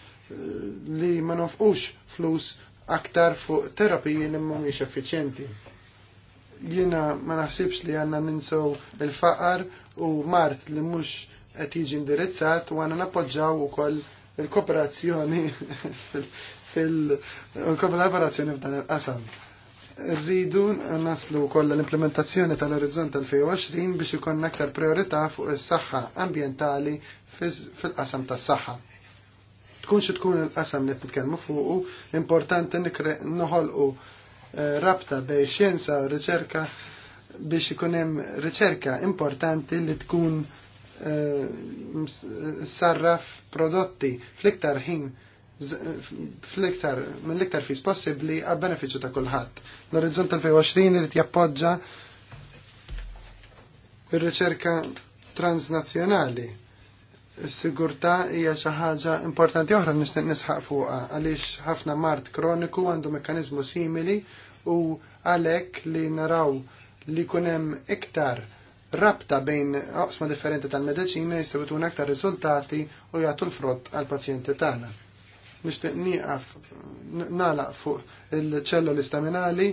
li ma nofqux flus aktar fuq terapiji li mhumiex effiċjenti. Jiena ma naħsibx li għandna ninsew il-faqar u mart li mhux qed jiġi indirizzat u għandna nappoġġaw ukoll il-kooperazzjoni fil-kollaborazzjoni f'dan il-qasam. Rridu naslu kollha l-implementazzjoni tal-Orizzont 2020 biex ikonna aktar priorità fuq is-saħħa ambientali fil-qasam tas-saħħa. Tkun xi tkun il-qasam li qed nitkellmu fuq importanti noħolqu eh, rabta bej xjenza u riċerka biex ikun hemm riċerka importanti li tkun eh, sarraf prodotti fl-iktar ħin fl-iktar, mill-iktar fis possibbli għab beneficju ta' kulħadd. L-orizzont tal-2020 irid jappoġġa ir-riċerka transnazzjonali. Is-sigurtà hija xi ħaġa importanti oħra nixtieq nisħaq fuqha għaliex ħafna mart kroniku għandu mekkaniżmu simili u għalhekk li naraw li jkun hemm iktar rabta bejn oqsma differenti tal-medicina jistgħu jkunu aktar riżultati u jagħtu l-frott għall pazjenti tagħna nishtiq nieqaf nalaq fuq il-ċelluli staminali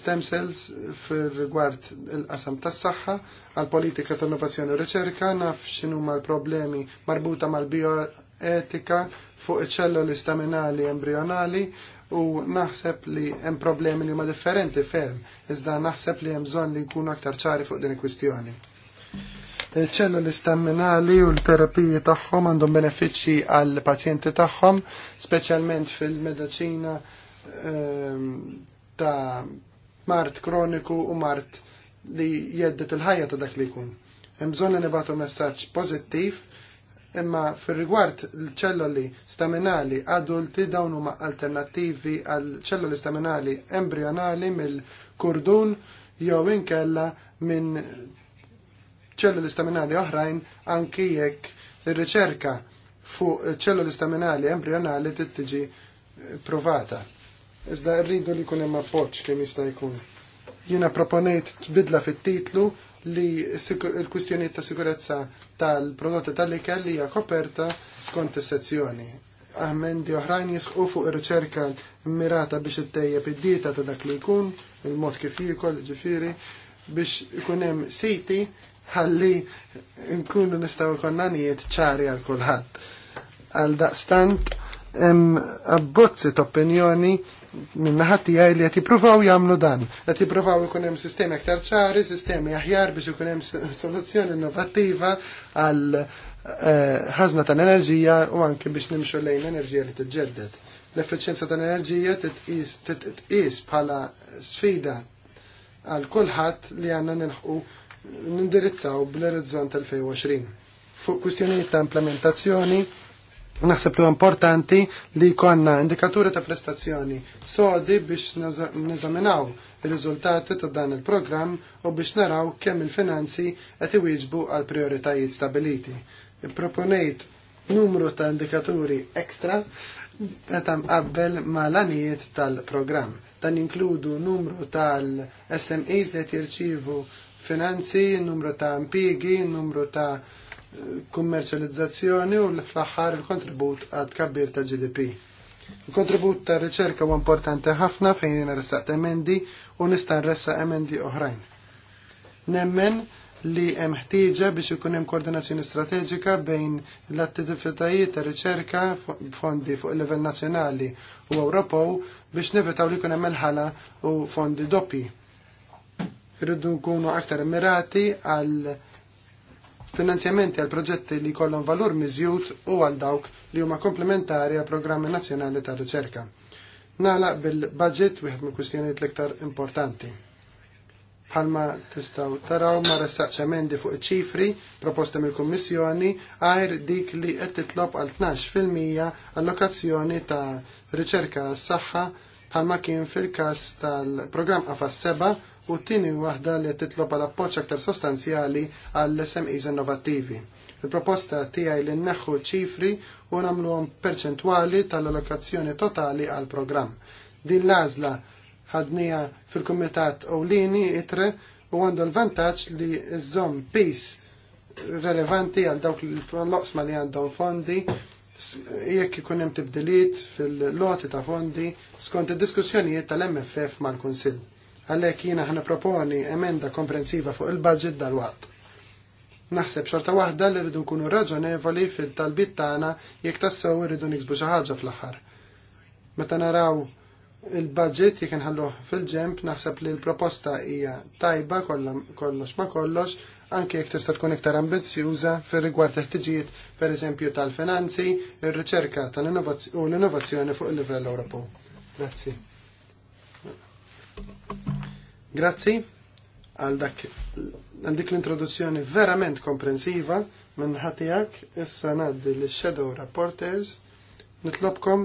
stem cells fil-rigward il-qasam tas-saħħa għal politika ta' innovazzjoni u riċerka naf x'inhu l-problemi marbuta mal-bioetika fuq iċ-ċelluli staminali embrionali u naħseb li hemm problemi li ma differenti ferm, iżda naħseb li hemm bżonn li jkunu aktar ċari fuq din il-kwistjoni. Il-ċelluli staminali u l-terapiji tagħhom għandhom benefiċċji għall pazjenti tagħhom, speċjalment fil-medicina ehm, ta' mart kroniku u mart li jeddet il-ħajja ta' dak li jkun. Hemm bżonn nibatu messaġġ pożittiv imma fir rigward l-ċelloli staminali adulti dawn huma alternattivi għal ċelluli staminali embrionali mill-kurdun jew inkella minn ċelluli staminali oħrajn anki jekk ir-riċerka fuq ċelluli staminali embrionali tittiġi eh, provata. Iżda rridu li kunem appoċ kemm jista' jkun. Jiena proponejt tbidla fit-titlu li l-kwistjonijiet ta' sikurezza tal-prodotti tal-ikel li hija koperta skont is-sezzjoni. Ahmendi oħrajn jisqu fuq ir-riċerka mirata biex ittejjeb id-dieta ta' dak li jkun, il-mod kif jikol, ġifiri, biex ikun hemm siti ħalli nkunu nistaw konnanijiet ċari għal kulħadd. Għal daqstant hemm t opinjoni minna ħatti għaj li provaw jamlu dan. Jatiprufaw ikun hemm sistemi aktar ċari, sistemi aħjar biex ikun hemm soluzzjoni innovattiva għal eh, ħazna ta' enerġija u anke biex nimxu lejn enerġija li tiġġedded. L-effiċjenza ta' enerġija titqis bħala sfida għal kulħadd li għandna nilħqu nindirizzaw bl tal 2020. Fuq kwistjonijiet ta' implementazzjoni, naħseb li importanti li jkollna indikaturi ta' prestazzjoni sodi biex neżaminaw ir-riżultati ta' dan il-programm u biex naraw kemm il-finanzi qed iwieġbu għal prioritajiet stabiliti. Proponejt numru ta' indikaturi ekstra meta mqabbel ma' l-anijiet tal-programm. Dan inkludu numru tal-SMEs li qed jirċievu finanzi, il numru ta' impigi, n-numru ta' kommerċializzazzjoni u l-flaħħar il-kontribut għad kabbir ta' GDP. Il-kontribut ta' riċerka u importanti ħafna fejn nressaq emendi u nista' nressaq emendi oħrajn. Nemmen li hemm ħtieġa biex ikun hemm koordinazzjoni strateġika bejn l-attivitajiet ta' riċerka fondi fuq il-livell nazzjonali u Ewropew biex nevitaw li jkun hemm il-ħala u fondi doppi irridu nkunu aktar mirati għal finanzjamenti għal proġetti li kollhom valur miżjud u għal dawk li huma komplementari għal programmi nazzjonali ta' riċerka. Nala bil-budget wieħed mill kwistjonijiet l-iktar importanti. Bħalma tistgħu taraw ma ressaqx emendi fuq iċ-ċifri proposta mill-Kummissjoni għajr dik li qed titlob għal 12% allokazzjoni ta' riċerka s-saħħa bħalma kien fil-każ tal-programm Afas seba' u t-tini waħda li titlob għal appoċ aktar sostanzjali għall SMEs innovattivi. Il-proposta tiegħi li nneħħu ċifri u nagħmluhom perċentwali tal-allokazzjoni totali għal programm. Din l-għażla ħadnija fil-Kumitat Owlini itre u għandu l-vantaġġ li żżomm pis relevanti għal dawk l-loqsma li għandhom fondi jekk ikun hemm tibdiliet fil-loti ta' fondi skont id-diskussjonijiet tal-MFF mal-Kunsill għalhekk jiena ħna proponi emenda komprensiva fuq il-budget dal-waqt. Naħseb xorta waħda li rridu nkunu raġonevoli fil-talbit tagħna jekk tassew irridu niksbu xi ħaġa fl-aħħar. Meta naraw il-budget jekk inħalluh fil-ġemp naħseb li l-proposta hija tajba kollox ma kollox anke jekk tista' tkun iktar ambizzjuża fir-rigward teħtiġijiet pereżempju tal-finanzi, ir-riċerka tal-innovazzjoni u l-innovazzjoni fuq il-livell Ewropew. Grazzi. Grazzi għal dak għal dik l-introduzzjoni verament komprensiva minn ħatijak issa naddi l shadow Reporters nitlobkom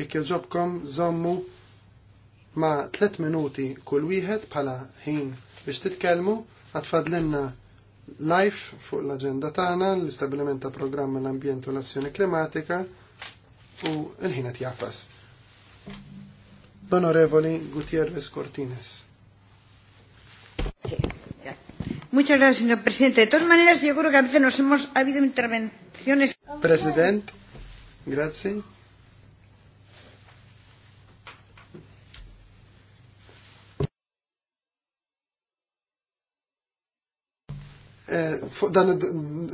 jekk jogħġobkom zommu ma' tlet minuti kull wieħed bħala ħin biex titkellmu għatfadlinna live fuq l-agenda tagħna l istabilimenta programma programm l-ambjent u l-azzjoni klimatika u l-ħin qed jafas. L-Onorevoli Gutierrez Cortines. Muchas gracias, señor presidente. De todas maneras, yo creo que a veces nos hemos ha habido intervenciones. Presidente, gracias. Eh, dan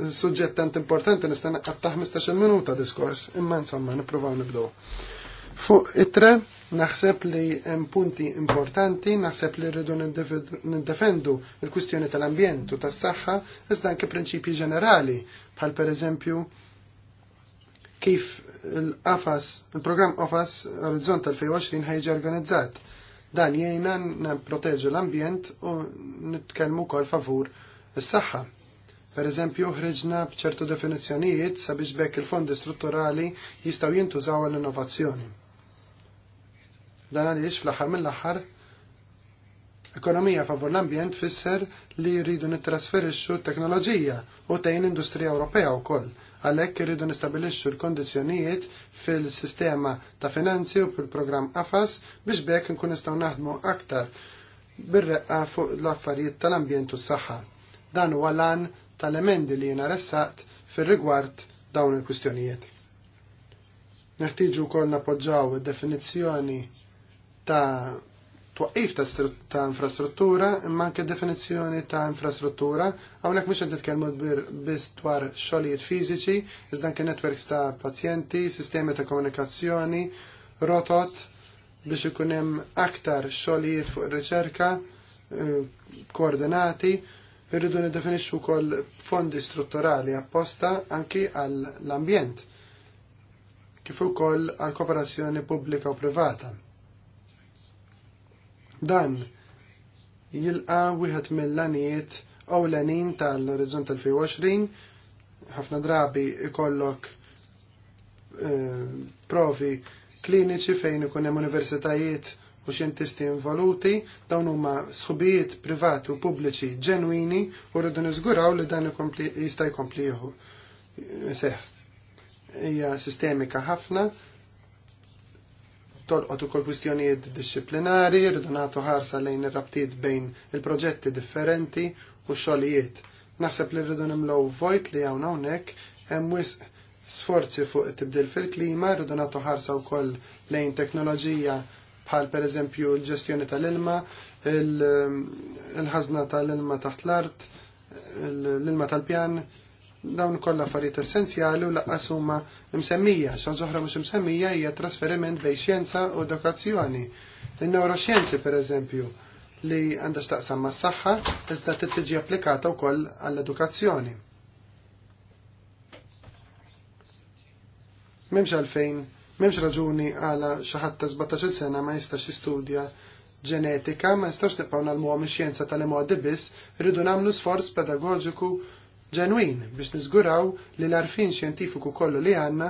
il-sujġett tant importanti nista' naqattaħ 15-il minuta diskors, imma insomma nippruvaw nibdew. Fuq it-tre Naħseb li hemm punti importanti, naħseb li rridu niddefendu il-kwistjoni tal-ambjent u tas-saħħa, iżda anke prinċipji ġenerali, bħal pereżempju kif il-qafas, il-programm qafas Orizzont tal-2020 ħajġi organizzat. Dan jgħina nproteġu l-ambjent u nitkellmu wkoll favur is-saħħa. Per eżempju, ħriġna bċertu definizzjonijiet sabiex bekk il-fondi strutturali jistaw jintużaw l-innovazzjoni. Dan għaliex fl-aħħar mill-aħħar ekonomija favur l-ambjent fisser li rridu nittrasferixxu teknoloġija u tejn industrija Ewropea wkoll. Għalhekk irridu nistabilixxu l-kondizzjonijiet fil-sistema ta' finanzi u fil-programm AFAS biex bekk nkun nistgħu naħdmu aktar bir-reqqa fuq l-affarijiet tal-ambjent u s-saħħa. Dan huwa lan tal-emendi li jiena ressaqt fir-rigward dawn il-kwistjonijiet. Neħtieġu wkoll napoġġaw id-definizzjoni ta' twaqif ta', infrastruttura imma anke definizzjoni ta' infrastruttura hawnhekk mhux qed nitkellmu biss dwar xogħlijiet fiżiċi iżda anke netwerks ta' pazjenti, sistemi ta' komunikazzjoni, rotot biex ikun hemm aktar xogħlijiet fuq ir-riċerka eh, koordinati irridu nidefinixxu wkoll fondi strutturali apposta anki għall ambjent kif ukoll għall kooperazzjoni pubblika u privata. Dan jilqa wieħed mill-lanijiet ewlenin tal-Orizzont 2020 ħafna drabi ikollok eh, provi kliniċi fejn ikun hemm universitajiet u xjentisti involuti, dawn huma sħubijiet privati u pubbliċi ġenwini u rridu niżguraw li dan jista' jkompli seħ. Hija sistemika ħafna tolqot ukoll kwistjonijiet disciplinari, rridu nagħtu ħarsa lejn ir-rabtiet bejn il-proġetti differenti u xogħlijiet. Naħseb li rridu nimlew vojt li hawn hawnhekk hemm wisq sforzi fuq it-tibdil fil-klima, rridu nagħtu ħarsa wkoll lejn teknoloġija bħal pereżempju l-ġestjoni tal-ilma, um, il-ħażna tal-ilma taħt l-art, l-ilma tal-pjan, il il ħażna tal ilma taħt l art l ilma tal pjan dawn kollha affarijiet essenzjali u laqqas huma msemmija, xi ġoħra mhux msemmija hija trasferiment bejn xjenza u edukazzjoni. In-neuroxjenzi pereżempju li għandha x'taqsam mas-saħħa iżda tiġi applikata wkoll għall-edukazzjoni. M'hemmx għalfejn, m'hemmx raġuni għala xi ħadd ta' 17 sena ma jistax jistudja ġenetika, ma jistax nibqgħu nagħmluha mix-xjenza tal-imgħodi biss, irridu nagħmlu sforz pedagoġiku ġenwin biex niżguraw li l-arfin xjentifiku kollu li għanna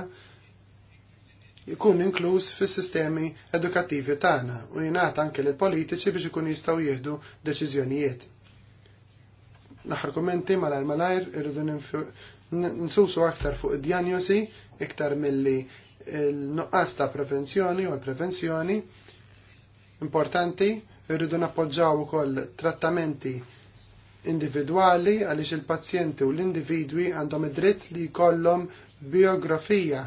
jkun inkluż fis-sistemi edukattivi tagħna u jingħad anke lill politiċi biex ikun jistgħu jieħdu deċiżjonijiet. Naħar kummenti mal-malajr irridu nsusu aktar fuq id djanjosi iktar milli l-nuqqas ta' prevenzjoni u l-prevenzjoni importanti irridu nappoġġaw ukoll trattamenti individwali għaliex il-pazjenti u l-individwi għandhom id-dritt li jkollhom biografija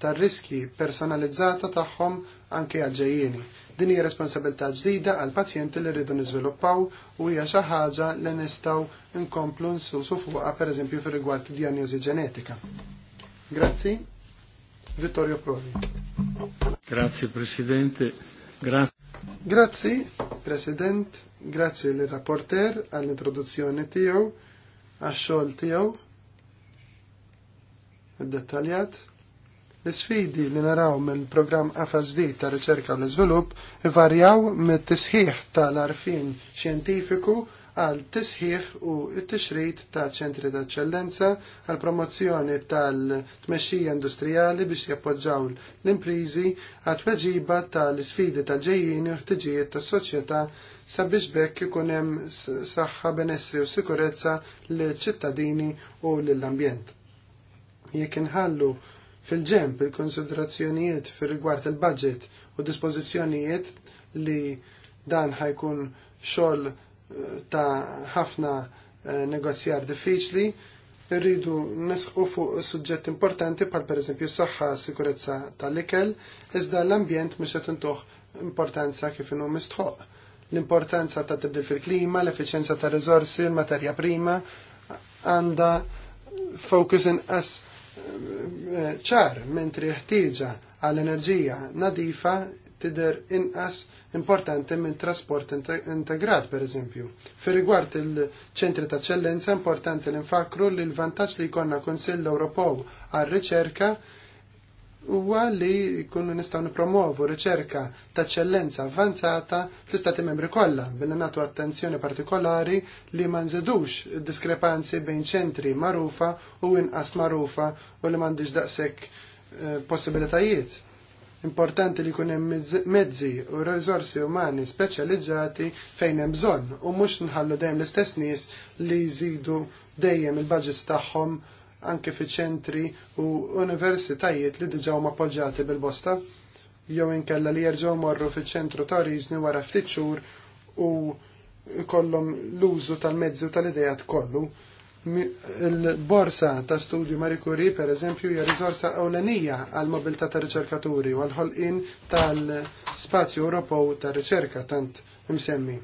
tar-riski personalizzata tagħhom anke għal-ġejjieni. Din hija responsabilità ġdida għal pazjenti li rridu niżviluppaw u hija xi ħaġa li nistgħu nkomplu nsusu fuqha pereżempju fir-rigward diagnosi ġenetika. Grazzi. Vittorio Prodi. Grazie Presidente. Grazzi, Grazie President. Grazzi l-rapporter għall-introduzzjoni tiegħu, għax-xogħol tiegħu id-dettaljat. l isfidi li naraw mill-programm AFSD ta' riċerka u l-iżvilupp varjaw mit-tisħiħ tal-arfin xjentifiku għal tisħiħ u t-tixrid ta' ċentri ta' eccellenza għal promozzjoni tal-tmexxija industrijali biex jappoġġaw l-imprizi għal tweġiba tal-sfidi tal-ġejjini u ħtiġijiet tas-soċjetà sabiex bekk ikun hemm saħħa, benessri u sikurezza lill ċittadini u lill-ambjent. Jekk inħallu fil-ġemp il-konsiderazzjonijiet fil rigward il-budget u dispożizzjonijiet li dan ħajkun xogħol ta' ħafna eh, negozjar diffiċli, rridu nesqu fuq suġġett importanti bħal pereżempju s-saħħa sikurezza tal-ikel, iżda l-ambjent mhux qed intuħ importanza kif inhu mistħoq. L-importanza ta' tibdil fil-klima, l-efficienza ta' riżorsi, l-materja prima għandha focus inqas eh, ċar mentri ħtieġa għall enerġija nadifa tidher inqas importanti minn trasport integrat pereżempju. Fi rigward il-ċentri ta' ċellenza importanti li nfakru li l-vantaġġ li jkollna l Ewropew għar-riċerka huwa li jkunu nistgħu nippromovu riċerka ta' ċellenza avvanzata fl-istati membri kollha billi nagħtu attenzjoni partikolari li ma nżidux diskrepanzi bejn ċentri magħrufa u inqas magħrufa u li m'għandix daqshekk eh, possibilitajiet. Importanti li jkun hemm mezzi u riżorsi umani speċjalizzati fejn hemm bżonn u mhux nħallu dejjem l-istess nies li jżidu dejjem il-budgets tagħhom anke fi ċentri u universitajiet li diġa huma appoġġjati bil-bosta jew inkella li jerġgħu morru fiċ-ċentru ta' oriġni wara ftit xhur u kollhom l-użu tal-mezzi u tal-idejat kollu Il-borsa ta' studju Marie Curie, per eżempju, hija riżorsa ewlenija għal mobilità ta' riċerkaturi u għal-ħolqien tal-spazju Ewropew ta' riċerka tant imsemmi.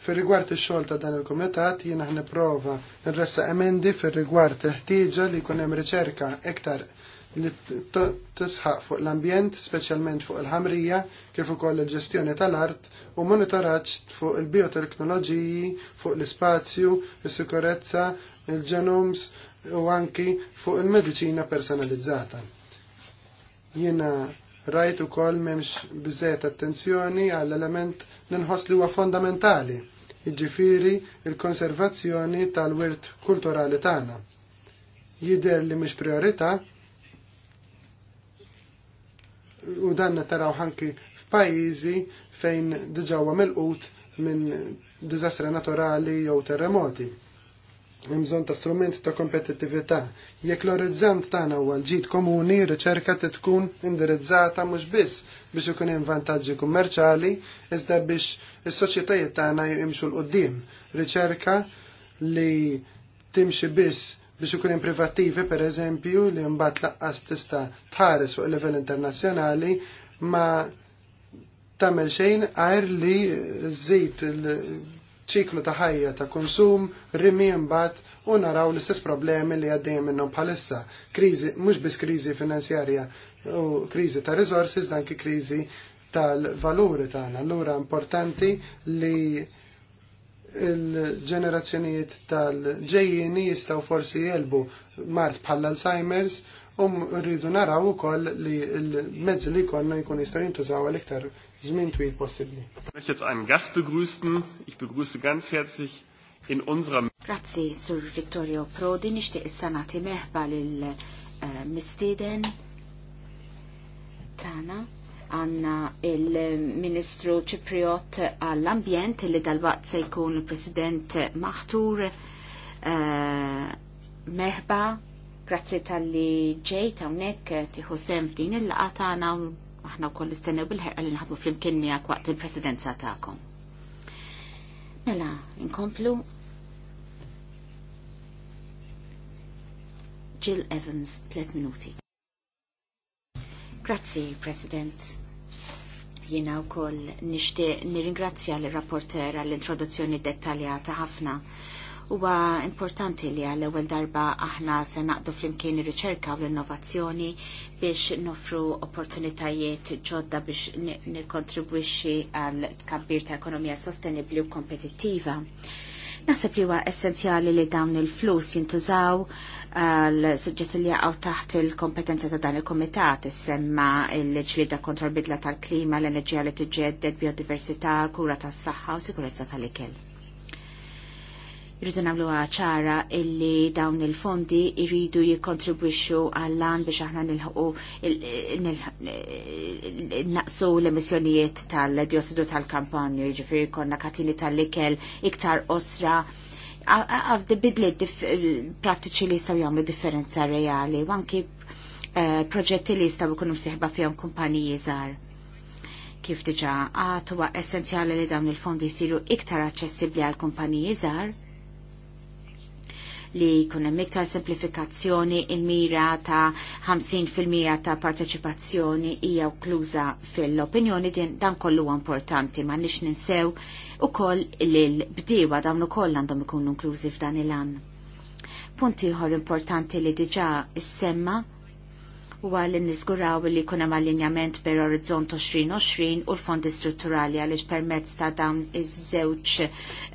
Fir rigward ix-xogħol ta' dan il-kumitat jiena nipprova nressa emendi fir rigward teħtieġa li jkun hemm riċerka iktar li tisħaq fuq l-ambjent, speċjalment fuq il-ħamrija, kif ukoll il-ġestjoni tal-art u monitoraġġ fuq il-bioteknoloġiji, fuq l-ispazju, is-sikurezza il-ġenoms u anki fuq il-medicina personalizzata. Jiena rajt ukoll m'hemmx biżejjed attenzjoni għall element li nħoss li huwa fondamentali, jiġifieri il-konservazzjoni tal-wirt kulturali tagħna. Jidher li mhix priorità u dan taraw ħanki f'pajjiżi fejn diġa huwa qut minn diżastri naturali jew terremoti. Imżon ta' strument ta' kompetitività. Jekk l-orizzant tagħna huwa l-ġid komuni, riċerka tkun indirizzata mhux biss biex ikun hemm vantaġġi kummerċjali iżda biex is-soċjetajiet tagħna jimxu l qudiem Riċerka li timxi biss biex ikun hemm privattivi pereżempju li mbagħad laqqas tista' tħares fuq livell internazzjonali ma tagħmel xejn għajr li żid ċiklu ta' ħajja ta' konsum, rimi bat u naraw l-istess problemi li għaddejjem minnhom bħalissa. Krizi, mhux biss kriżi finanzjarja u krizi ta' resources danki krizi tal-valuri tagħna. Allura importanti li il-ġenerazzjonijiet tal-ġejjini jistgħu forsi jelbu mart bħall-Alzheimer's um rridu naraw ukoll li l mezz li jkollna jkun jistgħu jintużaw għal iktar żmien twil possibbli. Möchte jetzt einen Gast begrüßen. Ich begrüße ganz herzlich in unserer Grazzi, Sur Vittorio Prodi, nixtieq issa nagħti merħba lil eh, mistieden tagħna għanna il-Ministru Ċipriot għall-Ambjent li dal-waqt se jkun il-President Maħtur uh, eh, merħba Grazzi tal-li ġej hawnhekk eh, tiħu sem f'din il-laqgħa tagħna aħna wkoll istennew bil-ħerqa li nħadmu flimkien miegħek waqt il-presidenza tagħkom. Mela, inkomplu Jill Evans, 3 minuti. Grazzi, President jina u koll nishtiq nirringrazzja l rapporter għall-introduzzjoni dettaljata ħafna Huwa importanti li għall ewwel darba aħna se naqdu flimkien ir-riċerka u l-innovazzjoni biex nofru opportunitajiet ġodda biex nikkontribwixxi għal tkabbir ta' ekonomija sostenibbli u kompetittiva. Naħseb li huwa essenzjali li dawn il-flus jintużaw għal suġġett li jaqgħu taħt il-kompetenza ta' dan il-komitat, semma l-ġlida kontra l-bidla tal-klima, l-enerġija li tiġġedded, biodiversità, kura tas-saħħa u sikurezza tal-ikel. Irridu nagħmlu ċara illi dawn il-fondi irridu jikkontribwixxu għall-lan biex aħna nilħu naqsu l-emissjonijiet tal-diossidu tal-kampanju, jiġifieri konna katini tal-ikel iktar osra għaf di bidliet prattiċi li jistaw jgħamlu differenza reali, u anki eh, proġetti li jistaw ikunu siħba fjom kumpaniji żgħar. Kif diġa għatu huwa essenzjali li dawn il-fondi jsiru iktar aċċessibbli għal kumpaniji żgħar li jkun hemm iktar semplifikazzjoni il-mira ta' 50% ta' parteċipazzjoni hija okluża fil-opinjoni dan kollu importanti ma nix ninsew ukoll li l-bdiewa dawn ukoll għandhom ikunu inklużi f'dan il-għan. Punti ħor importanti li diġa is-semma huwa li nisguraw li kuna mal-linjament per Orizzont 2020 u l-fondi strutturali għalix permezz ta' dawn iż-żewġ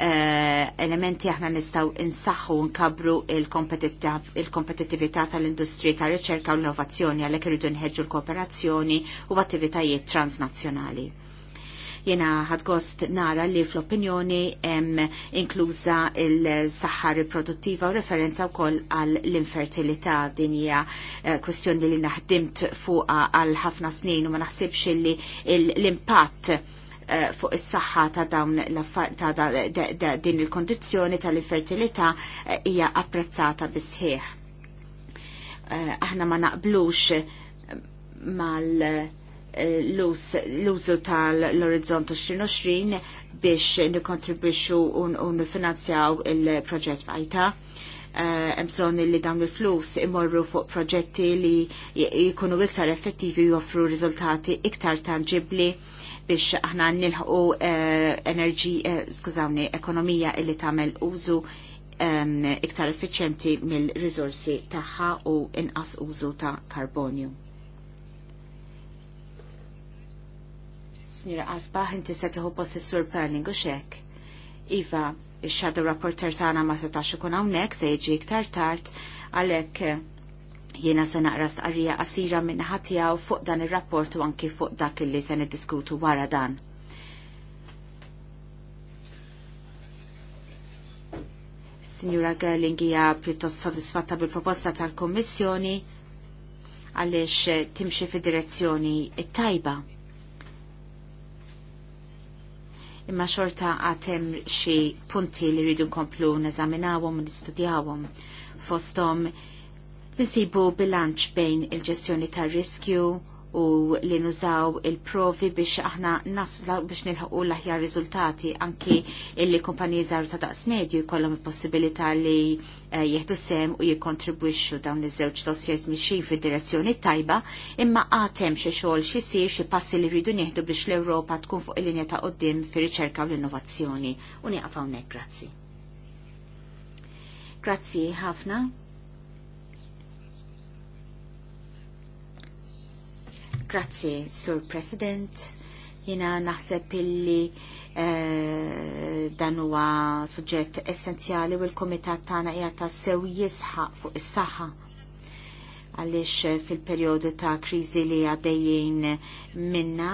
eh, elementi aħna nistaw insaxu nkabru il-kompetittività il tal-industrija ta' riċerka u l-innovazzjoni għalek irridu nħedġu l-kooperazzjoni u attivitajiet transnazzjonali. Jena ħadgost nara li fl-opinjoni hemm inkluża il-saħħa riproduttiva u referenza wkoll għal l-infertilità din hija eh, kwestjoni li naħdimt fuqha għal ħafna snin u ma naħsibx li l-impatt eh, fuq is-saħħa ta' dawn ta' din il-kondizzjoni tal-infertilità eh, hija apprezzata bisħieħ. Aħna ma naqblux mal- l-użu tal-Orizzont 2020 biex nikontribwixxu u nifinanzjaw il-proġett fajta. Eh, hemm li dawn il-flus imorru fuq proġetti li jkunu iktar effettivi u joffru riżultati iktar tangibli biex aħna nilħu eh, enerġi, eh, skużawni, ekonomija illi tagħmel użu ehm, iktar effiċjenti mill-riżorsi tagħha u inqas użu ta' karbonju. Signora Asbaħ, inti se tieħu possessur Perling u xek. Iva, il shadow rapporter tagħna ma setax ikun hawnhekk se jiġi iktar tard għalhekk eh, jiena se naqra stqarrija qasira minn ħatijaw fuq dan ir-rapport u anki fuq dak li se niddiskutu wara dan. Signora Gerling hija pjuttost sodisfatta bil-proposta tal-Kommissjoni għaliex eh, timxi fid-direzzjoni it-tajba. imma xorta għatem xi punti li rridu nkomplu neżaminawhom u nistudjawhom fosthom nisibu bilanċ bejn il-ġestjoni tar riskju u li nużaw il-provi biex aħna nasla biex nilħu l-aħjar rizultati. anki illi kumpaniji żgħar ta' daqs medju jkollhom il-possibilità li eh, jieħdu sem u jikkontribwixxu dawn iż-żewġ dossiers mixin fid-direzzjoni tajba imma għatem xi xogħol xi sir xi passi li rridu nieħdu biex l-Ewropa tkun fuq il-linja ta' qoddim fir-riċerka u l-innovazzjoni u nieqaf hawnhekk grazzi. Grazzi ħafna. Grazzi, Sur President. Jina naħseb illi eh, dan huwa suġġett essenzjali u l-Komitat tagħna ta' tassew jisħaq fuq is-saħħa għaliex eh, fil-perjodu ta' kriżi li għaddejjin minna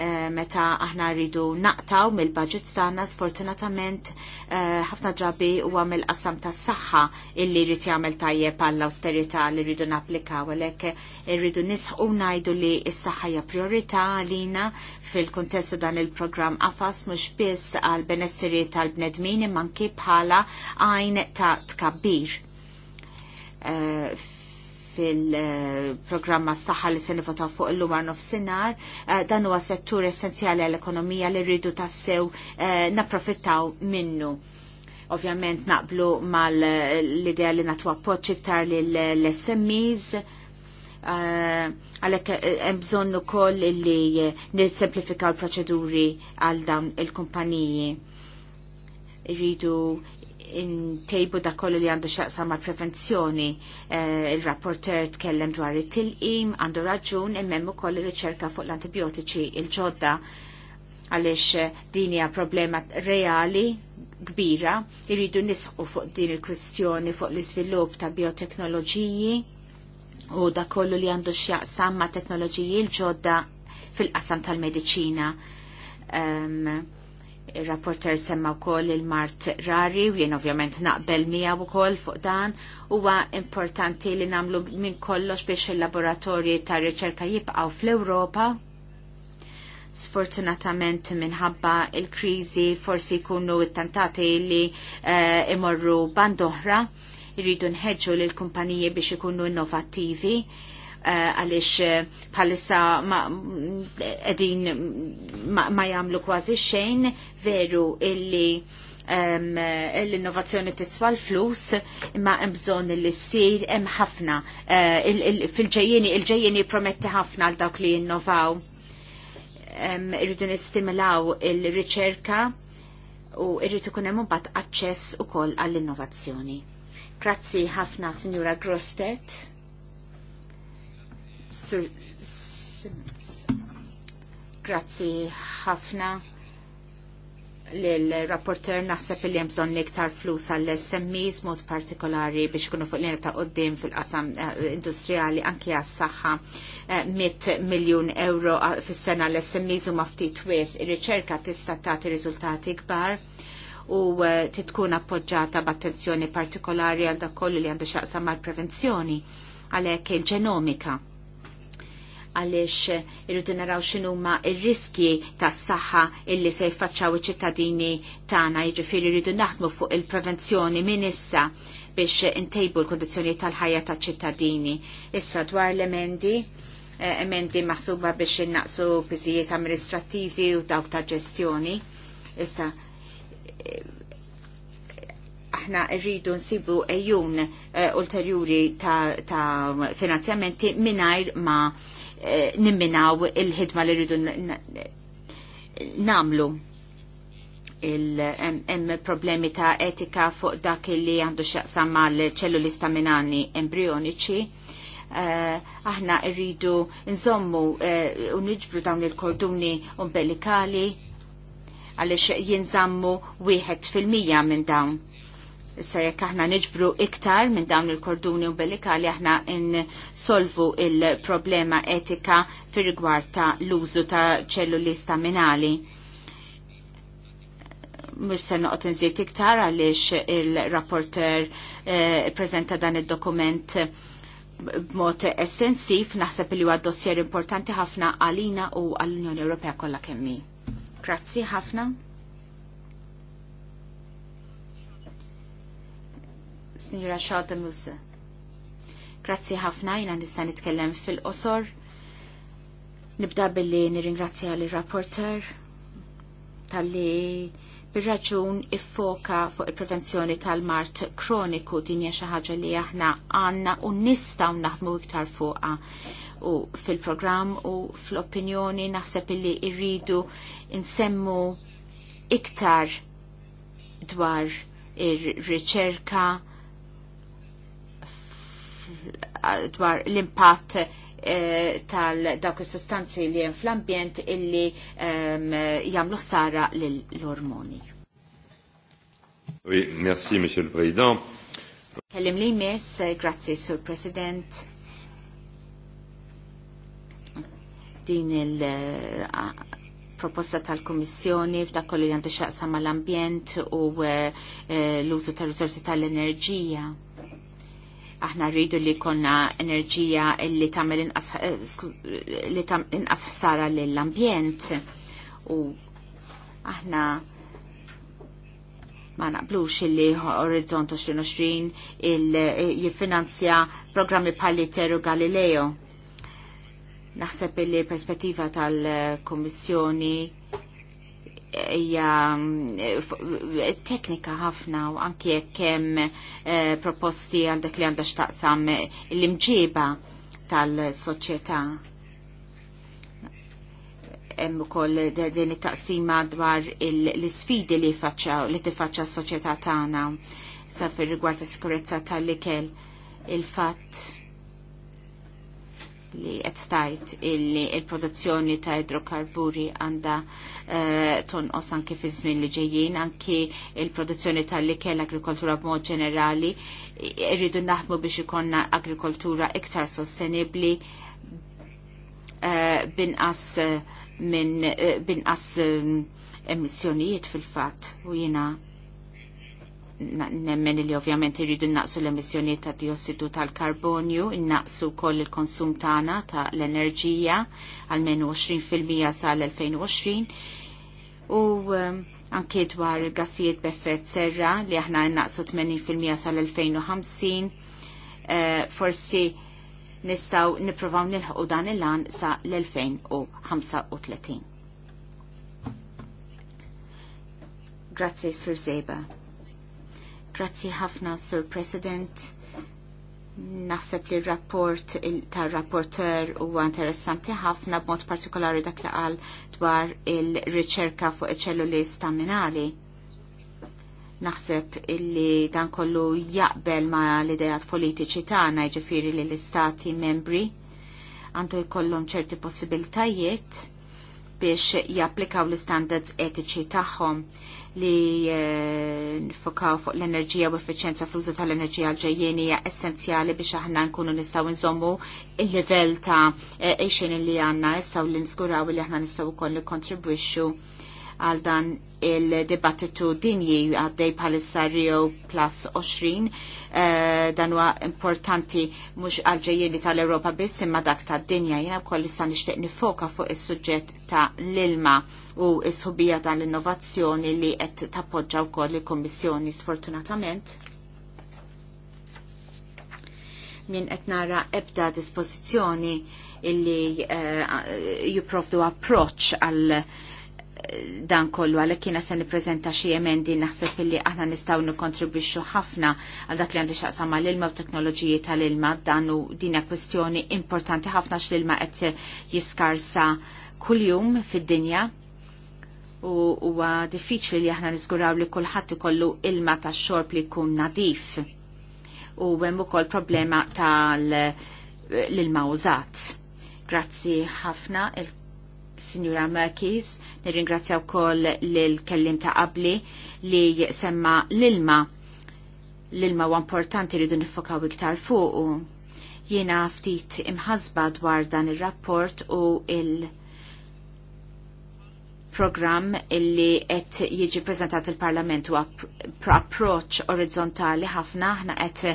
Eh, meta aħna rridu naqtaw mill-budget tagħna sfortunatament eh, ħafna drabi huwa mill-qassam tas-saħħa illi rrid jagħmel tajjeb għall awsterità li rridu napplikaw għalhekk irridu eh, nisħu ngħidu li s-saħħa hija priorità għalina fil-kuntest dan il-programm qafas mhux biss għall benessiri tal-bnedmin imma nkib bħala għajn ta' tkabbir fil-programma s-saxħa li se nifota fuq l lum nofsinar, eh, dan huwa settur essenzjali għall-ekonomija li rridu tassew eh, naprofittaw minnu. Ovvjament naqblu mal l-idea li natwa appoċ li l-SMEs, eh, għalek bżonn ukoll li nirsemplifikaw l-proċeduri għal dawn il-kumpaniji. Rridu intejbu da kollu li għandu xaqsa ma' prevenzjoni. Eh, Il-rapporter tkellem dwar it-tilqim, għandu raġun immemmu ukoll riċerka fuq l-antibiotiċi il-ġodda għaliex eh, din hija problema reali kbira irridu nisħu fuq din il-kwistjoni fuq l-iżvilupp ta' bioteknoloġiji u da kollu li għandu x'jaqsam ma' teknoloġiji l-ġodda fil-qasam tal medicina Um, ehm, Il-rapporter semma wkoll il-Mart Rari u jien ovvjament naqbel miegħu koll fuq dan huwa importanti li nagħmlu minn kollox biex il-laboratorji ta' riċerka jibqgħu fl-Ewropa. Sfortunatament minħabba il-kriżi forsi jkunu it tantati li uh, imorru bandohra jridu nħeġġu lill kumpaniji biex ikunu innovattivi Eh, għaliex eh, bħalissa qegħdin ma jagħmlu kważi xejn veru illi eh, l-innovazzjoni tiswa l-flus imma hemm bżonn li ssir hemm ħafna fil-ġejjeni il-ġejjeni prometti ħafna għal dawk li jinnovaw. Irridu nistimilaw il-riċerka u kunem ikun hemm imbagħad aċċess ukoll għall-innovazzjoni. Grazzi ħafna Signora Grostet. Sir Simmons. Grazzi ħafna l-rapporter naħseb li jemżon iktar flus għall smis mod partikolari biex kunu fuq l-għin ta' qoddim fil-qasam eh, industrijali anki għas-saħħa 100 eh, miljon euro ah, fis-sena l smis u maftit wis ir-riċerka tista' tagħti riżultati kbar u eh, titkun appoġġata b'attenzjoni partikolari għal dak kollu li għandu xaqsam mal-prevenzjoni għalhekk il-ġenomika għaliex irridu naraw x'inhuma r-riski tas-saħħa illi se jfaċċaw iċ-ċittadini tagħna, jiġifieri rridu naħdmu fuq il-prevenzjoni minn issa biex intejbu l kondizjoni tal-ħajja taċ-ċittadini. Issa dwar l-emendi, eh, emendi maħsuba biex innaqsu bizijiet amministrattivi u dawk ta' ġestjoni. Issa eh, aħna rridu nsibu ejjun eh, ulterjuri ta', ta finanzjamenti minajr ma' Eh, nimminaw il-ħidma li rridu namlu il problemi ta' etika fuq dak li għandu xaqsam l ċelluli staminani embrioniċi. Eh, aħna rridu nżommu eh, u niġbru dawn il-korduni umbilikali għalix jinżammu wieħed fil-mija minn dawn Issa jekk aħna niġbru iktar minn dawn il-korduni li aħna insolvu il-problema etika fir rigward ta' l-użu ta' ċelluli staminali. Mux se noqgħod nżiet iktar għaliex il-rapporter eh, prezenta dan id-dokument b'mod essensif naħseb li huwa dossier importanti ħafna għalina u għall-Unjoni Ewropea kollha kemm Grazzi ħafna. Signora Xadda Musa. Grazzi ħafna jina nista' nitkellem fil-qosor. Nibda billi nirringrazzja l rapporter tal-li bir-raġun iffoka fuq il-prevenzjoni tal-mart kroniku din hija xi ħaġa li aħna għandna u nistgħu naħdmu iktar fuqha u fil-programm u fl-opinjoni naħseb illi irridu nsemmu iktar dwar ir-riċerka dwar l-impatt eh, tal dawk is-sustanzi li hemm fl-ambjent illi jamlu ehm, jagħmlu l-ormoni. Oui, merci, Monsieur le Président. Kellim li jmiss, grazie, Sur President. Din il- eh, proposta tal-Komissjoni f'dak kollu li għandu xaqsa mal-ambjent u eh, l-użu tal-risorsi tal-enerġija. Aħna rridu li konna enerġija li tagħmel inqas eh, ħsara lill-ambjent u aħna ma naqblux illi Orizzont 2020 il eh, jiffinanzja programmi bħal Teru Galileo. Naħseb illi perspettiva tal-Kommissjoni ija eh, eh, teknika ħafna u anki jekk hemm eh, proposti għal dak li għandha x'taqsam l-imġiba tal-soċjetà. Hemm ukoll din it-taqsima dwar l-isfidi li faċċa li tifaċċa s-soċjetà tagħna sa fir rigward sikurezza tal-ikel il-fatt li qed tajt illi il-produzzjoni ta' idrokarburi għandha eh, tonqos anke fi żmien li ġejjin, anke il-produzzjoni tal-ikel agrikoltura b'mod ġenerali, irridu naħdmu biex ikonna agrikoltura iktar sostenibbli eh, binqas eh, minn binqas mm, emissjonijiet fil-fatt u jiena nemmen li ovvjament irridu naqsu l-emissjoni ta' diossidu tal-karbonju, naqsu koll il-konsum tagħna ta' l-enerġija għal menu 20% sal-2020 u ehm, anke dwar gassijiet b'effett serra li aħna naqsu 80% sal-2050 forsi nistaw niprofaw nilħu dan il-lan sa' l-2035. Grazie, Sur Zeba. Grazzi ħafna, Sur President. Naħseb li rapport tar rapporter huwa interessanti ħafna b'mod partikolari dak li qal dwar il-riċerka fuq iċ-ċelluli staminali naħseb illi dan kollu jaqbel ma l-idejat politiċi tagħna jiġifieri li l-istati membri għandu jkollhom ċerti possibiltajiet biex japplikaw l-istandards etiċi tagħhom li eh, nfokaw fuq l-enerġija u effiċenza fl-użu tal-enerġija għal-ġejjeni hija essenzjali biex aħna nkunu nistgħu nżommu il-livell ta' eh, għexin li għandna issa u li nżguraw li aħna nistgħu wkoll nikkontribwixxu għal dan il-dibattitu dinji għaddej bħalissa Rio Plus 20 uh, eh, dan huwa importanti mhux għal tal-Ewropa biss imma dak tad-dinja jiena wkoll issa nixtieq nifoka fuq is-suġġett ta' l-ilma u s-ħubija tal-innovazzjoni li qed tappoġġa wkoll il-Kummissjoni sfortunatament Min qed nara ebda dispożizzjoni illi uh, jipprovdu approċċ għal uh, dan kollu għalhekk jiena se nippreżenta xi emendi naħseb illi aħna nistgħu nikkontribwixxu ħafna għal dak li għandu x'aqsam mal-ilma u teknoloġiji tal-ilma dan u din hija kwestjoni importanti ħafna x'l-ilma qed jiskarsa kuljum fid-dinja u huwa diffiċli li aħna niżguraw li kulħadd ikollu ilma tax-xorb li jkun nadif u hemm ukoll problema tal l-ilma użat. Grazzi ħafna il Signora Merkis, nirringrazzja wkoll l-kellim ta' qabli li semma l-ilma. L-ilma huwa importanti rridu nifokaw iktar u Jiena ftit imħasba dwar dan ir-rapport u il- program illi qed jiġi prezentat il-Parlament u approach orizzontali ħafna ħna qed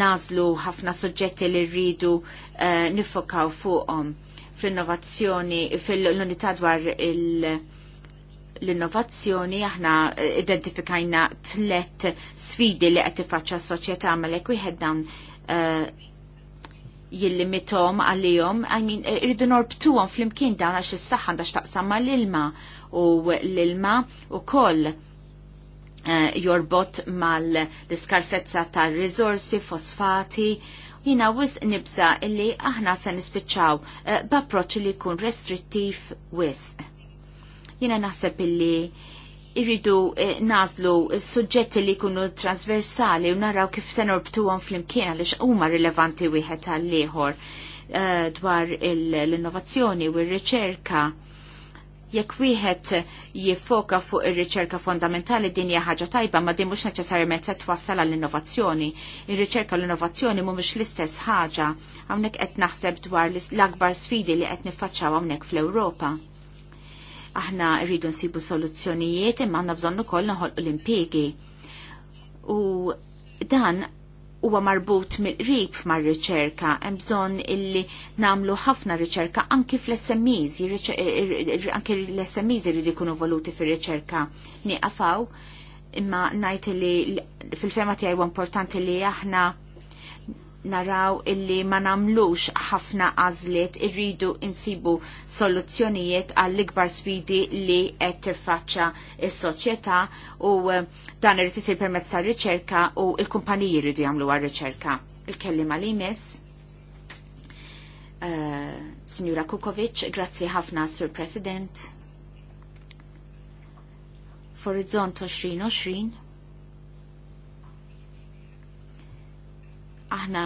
nażlu ħafna suġġetti li rridu uh, nifokaw fuqhom. -um fl-innovazzjoni, fil-unità dwar l-innovazzjoni aħna identifikajna tlet sfidi li qed tiffaċċa s-soċjetà għamalek wieħed dawn eh, jillimitom għalihom, I mean, eh, irridu norbtuhom flimkien dawn għax is-saħħa għandha x'taqsam mal-ilma u l-ilma u koll eh, jorbot mal-diskarsezza tar-riżorsi, fosfati, jina wis nibza illi aħna se nispiċċaw eh, b'approċċ li jkun restrittiv wis. Jina naħseb illi irridu uh, nażlu suġġetti li jkunu transversali u naraw kif se norbtuhom flimkien għaliex huma rilevanti wieħed għal ieħor eh, dwar l-innovazzjoni u r-riċerka Jekk wieħed jiffoka fuq ir-riċerka fondamentali din hija ħaġa tajba ma din mhux neċessarjament se twassal għall-innovazzjoni. Ir-riċerka u l-innovazzjoni mhumiex l-istess ħaġa hawnhekk qed naħseb dwar l-akbar sfidi li qed niffaċċaw hawnhekk fl-Ewropa. Aħna rridu nsibu soluzzjonijiet imma għandna bżonn ukoll noħolqu l-impjiegi. U dan huwa marbut mill-qrib mar-riċerka, hemm bżonn illi nagħmlu ħafna riċerka anki fl-SMEs, anki l-SMEs irid jkunu voluti fir-riċerka nieqafaw imma ngħid li fil-fema tiegħi huwa importanti li aħna naraw illi ma namlux ħafna għażliet irridu insibu soluzzjonijiet għall-ikbar sfidi li qed tirfaċċa s-soċjetà u eh, dan irid isir permezz tar-riċerka u l-kumpaniji jridu jagħmlu għar-riċerka. Il-kellima li jmiss. Uh, Signora Kukovic, grazzi ħafna, Sur President. Forizzont 2020 aħna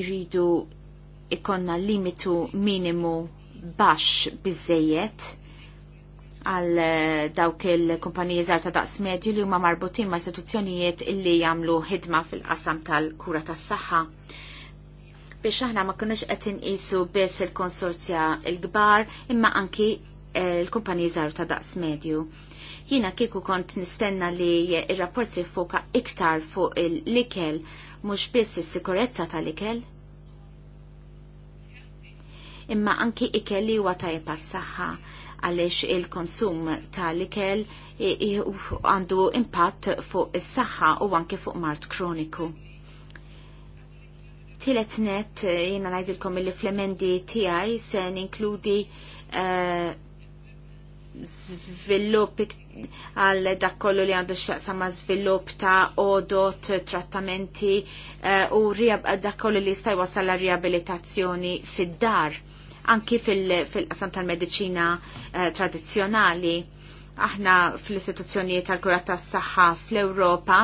irridu ikonna limitu minimu bax bizzejiet għal eh, dawk il-kumpaniji żgħar ta' daqs medju li huma marbutin ma' istituzzjonijiet illi jagħmlu ħidma fil-qasam tal-kura tas-saħħa. Biex aħna ma kunux qed inqisu biss il-konsorzja l-kbar imma anki eh, l-kumpaniji żgħar ta' daqs medju Jiena kieku kont nistenna li il rapport se jfoka iktar fuq l-ikel mhux biss is-sikurezza tal-ikel. Imma anki ikel li huwa jipassaha għalix saħħa għaliex il-konsum tal-ikel għandu impatt fuq is-saħħa u anke fuq mart kroniku. Tilet net jiena ngħidilkom li Flemendi tijaj tiegħi se ninkludi uh, żvilupp għal dak kollu li għandu xaqsa ma' żvilupp ta' odot, trattamenti eh, u dak kollu li jista' jwassal la' riabilitazzjoni fid-dar anki fil-qasam tal-medicina tradizjonali. Eh, tradizzjonali. Aħna fl-istituzzjonijiet tal-kura tas-saħħa fl-Ewropa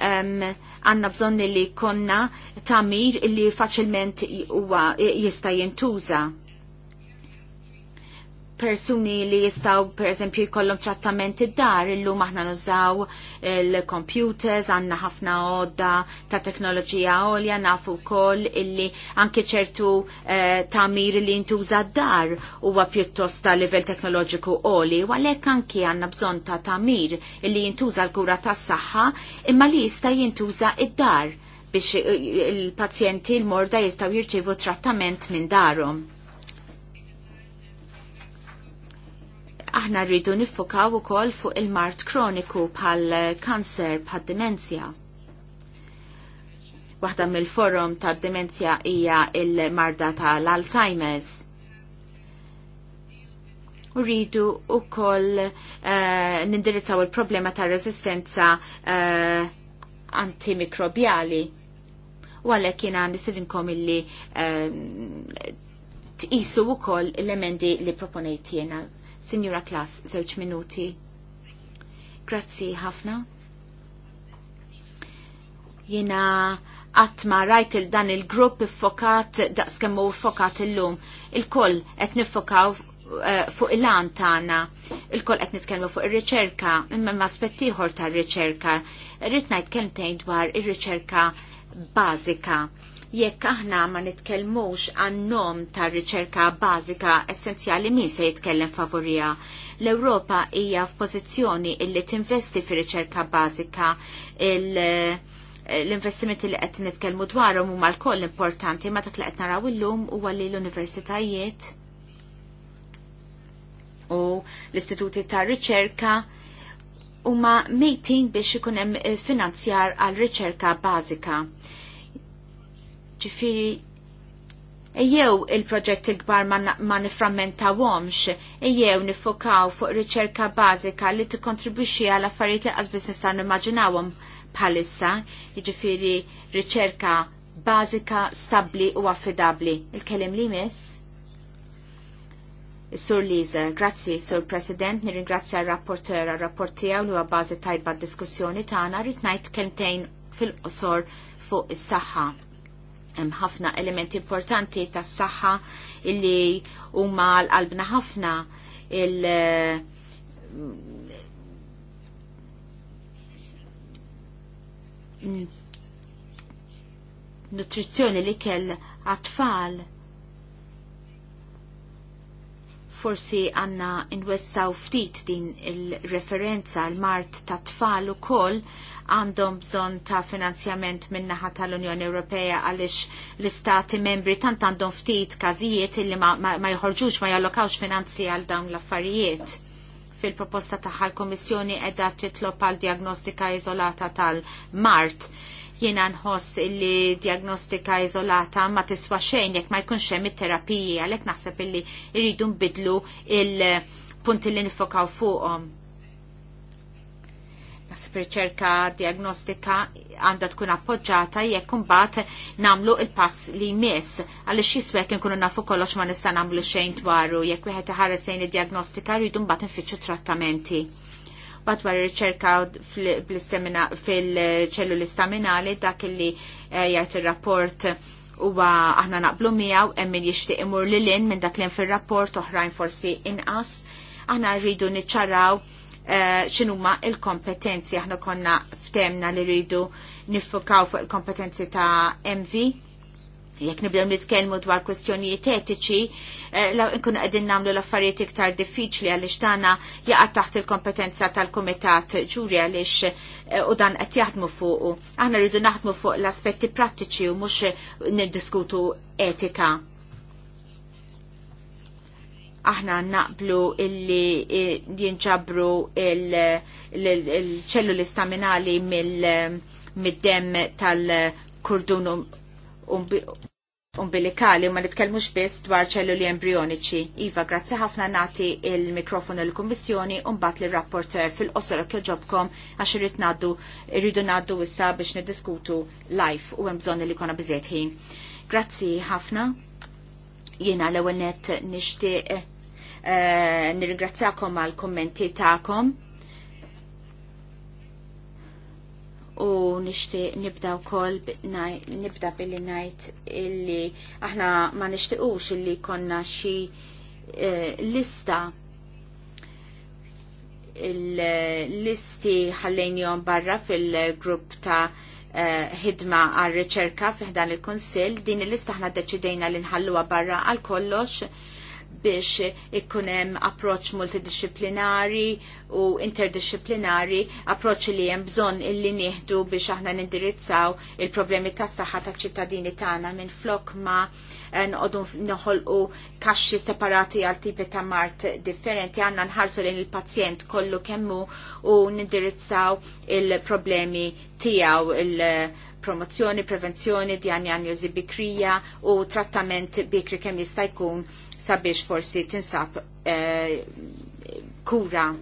għanna um, bżonni li konna tamir li faċilment jista jintuża persuni li jistaw per eżempju jkollhom trattamenti dar illum aħna nużaw il-computers, għandna ħafna għodda ta' teknoloġija għolja nafu wkoll illi anke ċertu eh, tamir li ntuża dar huwa pjuttost ta' livell teknoloġiku għoli, u għalhekk anke għandna bżonn ta' tamir illi jintuża l-kura tas-saħħa imma li jista' jintuża id-dar biex il-pazjenti l-morda jistaw jirċivu trattament minn darhom Aħna rridu u ukoll fuq il-mart kroniku bħal kanser bħal demenzja. Waħda mill-forum ta' demenzja hija il-marda tal-Alzheimer's. U rridu ukoll uh, nindirizzaw il-problema ta' resistenza uh, eh, antimikrobjali. U għalhekk jiena nistidinkom illi uh, tqisu wkoll l-emendi li proponejt jiena Signora Klas, żewġ minuti. Grazzi ħafna. Jena għatma rajt il-dan il-grupp iffokat daqskemmu fokat il-lum. Il-koll qed nifokaw eh, fuq il-lan tagħna. Il-koll qed nitkellmu fuq ir-riċerka, imma spettiħor tar-riċerka. Rrid ngħid kelmtejn dwar ir-riċerka bażika jekk aħna ma nitkellmux għan-nom ta' riċerka bażika essenzjali min se jitkellem favorija. L-Ewropa hija f'pożizzjoni illi tinvesti fi riċerka bażika il- l-investimenti li qed nitkellmu dwarhom huma l-koll importanti ma dak li qed naraw illum huwa li l-universitajiet u l-istituti ta' riċerka huma mejtin biex ikun hemm finanzjar għal riċerka bażika Ġifiri, jew il-proġett il-kbar ma niframmentawhomx, jew nifokaw fuq riċerka bażika li tikkontribwixxi għal affarijiet li qasbis nista' nimmaġinawhom bħalissa, jiġifieri riċerka bażika stabbli u affidabbli. Il-kelim li miss? Sur Liza, grazzi Sur President, nirringrazzja r-rapporter għal-rapport tiegħu li huwa bażi tajba d-diskussjoni tagħna rrid ngħid kentejn fil-qosor fuq is-saħħa Hemm ħafna elementi importanti tas-saħħa illi huma l-qalbna ħafna il- mm, nutrizzjoni li kell għatfall forsi għanna nwessaw ftit din il-referenza l-mart ta' tfal u koll għandhom bżon ta' finanzjament minnaħa tal-Unjoni Ewropea għalix l-istati membri tant għandhom ftit kazijiet illi ma, ma, ma jħorġux ma jallokawx finanzi għal dawn l-affarijiet. Fil-proposta taħħal l-Komissjoni edha titlob għal diagnostika izolata tal-Mart Jiena nħoss li diagnostika izolata ma tiswa xejn jekk ma jkunx hemm it-terapiji għalhekk naħseb illi jridu nbidlu il-punti li nifokaw fuqhom. Naħseb riċerka diagnostika għandha tkun appoġġata jekk imbagħad nagħmlu il-pass li jmiss għaliex jiswek nkunu nafu kollox ma nista' nagħmlu xejn dwaru jekk wieħed iħares lejn id-diagnostika rridu mbagħad infittxu trattamenti bat war fil-ċelluli staminali dak li eh, jgħid ir-rapport huwa aħna naqblu miegħu hemm min jixtieq imur lil in minn dak li fir-rapport oħrajn forsi inqas. Aħna rridu niċċaraw eh, x'inhuma il-kompetenzi. Aħna konna ftemna li rridu nifukaw fuq il-kompetenzi ta' MV. Jek nibdew nitkellmu dwar kwestjonijiet etiċi, Eh, nkunu qegħdin nagħmlu l-affarijiet iktar diffiċli għaliex tagħna jaqa' taħt il-kompetenza tal-kumitat ġuri għaliex eh, u dan qed jaħdmu fuq. Aħna rridu naħdmu fuq l-aspetti prattiċi u mhux niddiskutu etika aħna naqblu illi eh, jinġabru il-ċelluli staminali mill-dem tal-kurdun umbilikali ma nitkellmux biss dwar ċelluli embrioniċi. Iva, grazzi ħafna nati il-mikrofonu l-Kommissjoni mbagħad li rapporter fil-qosor kjoġobkom għax irrid naddu irridu naddu issa biex niddiskutu live u hemm bżonn li kona biżiet ħin. Grazzi ħafna. Jiena l-ewwel net nixtieq eh, nirringrazzjakom għal kommenti tagħkom u nixtieq nibda wkoll nibda billi ngħid illi aħna ma nixtiequx illi konna xi eh, lista il-listi ħallejnjom barra fil-grupp ta' eh, ħidma għal reċerka fiħdan il-Konsil, din il-lista ħna deċidejna li nħalluha barra għal kollox biex hemm approċ multidisciplinari u interdisciplinari, approċ li hemm bżonn illi nieħdu biex aħna nindirizzaw il-problemi tas saħħa taċ ċittadini tagħna minn flok ma eh, noqogħdu noħolqu kaxxi separati għal tipi ta' mart differenti għandna nħarsu lejn il-pazjent kollu kemmu u nindirizzaw il-problemi tiegħu il promozzjoni, prevenzjoni, diagnosi bikrija u trattament bikri kemm jista' jkun sabiex forsi tinsab eh, kura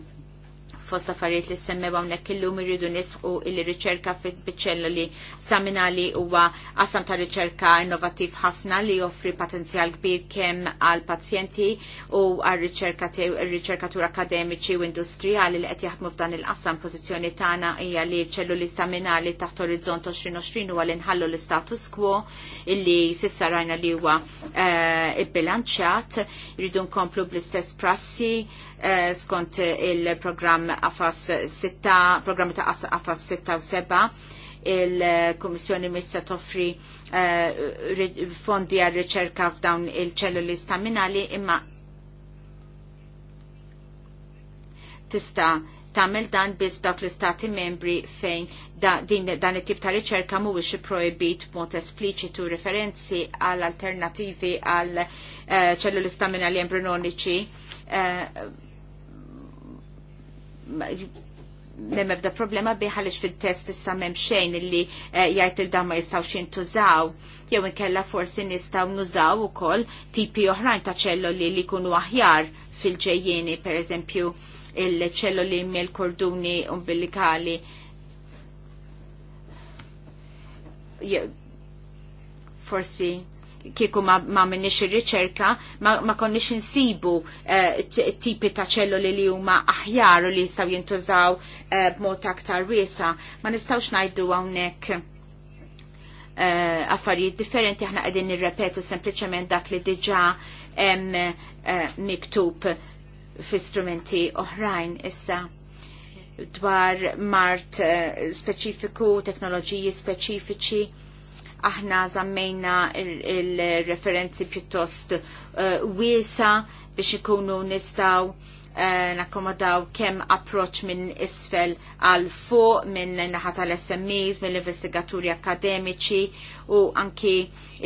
fost affarijiet li semmew hawnhekk illum irridu nisqu il-riċerka fiċ-ċelluli staminali huwa qasam ta' riċerka innovattiv ħafna li joffri potenzjal kbir kemm għal pazjenti u għal riċerkatur akademiċi u industrijali li qed jaħdmu f'dan il-qasam pożizzjoni tagħna hija li ċelluli staminali taħt orizzont 2020 huwa li nħallu l-status quo illi sissa rajna li huwa eh, ibbilanċjat, rridu nkomplu bl-istess prassi Eh, skont il-programm AFAS 6, programmi ta' AFAS 6 u 7 il-Komissjoni missa toffri eh, fondi għal riċerka f'dawn il-ċelluli staminali imma tista' tagħmel dan biss dak l-istati membri fejn da, din, dan it-tip ta' riċerka mhuwiex ipprojbit b'mod espliċitu referenzi għal alternativi għal eh, ċelluli staminali embrioniċi uh, Mem ebda problema biħalix fil-test issa mem xejn illi eh, jgħajt il-dan ma jistawx jintużaw. Jew inkella forsi nistaw nużaw u koll tipi oħrajn ta' ċelloli li kunu aħjar fil-ġejjeni, per eżempju il-ċelloli mill-korduni umbilikali forsi kieku ma, ma minnix ir-riċerka ma, ma konniex insibu uh, tipi ta' ċelluli li huma aħjar u li jistgħu jintużaw uh, b'mod aktar wiesa. Ma nistgħux ngħidu hawnhekk uh, affarijiet differenti aħna qegħdin nirrepetu sempliċement dak li diġà hemm miktub fi strumenti oħrajn issa dwar mart speċifiku, teknoloġiji speċifiċi aħna zammejna il-referenzi piuttost pjuttost eh, wiesa biex ikunu nistaw eh, nakkomodaw kemm approċ minn isfel għal fuq minn naħa tal-SMEs, mill investigaturi akademiċi u anki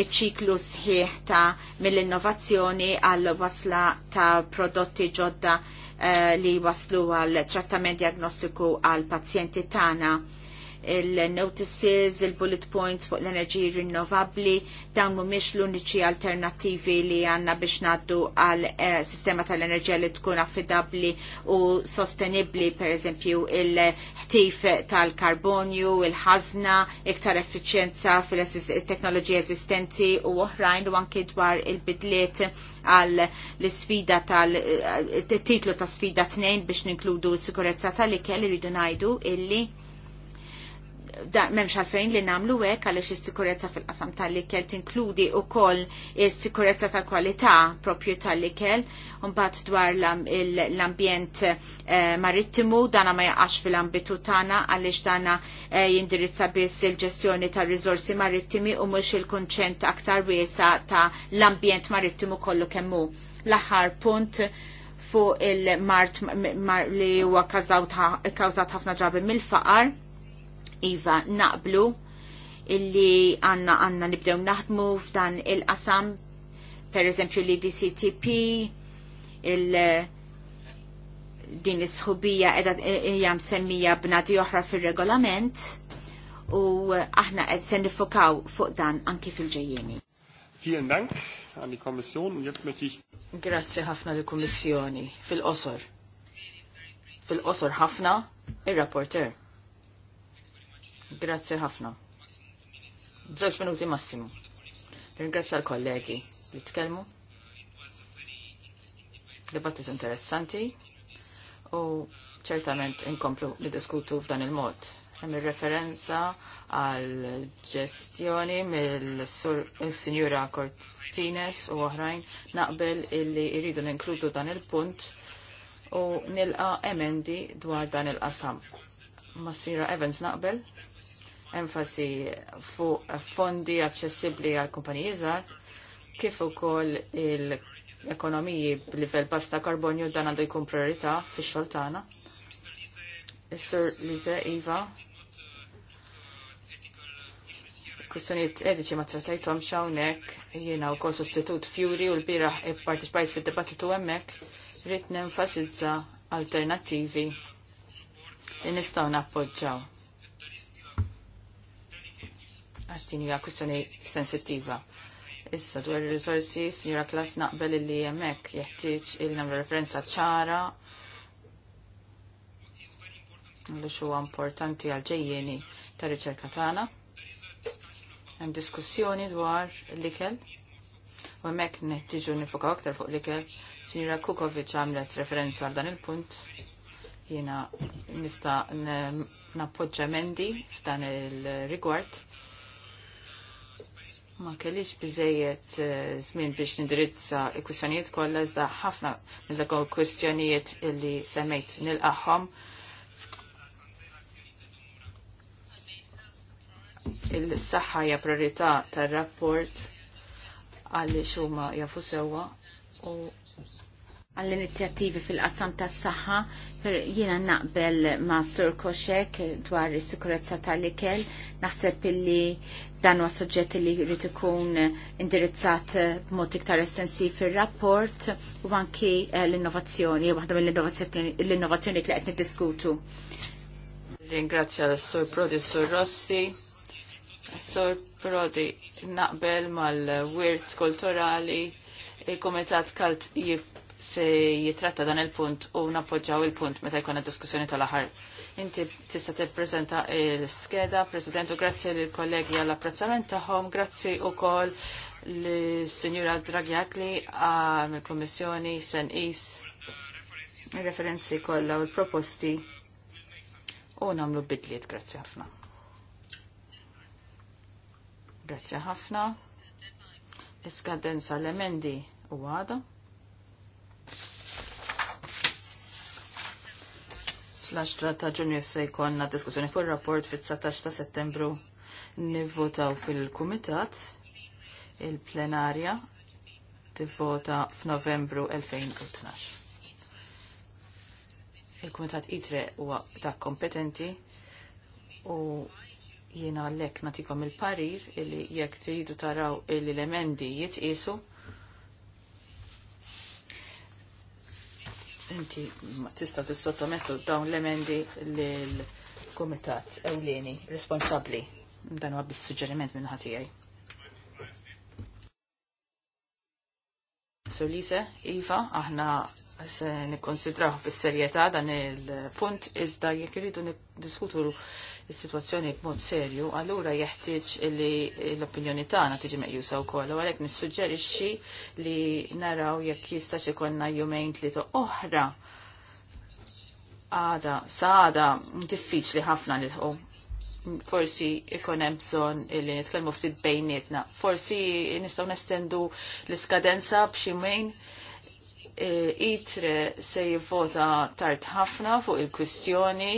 iċ-ċiklu sħiħ ta' mill-innovazzjoni għal wasla ta' prodotti ġodda eh, li waslu għal trattament diagnostiku għal pazjenti tagħna il-notices, il-bullet points fuq l-enerġiji rinnovabli, dawn mhumiex l-uniċi alternattivi li għandna biex ngħaddu għal eh, sistema tal-enerġija li tkun affidabbli u sostenibbli, pereżempju il-ħtif tal-karbonju, il ħazna iktar effiċjenza fil-teknoloġija eżistenti u oħrajn u anki dwar il-bidliet għal l-sfida tal-titlu eh, ta' sfida tnejn biex ninkludu s sikurezza tal-ikel irridu ngħidu illi memx għalfejn li namlu hekk għaliex is-sikurezza fil-qasam tal likel tinkludi wkoll il sikurezza tal kwalità propju tal likel un mbagħad dwar l-ambjent eh, marittimu dana ma jaqax fil-ambitu tagħna għaliex dana eh, jindirizza biss il-ġestjoni tar rizorsi marittimi u mhux il-kunċent aktar wiesa ta' l-ambjent marittimu kollu kemm hu. L-aħħar punt fuq il-mart li huwa kkawżat ħafna ġrabi mill-faqar Iva naqblu illi għanna għanna nibdew naħdmu f'dan il-qasam, per eżempju li DCTP, il- din is-sħubija edha hija msemmija b'nadi oħra fir-regolament u aħna qed se nifokaw fuq dan anki fil-ġejjeni. Vielen Dank an die Kommission und jetzt möchte ich Grazie ħafna lill kummissjoni fil-qosor. Fil-qosor ħafna ir-rapporter. Grazie ħafna. Żewġ minuti massimu. Ringrazzja l-kollegi li tkellmu. Debattit interessanti u ċertament inkomplu li diskutu f'dan il-mod. Hemm referenza għal ġestjoni mill-Sinjura Cortines u oħrajn naqbel illi jridu ninkludu dan il-punt u nilqa emendi dwar dan il-qasam. Massira Evans naqbel enfasi fuq fondi aċċessibbli għal kumpaniji żgħar kif ukoll l-ekonomiji b'livell bass ta' karbonju dan għandu jkun priorità fix-xogħol tagħna. Is-Sur Lize Iva kussunit edici ma trattajtom xawnek jiena u kol sostitut Fjuri u l-biraħ parteċpajt fid debattitu emmek rritnen nenfasizza alternativi li nistaw nappoġġaw għax din hija kwistjoni sensittiva. Issa dwar ir-risorsi, Sinjura Klas naqbel li hemmhekk jeħtieġ il-nam referenza ċara li huwa importanti għal ġejjeni ta' riċerka tagħna. Hemm diskussjoni dwar l-ikel u hemmhekk neħtieġu nifoka aktar fuq l-ikel. Sinjura Kukovic għamlet referenza għal dan il-punt. Jiena nista' nappoġġa mendi f'dan il-rigward Ma kellix biżejjed eh, żmien biex nindirizza l-kwistjonijiet kollha iżda ħafna minn dak kwistjonijiet li semmejt nilqahom. Il-saħħa hija priorità tar-rapport għaliex huma jafu sewwa u għall-inizjattivi fil qasam tas saħħa per jiena naqbel ma' Sur Koshek dwar is-sikurezza tal-ikel, naħseb illi dan huwa suġġetti li jrid ikun indirizzat b'mod iktar estensiv fir-rapport u anki eh, l-innovazzjoni, waħda mill-innovazzjoni li qed niddiskutu. Ringrazzja l-Sur Prodi Sur Rossi. Sur Prodi naqbel mal-wirt kulturali il-Komitat Kalt jib se jitratta dan il-punt u nappoġġaw il-punt meta jkun diskussjoni tal-aħħar. Inti tista' tippreżenta l-skeda, President, u grazzi lill kollegi għall-apprezzament tagħhom, grazzi wkoll l-Sinjura Dragjatli għal-Kommissjoni Sen Is referenzi kollha u l-proposti u nagħmlu bidliet, grazzi ħafna. Grazzi ħafna. Iskadenza l-emendi u għada. fl-10 ta' ġunju se jkollna diskussjoni fuq rapport fit-19 ta' settembru nivvotaw fil-kumitat il-plenarja tivvota f'Novembru 2012. Il-kumitat ITRE huwa ta' kompetenti u jiena għallek natikom il-parir illi jekk tridu taraw il-elementi jitqisu inti tista' tissottomettu dawn l-emendi lill-kumitat ewlieni responsabbli dan huwa bis-suġġeriment minn ħatijaj. So Lisa, Iva, aħna se nikkonsidraw bis-serjetà dan il-punt iżda jekk iridu niddiskutu is-sitwazzjoni b'mod serju, allura jeħtieġ li l-opinjoni tagħna tiġi meqjusa wkoll. U għalhekk nissuġġerixxi li naraw jekk jistax ikollna jumejn tlieta oħra għada saħda diffiċli ħafna ħu Forsi ikon hemm bżonn li nitkellmu ftit bejnietna. Forsi nistgħu nestendu l-iskadenza b'xi mejn Eh, itre se jivvota tard ħafna fuq il-kwistjoni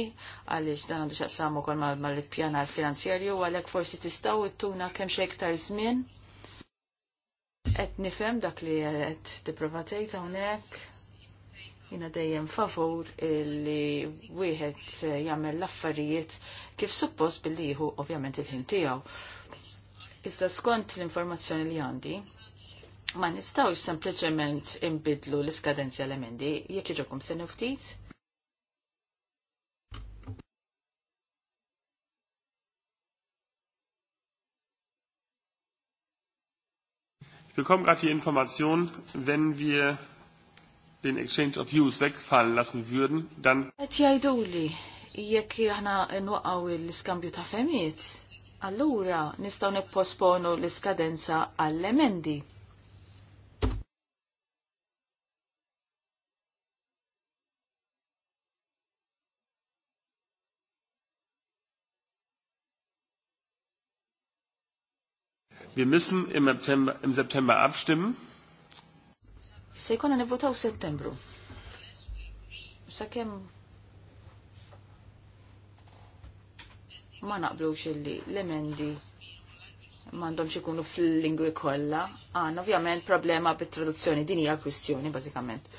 għaliex dan għandu xaqsamu kol mal l finanzjarju għalek forsi tistaw it-tuna kem xektar zmin. Et nifem dak li għed t-provatejt għonek jina dejjem favur li wieħed jagħmel l-affarijiet kif suppost billi jieħu ovvjament il-ħin tiegħu. Iżda skont l-informazzjoni li għandi, Ma nistawx sempliċement imbidlu l-iskadenzja l-emendi, jekk iġokum se ftit? Ich bekomme gerade die Information, wenn wir den Exchange of Views wegfallen lassen würden, dann... Et jajduli, jek jahna nuqaw l-iskambju ta' femiet, allura nistaw ne posponu l-iskadenza għall-emendi. Wir müssen im September, im September abstimmen. Se jkun nivvotaw settembru. Sakemm ma naqblux illi l-emendi m'għandhomx ikunu fil-lingwi kollha. Għandna ovvjament problema bit-traduzzjoni din hija kwistjoni bażikament.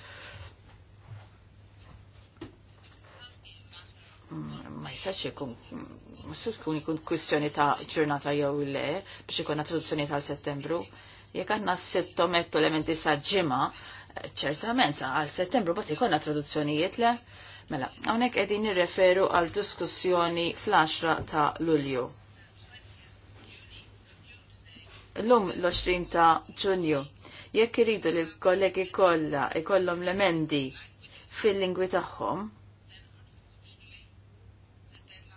ma jistax ikun Mux tkun ikun kwistjoni ta' ġurnata jew le, biex ikun traduzzjoni ta' settembru. Jek għanna l elementi sa' ġima, ċertament sa' għal settembru bat ikonna traduzzjonijiet le. Mela, għonek edin nirreferu għal diskussjoni fl-10 ta' Lulju. Lum l-20 ta' Ġunju. Jekk iridu li kollegi kollha ikollhom l-emendi fil-lingwi tagħhom,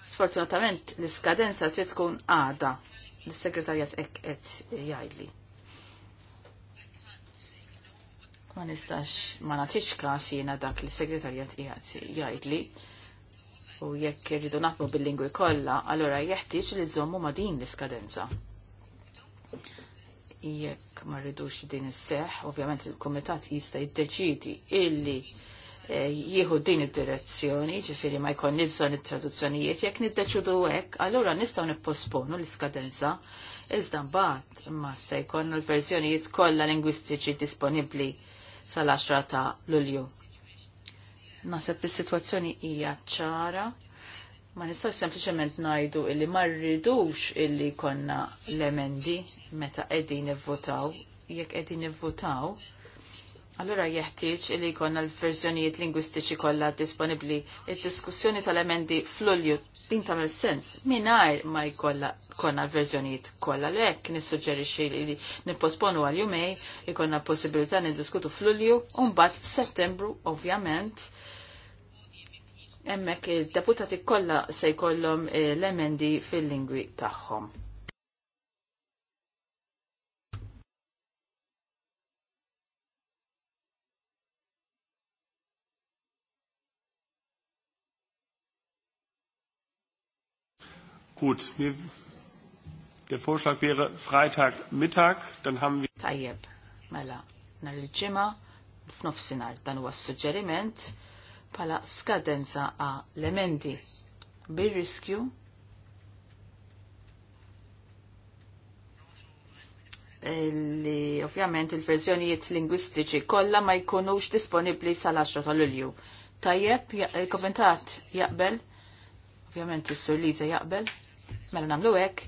Sfortunatament l-iskadenza trid tkun għada. L-segretarjat ek qed jgħidli. Ma nistax ma nagħtix każ jiena dak li segretarjat qiegħed jgħidli u jekk irridu naħdmu bil-lingwi kollha, allura jeħtieġ li żommu ma' din l-iskadenza jekk ma rridux din is seħħ ovvjament il-kumitat jista' jiddeċidi illi jieħu din id-direzzjoni, ġifiri ma jkun nibżon it-traduzzjonijiet, jekk niddeċudu hekk, allura nistgħu nipposponu l-iskadenza iżda mbagħad ma se jkun l-verżjonijiet kollha lingwistiċi disponibbli sal-10 ta' Lulju. Naħseb is-sitwazzjoni hija ċara, ma nistaw sempliciment ngħidu illi ma rridux illi konna l-emendi meta qegħdin nivvotaw, jekk qegħdin nivvotaw Allora jeħtieġ li jkollna l-verżjonijiet lingwistiċi kollha disponibbli. Id-diskussjoni tal-emendi fl-Ulju din tagħmel sens mingħajr ma jkollha konna l-verżjonijiet kollha li hekk nissuġġerixxi li nipposponu għal jumej ikollna possibilità niddiskutu fl-Ulju u mbagħad f'Settembru ovvjament hemmhekk id-deputati kollha se jkollhom eh, l-emendi fil-lingwi tagħhom. Gut, mir, der Vorschlag wäre Freitagmittag, dann haben wir. Tajjeb, mela, nar il-ġimma, f'nofsinhar dan huwa suġġeriment pala skadenza a l-emendi bir-riskju li ovvjament il-verżjonijiet lingwistiċi kollha ma jkunux disponibbli sal-10 ta' Lulju. Tajjeb, il-komentat jaqbel, ovvjament is-sur Liza jaqbel. Mela nagħmlu hekk,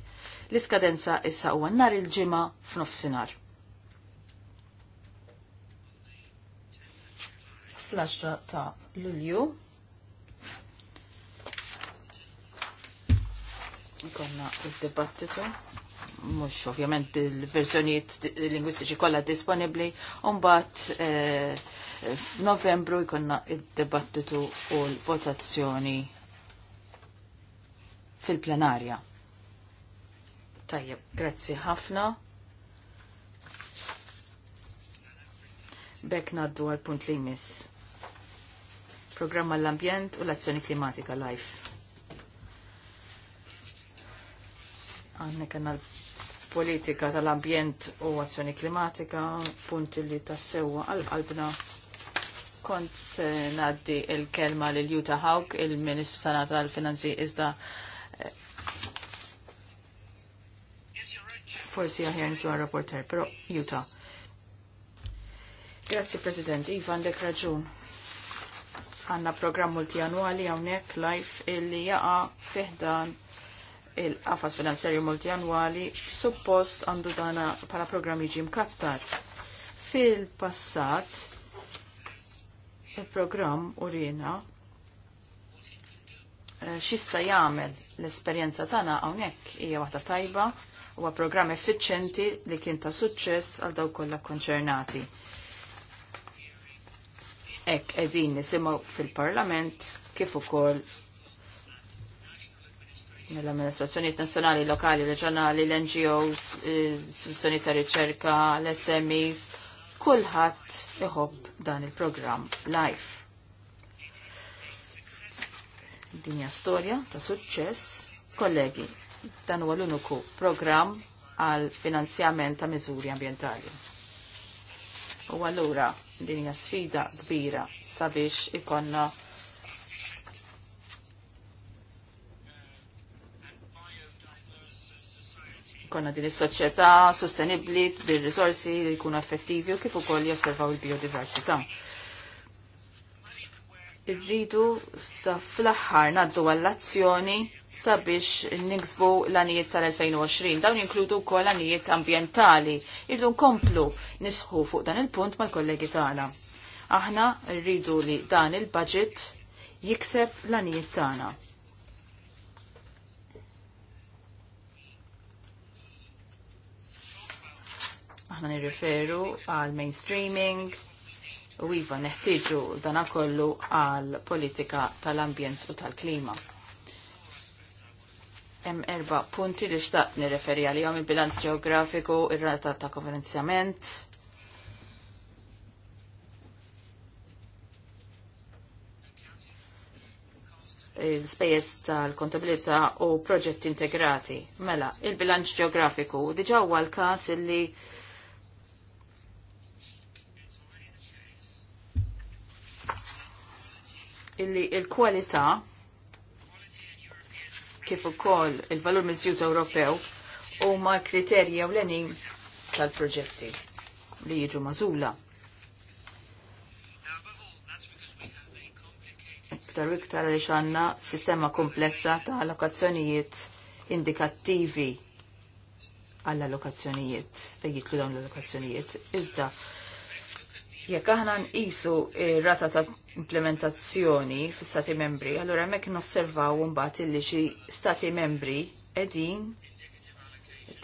l-iskadenza issa huwa nar il-ġimgħa f'nofsinhar. Fl-10 ta' Lulju. Ikonna il-dibattitu mux ovvjament bil-verżjonijiet lingwistiċi kollha disponibbli, mbagħad eh, f'Novembru jkollna id-debattitu u l-votazzjoni fil-plenarja. Tajjeb, grazzi ħafna. Bek naddu għal punt li jmiss. Programma l-ambjent u l-azzjoni klimatika Live. Għanne kanna politika tal-ambjent u azzjoni klimatika, punti li tassewa għal-qalbna kont naddi il-kelma l-Juta Hawk, il-Ministru tal-Finanzi, iżda forsi aħjar nisma rapporter, pero juta. Grazzi, President. Iva, għandek raġun. Għanna program multianwali għawnek live illi jaqa fiħdan il-qafas finanzjarju multianwali suppost għandu dana pala program jiġi kattat. Fil-passat, il-program urina eh, xista jagħmel l-esperjenza tagħna hawnhekk hija waħda tajba huwa programm effiċjenti li kien ta' suċċess għal dawk kollha konċernati. Ek qegħdin nisimgħu fil-Parlament kif ukoll mill-amministrazzjonijiet nazzjonali, lokali, reġjonali, l-NGOs, l-istituzzjoni ta' riċerka, l-SMEs, kulħadd iħobb dan il-programm live. Dinja storja ta' suċċess, kollegi, dan huwa l-uniku programm għal finanzjament ta' miżuri ambientali. U allura din hija sfida kbira sabiex ikonna konna din is-soċjetà sostenibbli bir-risorsi li jkunu effettivi u kif ukoll josservaw il-biodiversità irridu sa fl aħħar naddu għall-azzjoni sabiex niksbu l-anijiet tal-2020. Dawn jinkludu wkoll l-anijiet ambjentali. Irdu nkomplu nisħu fuq dan il-punt mal-kollegi tagħna. Aħna rridu li dan il-budget jikseb l-anijiet tagħna. aħna nirriferu għal mainstreaming u iva neħtieġu dana kollu għal politika tal-ambjent u tal-klima. Hemm erba punti li xtaqt nirreferi għalihom il-bilanz ġeografiku, ir-rata ta' konferenzjament. il-spejjeż tal-kontabilità u proġett integrati. Mela, il-bilanċ ġeografiku diġà huwa l-każ illi illi il-kwalità kif ukoll il-valur miżjud Ewropew huma kriterji ewlenin tal-proġetti li jiġu mażula. Iktar u iktar għaliex għandna sistema komplessa ta' allokazzjonijiet indikattivi għall-allokazzjonijiet fejn jitlu dawn l-allokazzjonijiet. Iżda Jekk aħna nqisu rata ta' implementazzjoni fis-stati membri, allura hemmhekk nosservaw mbagħad li xi stati membri qegħdin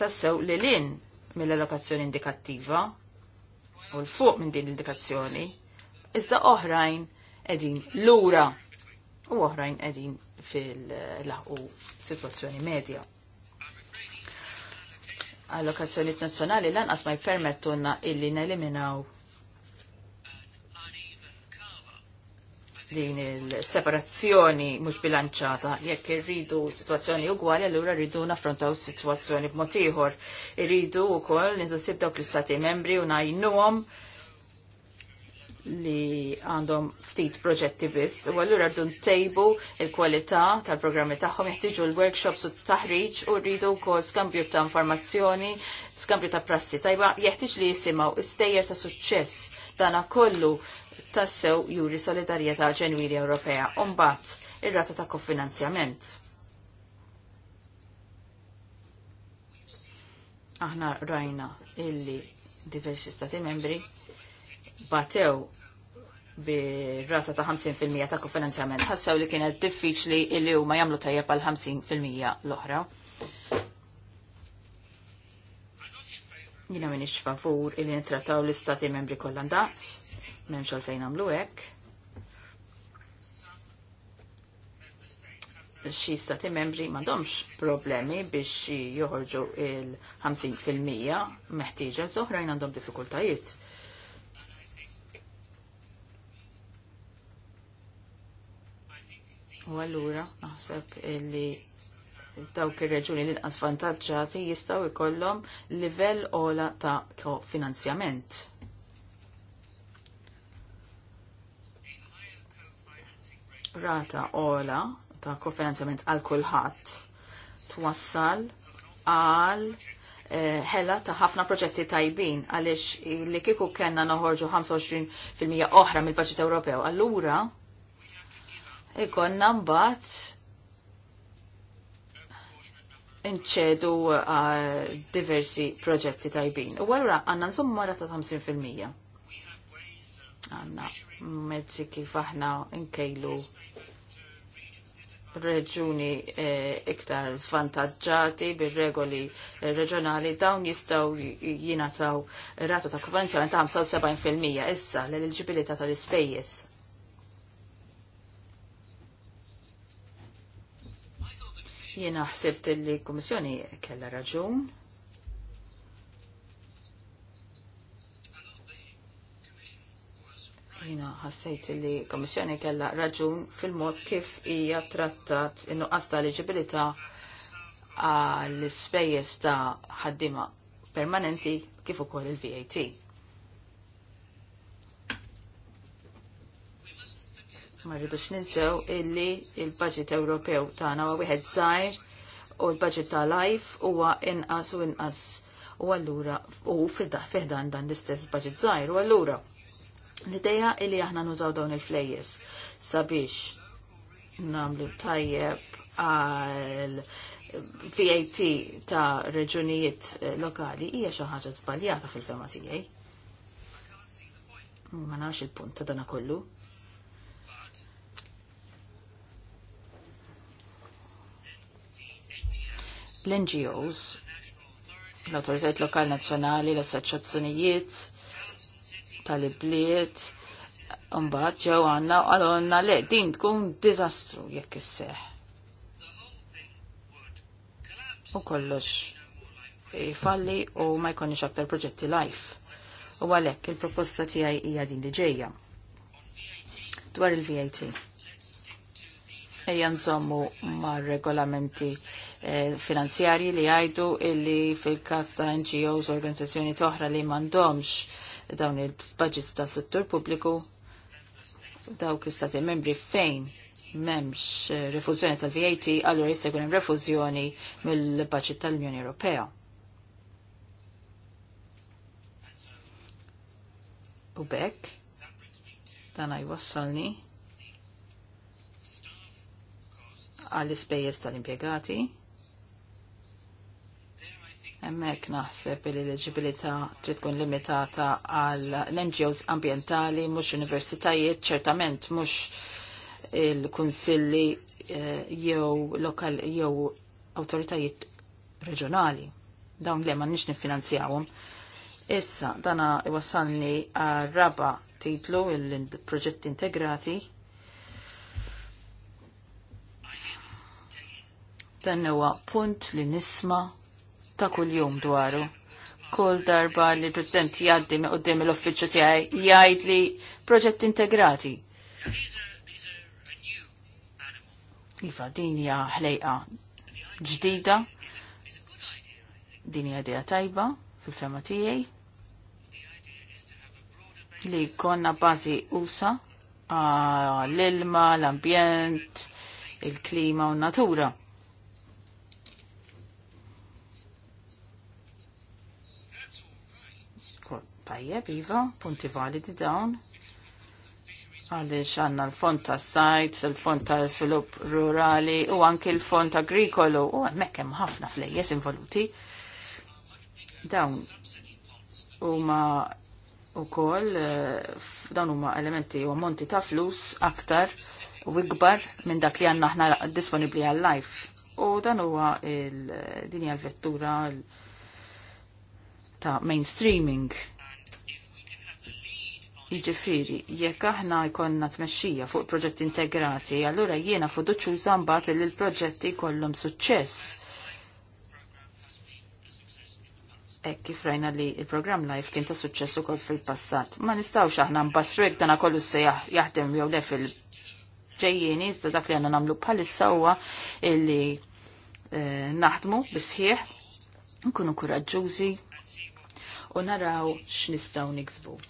tassew li lin mill-allokazzjoni indikattiva u l-fuq minn din l-indikazzjoni, iżda oħrajn qegħdin lura u oħrajn qegħdin fil-laħqu situazzjoni medja allokazzjoniet nazzjonali lanqas ma jippermettuna illi neliminaw din il-separazzjoni mhux bilanċata jekk irridu situazzjoni ugwali allura rridu naffrontaw situazzjoni b'mod ieħor. Irridu wkoll nintusib dawk l-istati membri u ngħinuhom li għandhom ftit proġetti biss u allura rridu ntejbu il-kwalità tal-programmi tagħhom jeħtieġu l-workshops u t-taħriġ u rridu wkoll skambju ta' informazzjoni, skambju ta' prassi tajba jeħtieġ li jisimaw istejjer ta' suċċess dana kollu tassew juri solidarjetà ġenwiri Ewropea u mbagħad ir-rata ta' kofinanzjament. Aħna rajna illi diversi stati membri batew bi rata ta' 50% ta' kofinanzjament. Ħassew li kienet diffiċli illi huma jagħmlu tajjeb għal 50% l-oħra. Jina minix favur illi nitrataw l-istati membri kollan daqs. Memx għalfejn għamlu hekk. Xi stati membri m'għandhomx problemi biex joħorġu il-50% meħtieġa soħrajn għandhom diffikultajiet. U allura naħseb li dawk ir-reġuni li nqas vantaġġati jistgħu jkollhom livell ola ta' finanzjament. rata ola ta' kofinanzjament għal kulħadd twassal għal eh, ħella ta' ħafna proġetti tajbin għaliex li kieku kellna noħorġu 25% oħra mill-Baġit Ewropew. Allura ikonna mbagħad inċedu eh, diversi proġetti tajbin. U allura għandna nżum mara ta' 50%. Għanna mezzi kif aħna nkejlu reġuni eh, iktar svantagġati bil-regoli eh, reġjonali dawn jistaw jinataw rata ta' kuvanzjament ta' 75% issa l-eligibilità tal-ispejjeż. Jiena ħsibt li l-Kummissjoni kellha raġun Jina ħassejt li komissjoni kella raġun fil-mod kif hija trattat in-nuqqas ta' eliġibilità għall-ispejjeż ta' ħaddima permanenti kif ukoll il-VAT. ma rridux ninsew illi il-budget Ewropew tagħna huwa wieħed żgħir u l-budget ta' life huwa inqas u inqas u allura u fiħdan dan l-istess budget żgħir u allura L-ideja illi aħna nużaw dawn il-flejjes sabiex namlu tajjeb għal VAT ta' reġunijiet eh, lokali hija xi ħaġa żbaljata fil-fema tiegħi. Ma nafx il-punt ta' dana kollu. L-NGOs, l-autoritajt lokal nazzjonali, l-assoċjazzjonijiet, tal-ibliet, Mbagħad ġew għandna u għalonna le din tkun diżastru jekk isseħ. U kollox jifalli u ma jkunniex aktar proġetti life. U għalhekk il-proposta tiegħi hija din li ġejja. Dwar il-VAT. Ejja nżommu mar regolamenti finanzjari eh, finanzjarji li jgħidu illi fil-każ ta' NGOs organizzazzjoni toħra li m'għandhomx dawn il-budgets ta' settur pubbliku dawk istati membri fejn memx eh, refużjoni tal-VAT, allura jista' jkun hemm refużjoni mill-budget tal-Unjoni Ewropea. U bekk, dan għajwassalni għall-ispejjeż tal-impjegati Emmek naħseb li l-eligibilità trid tkun limitata għal l-NGOs ambientali, mhux universitajiet, ċertament mhux il-kunsilli eh, jew lokal jew awtoritajiet reġjonali. Dawn li ma nixni finanzjawum. Issa dana iwassalni għal raba titlu il-proġett integrati dan huwa punt li nisma' ta' kuljum dwaru. Kull darba li l-President jaddi me għoddim l-uffiċċju tiegħi jgħid li proġett integrati. Iva, din hija ħlejqa ġdida, din hija idea tajba fil-fema tiegħi li konna bażi usa l-ilma, l-ambjent, il-klima u n-natura Tajjeb, Iva, punti validi dawn. Għalix għanna l-fond ta' sajt, l-fond ta' svilup rurali u anki l-fond agrikolu u mekkem ħafna flejjes involuti. Dawn u ma u koll, eh, dawn u ma elementi u monti ta' flus aktar u ikbar minn dak li għanna ħna disponibli għal-life. U dan huwa il-dinja l-vettura ta' mainstreaming Jiġifieri, jekk aħna jkollna tmexxija fuq proġetti integrati, allura jiena fiduċjuża mbagħad li l-proġetti jkollhom suċċess. Hekk kif rajna li il-programm live kien ta' suċċess ukoll fil-passat. Ma nistgħux aħna mbassru jekk dana kollu se jaħdem jew le fil ġejjien iżda dak li għandna nagħmlu bħalissa huwa illi eh, naħdmu bisħieħ, nkunu kuraġġużi u naraw x'nistgħu niksbu.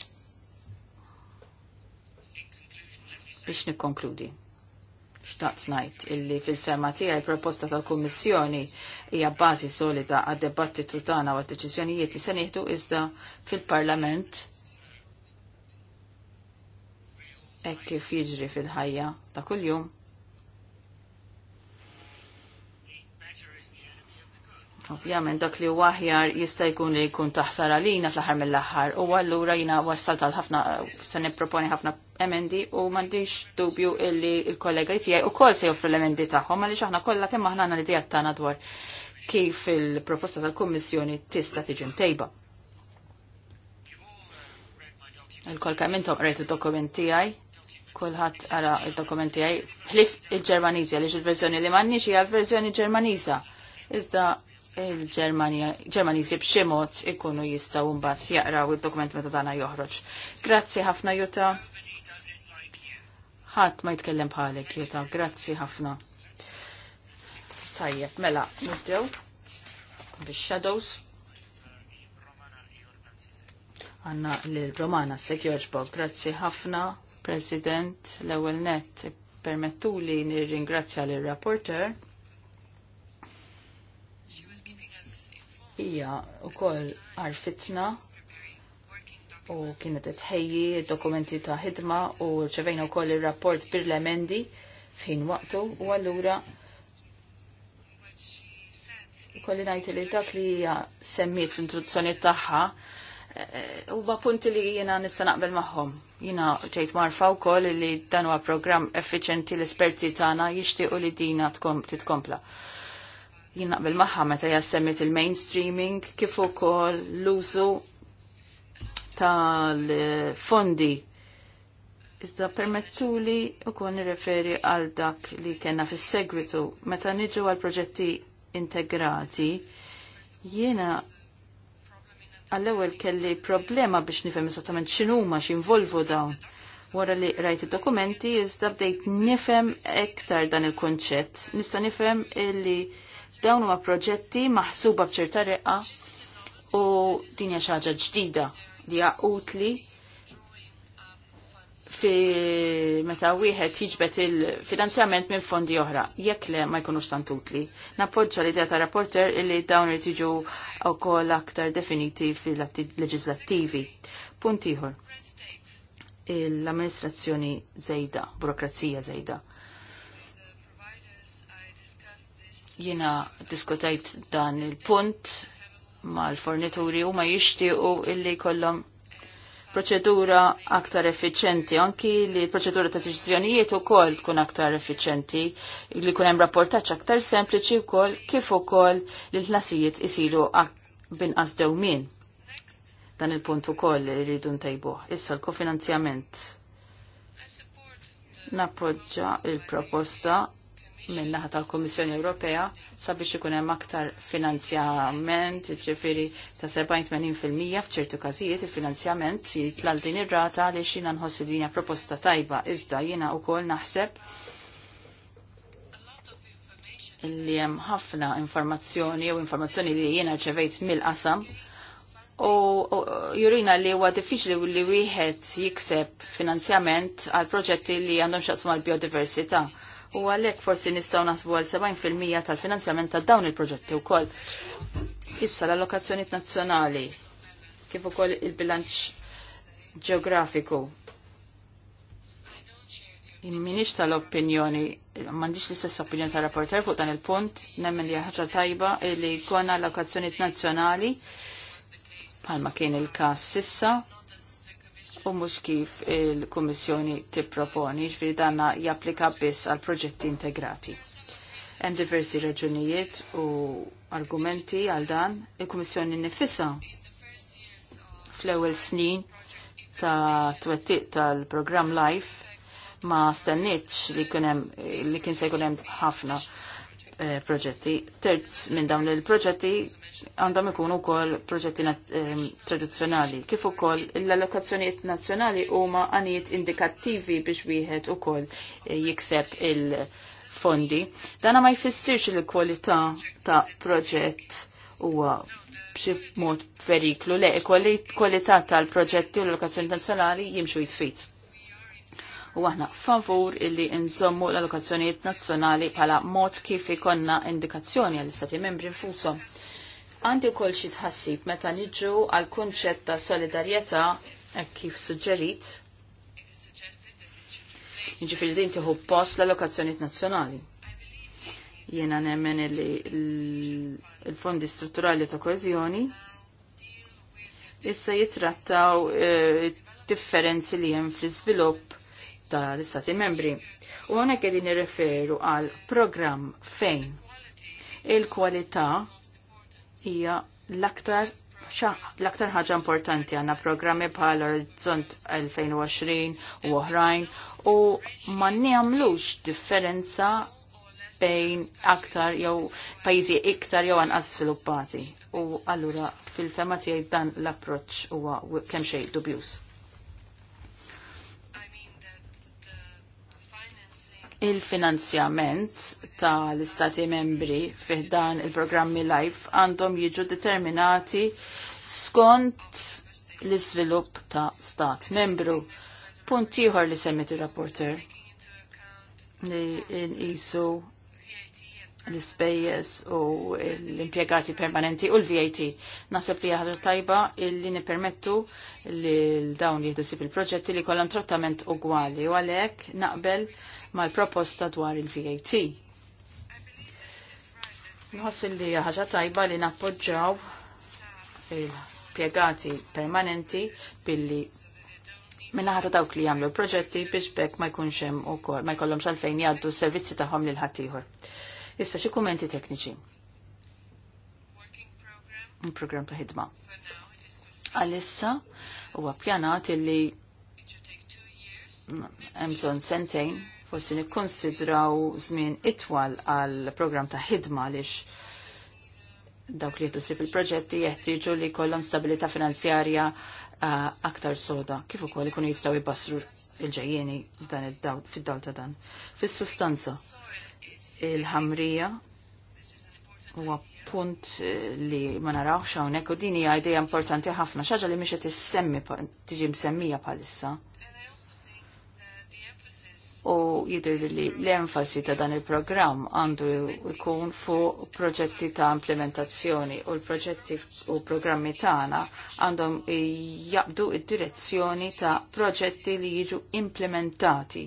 biex nikkonkludi. Xtaqt ngħid illi fil-fema tiegħi proposta tal-Kummissjoni hija bażi solida għad-debattitu tagħna u għad-deċiżjonijiet li se nieħdu iżda fil-Parlament hekk kif jiġri fil-ħajja ta' kuljum Ovvjament dak li huwa aħjar jista' jkun li jkun taħsar għalina fl-aħħar mill-aħħar. U allura jiena wassal tal-ħafna se nipproponi ħafna emendi u m'għandix dubju illi l-kollega tiegħi ukoll se joffru l-emendi tagħhom għaliex aħna kollha kemm aħna għandna l-idea tagħna dwar kif il-proposta tal-Kummissjoni tista' tiġi mtejba. Il-kol kemm intom id-dokument tiegħi, kulħadd ara id-dokument tiegħi ħlif il ġermaniżi għaliex il-verżjoni li m'għandniex hija l-verżjoni Ġermaniża. Iżda il-Ġermaniżi b'xi mod ikunu jista' mbagħad jaqraw id-dokument meta dana joħroġ. Grazzi ħafna Juta. Ħadd ma jitkellem bħalek Juta, grazzi ħafna. Tajjeb, mela, nibdew The shadows Għanna l-Romana Sekjoġbol, grazzi ħafna, President, l-ewwel net, permettuli nirringrazzja l-rapporter hija wkoll għarfitna u kienet tħejji dokumenti ta' ħidma u ċevejna wkoll ir-rapport bil-emendi fin waqtu u allura kolli ngħid li dak li hija semmiet fl-introduzzjoni tagħha eh, huwa punti li jiena nista' naqbel magħhom. Jiena ċejt marfa wkoll li dan huwa programm effiċenti l-esperti tagħna jixtiequ li dina titkompla. Tkom jien naqbel magħha meta jassemmit il-mainstreaming kif ukoll l-użu tal-fondi. Iżda permettuli ukoll nirreferi għal dak li kena fis-segwitu meta niġu għal proġetti integrati jiena għall-ewwel kelli problema biex nifhem esattament x'inhuma x'involvu dawn. Wara li rajt id-dokumenti iżda bdejt nifhem iktar dan il-konċett. Nista' nifhem illi Dawn huma proġetti maħsuba b'ċerta reqqa u din hija xi ħaġa ġdida li hija utli fi meta wieħed jiġbet il-finanzjament minn fondi oħra, jekk le ma jkunux tant utli. Nappoġġa l-idea ta' rapporter li dawn irid jiġu wkoll aktar definiti fil-leġislattivi. Punt ieħor. L-amministrazzjoni Zejda, burokrazija żejda. Jina diskutajt dan il-punt mal-fornituri u ma jishtiqu illi kollom proċedura aktar effiċenti, anki li proċedura ta' u ukoll tkun aktar effiċenti, li kun hemm rapportaġġ aktar sempliċi wkoll kif ukoll li l-ħlasijiet isiru binqas dewmien. Dan il-punt ukoll irridu ntejbuh. Issa l-kofinanzjament. Nappoġġa il-proposta minn naħa tal-Komissjoni Ewropea sabiex ikun hemm aktar finanzjament, ġifieri ta' 70-80% f'ċertu każijiet il-finanzjament jitlal din ir-rata li xina nħossi din hija proposta tajba iżda jiena wkoll naħseb li hemm ħafna informazzjoni u informazzjoni li jiena rċevejt mill-qasam u jurina li huwa diffiċli li wieħed jikseb finanzjament għal proġetti li għandhom xaqsma l-biodiversità u għalhekk forsi nistgħu naħsbu għal 70% tal-finanzjament ta' dawn il-proġetti wkoll. Issa l-allokazzjonijiet nazzjonali kif ukoll il-bilanċ ġeografiku. Minix tal-opinjoni, m'għandix l-istess opinjoni tal-rapporter fuq dan il-punt, nemmen li ħaġa tajba li jkollna allokazzjonijiet nazzjonali bħalma kien il-każ sissa u mhux kif il-Kummissjoni tipproponi, ġviri danna japplika biss għal proġetti integrati. Hemm diversi raġunijiet u argumenti għal dan il-Kummissjoni nifissa fl-ewwel snin ta' twettiq tal-programm Life ma stenniċ li kunem li kien se hemm ħafna eh, proġetti. Terz minn dawn il-proġetti għandhom ikunu wkoll proġetti tradizzjonali. Kif ukoll l-allokazzjonijiet nazzjonali huma għanijiet indikattivi biex wieħed ukoll eh, jikseb il-fondi. Dana ma jfissirx il-kwalità ta' proġett huwa b'xi mod periklu, le, kwalità tal-proġetti u l allokazzjoni nazzjonali jimxu jitfit. U aħna favur illi nżommu l-allokazzjonijiet nazzjonali bħala mod kif ikonna indikazzjoni għall istati membri nfusom. Għandi kol xi tħassib meta niġu għal kunċett ta' solidarjetà kif suġġerit. Jiġifieri din tieħu post l-allokazzjonijiet nazzjonali. Jiena nemmen il l-fondi strutturali ta' koeżjoni issa jitrattaw eh, differenzi li hemm fl-iżvilupp tal-Istati membri. U għonek għedin nirreferu għal program fejn il-kwalità hija l-aktar l-aktar ħaġa importanti għanna programmi bħal Orizzont 2020 u oħrajn u ma nagħmlux differenza bejn aktar jew pajjiżi iktar jew anqas sviluppati. U allura fil-fema tiegħi dan l-approċċ huwa kemm xejn dubjuż. Il-finanzjament tal-Istati membri fiħdan il-programmi live għandhom jiġu determinati skont l izvilup ta' stat membru. Punt ieħor li semmet ir-rapporter li nqisu l-ispejjeż u l-impjegati permanenti u l-VAT. Naseb li ħaġa tajba illi nipermettu li l-dawn jihdu sib il-proġetti li kollan trattament ugwali u għalhekk naqbel mal-proposta dwar il-VAT. Nħoss li ħaġa tajba li nappoġġaw il-pjegati permanenti billi minnaħata dawk li jagħmlu proġetti biex bekk ma jkunx hemm ukoll ma jkollhomx għalfejn jgħaddu s-servizzi tagħhom lil ħaddieħor. Issa xi kumenti tekniċi. Program ta' ħidma. Għalissa huwa għapjanat illi hemm bżonn sentejn forsi nikkonsidraw żmien itwal għal programm ta' ħidma għaliex dawk li jtusib il-proġetti jeħtieġu li jkollhom stabilità finanzjarja uh, aktar soda kif ukoll ikunu jistgħu jbassru l-ġejjieni dan id-dawl fid-dawl ta' dan. Fis-sustanza il-ħamrija huwa punt eh, li ma narawx hawnhekk u din hija idea importanti ħafna xaġa li mhix qed issemmi tiġi msemmija bħalissa u jidri li l-enfasi ta' dan il-programm għandu jkun fuq proġetti ta' implementazzjoni u l-proġetti u programmi tagħna għandhom jaqbdu id-direzzjoni ta' proġetti li jiġu implementati.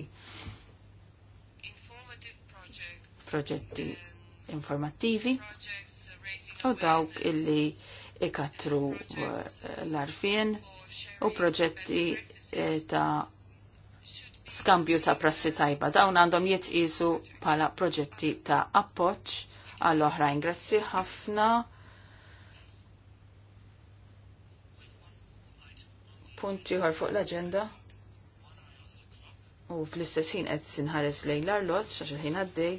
Proġetti informattivi u dawk illi ikatru eh, l-arfien u proġetti eh, ta' skambju ta' prassi tajba. Dawn għandhom jitqisu pala proġetti ta' appoċ għall-oħrajn. Grazzi ħafna. Punti ħor fuq l-agenda. U fl-istess ħin qed sinħares lejn l-arlot għax il-ħin għaddej.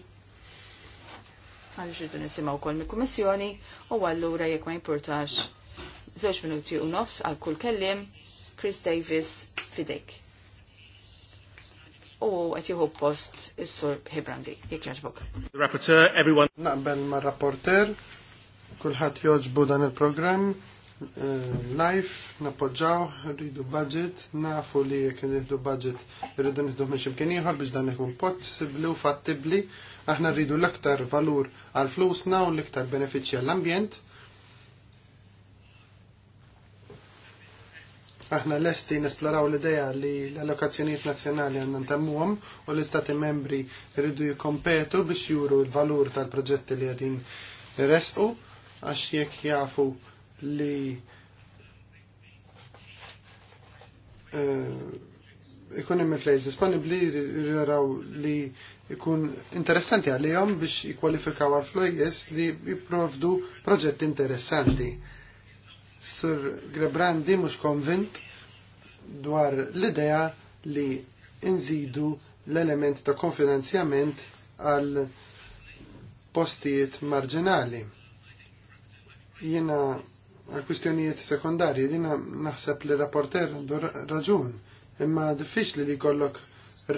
Għaliex irdu nisimgħu wkoll mill-kummissjoni u allura jekk ma jimpurtax żewġ minuti u nofs għal kull kellim Chris Davis fidejk u qed jieħu post is-sur Hebrandi. Jekk jogħġbok. Rapporteur, everyone. Naqbel ma' rapporter, kulħadd jogħġbu dan il-programm eh, live, nappoġġaw, rridu budget, nafu li jekk nieħdu budget, rridu nieħdu minn ximkien ieħor biex dan ikun possibbli u fattibbli. Aħna rridu l-aktar valur għal flusna u l-aktar benefiċċji għall-ambjent Aħna lesti nesploraw l-ideja li l-allokazzjonijiet nazzjonali għandna ntemmuhom u l-istati membri rridu jikkompetu biex juru l-valur tal-proġetti li għadin resqu għax jekk jafu li eh, ikun hemm il-flejs disponibbli jaraw li ikun interessanti għalihom biex jikkwalifikaw għal flejjes li jipprovdu proġetti interessanti Sir Grebrandi mhux konvint dwar l-idea li nżidu l-element ta' konfinanzjament għal postijiet marġinali. Jiena għal kwistjonijiet sekundarji, din naħseb li rapporter għandu raġun, imma diffiċli li jkollok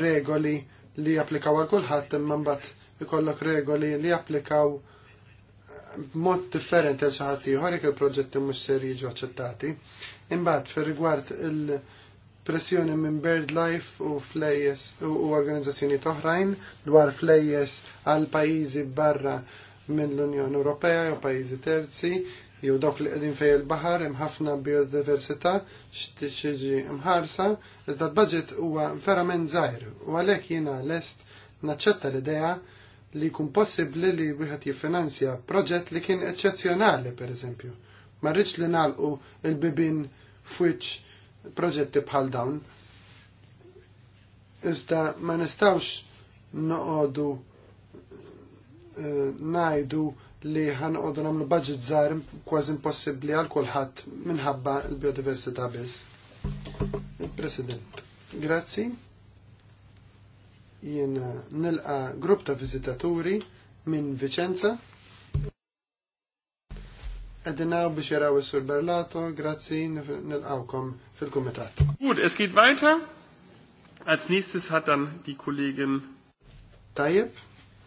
regoli li japplikaw għal kulħadd imma mbagħad ikollok regoli li japplikaw Mod differenti għal xi ħadd ieħor jekk il-proġetti mhux ser jiġu aċċettati. Imbagħad fir-rigward il-pressjoni minn Life u flejjes u organizzazzjoni oħrajn dwar flejjes għal pajjiżi barra minn l-Unjoni Ewropea jew pajjiżi terzi jew dok li qegħdin fejn il-baħar hemm ħafna biodiversità xtiġi mħarsa, iżda l-budget huwa verament żgħir u għalhekk jiena lest naċċetta l-idea li jkun possibbli li wieħed jiffinanzja proġett li kien eċċezzjonali pereżempju. Ma rridx li nagħlqu il-bibin f'wiċċ proġetti bħal dawn. Iżda ma nistawx noqogħdu eh, ngħidu li ħanqodu nagħmlu budget żgħar kważi impossibbli għal kulħadd minħabba l-biodiversità biss. Il-President. Grazzi jien nilqa grupp ta' vizitaturi minn Vicenza. Edinaw biex jaraw is-Sur Berlato, grazzi nilqawkom fil-kumitat. Gut, es geht weiter. Als nächstes hat dann die Kollegin Tajib,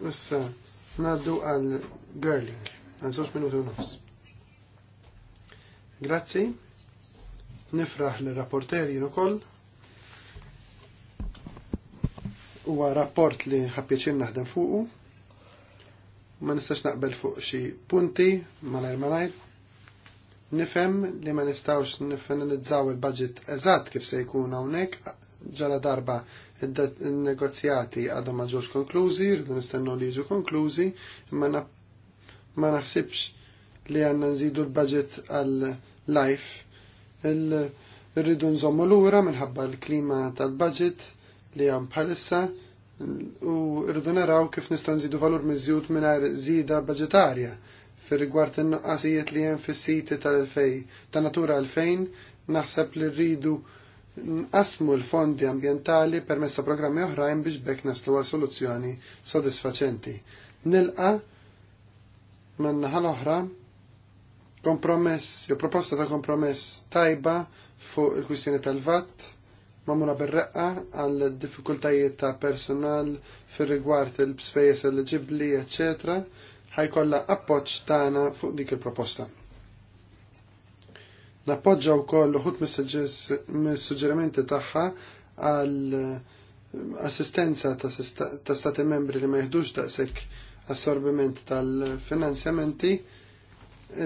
issa naddu għal Girling, għal żewġ minuti u nofs. Grazzi, nifraħ l-rapporteri koll. huwa rapport li ħabbieċin naħdem fuqu. Ma nistax naqbel fuq xi punti malajr malajr. Nifhem li ma nistawx nifinalizzaw il-budget eżatt kif se jkun hawnhekk ġala darba il-negozjati għadhom ma ġewx konklużi, rridu nistennu li jiġu konklużi, imma ma naħsibx li għandna nżidu l-budget għal life. Rridu nżommu lura minħabba l-klima tal-budget li hemm bħalissa u rridu naraw kif nistgħu nżidu valur miżjud mingħajr żieda budgetarja fir rigward in-nuqqasijiet li hemm fis-siti tal-2000 ta' natura 2000 naħseb li rridu nqasmu l-fondi ambjentali permessa programmi oħrajn biex bekk naslu għal soluzzjoni sodisfaċenti. Nilqa man-naħa l-oħra kompromess, jew proposta ta' kompromess tajba fuq il-kwistjoni tal-VAT Ma'muna bil-reqqa għal diffikultajiet ta' personal fir rigward il-spejjeż eligibli, ecc. ħajkolla appoġġ tagħna fuq dik il-proposta. Nappoġġa wkoll uħud mis-suġġerimenti tagħha għal assistenza ta' stati membri li ma jeħdux daqshekk assorbiment tal-finanzjamenti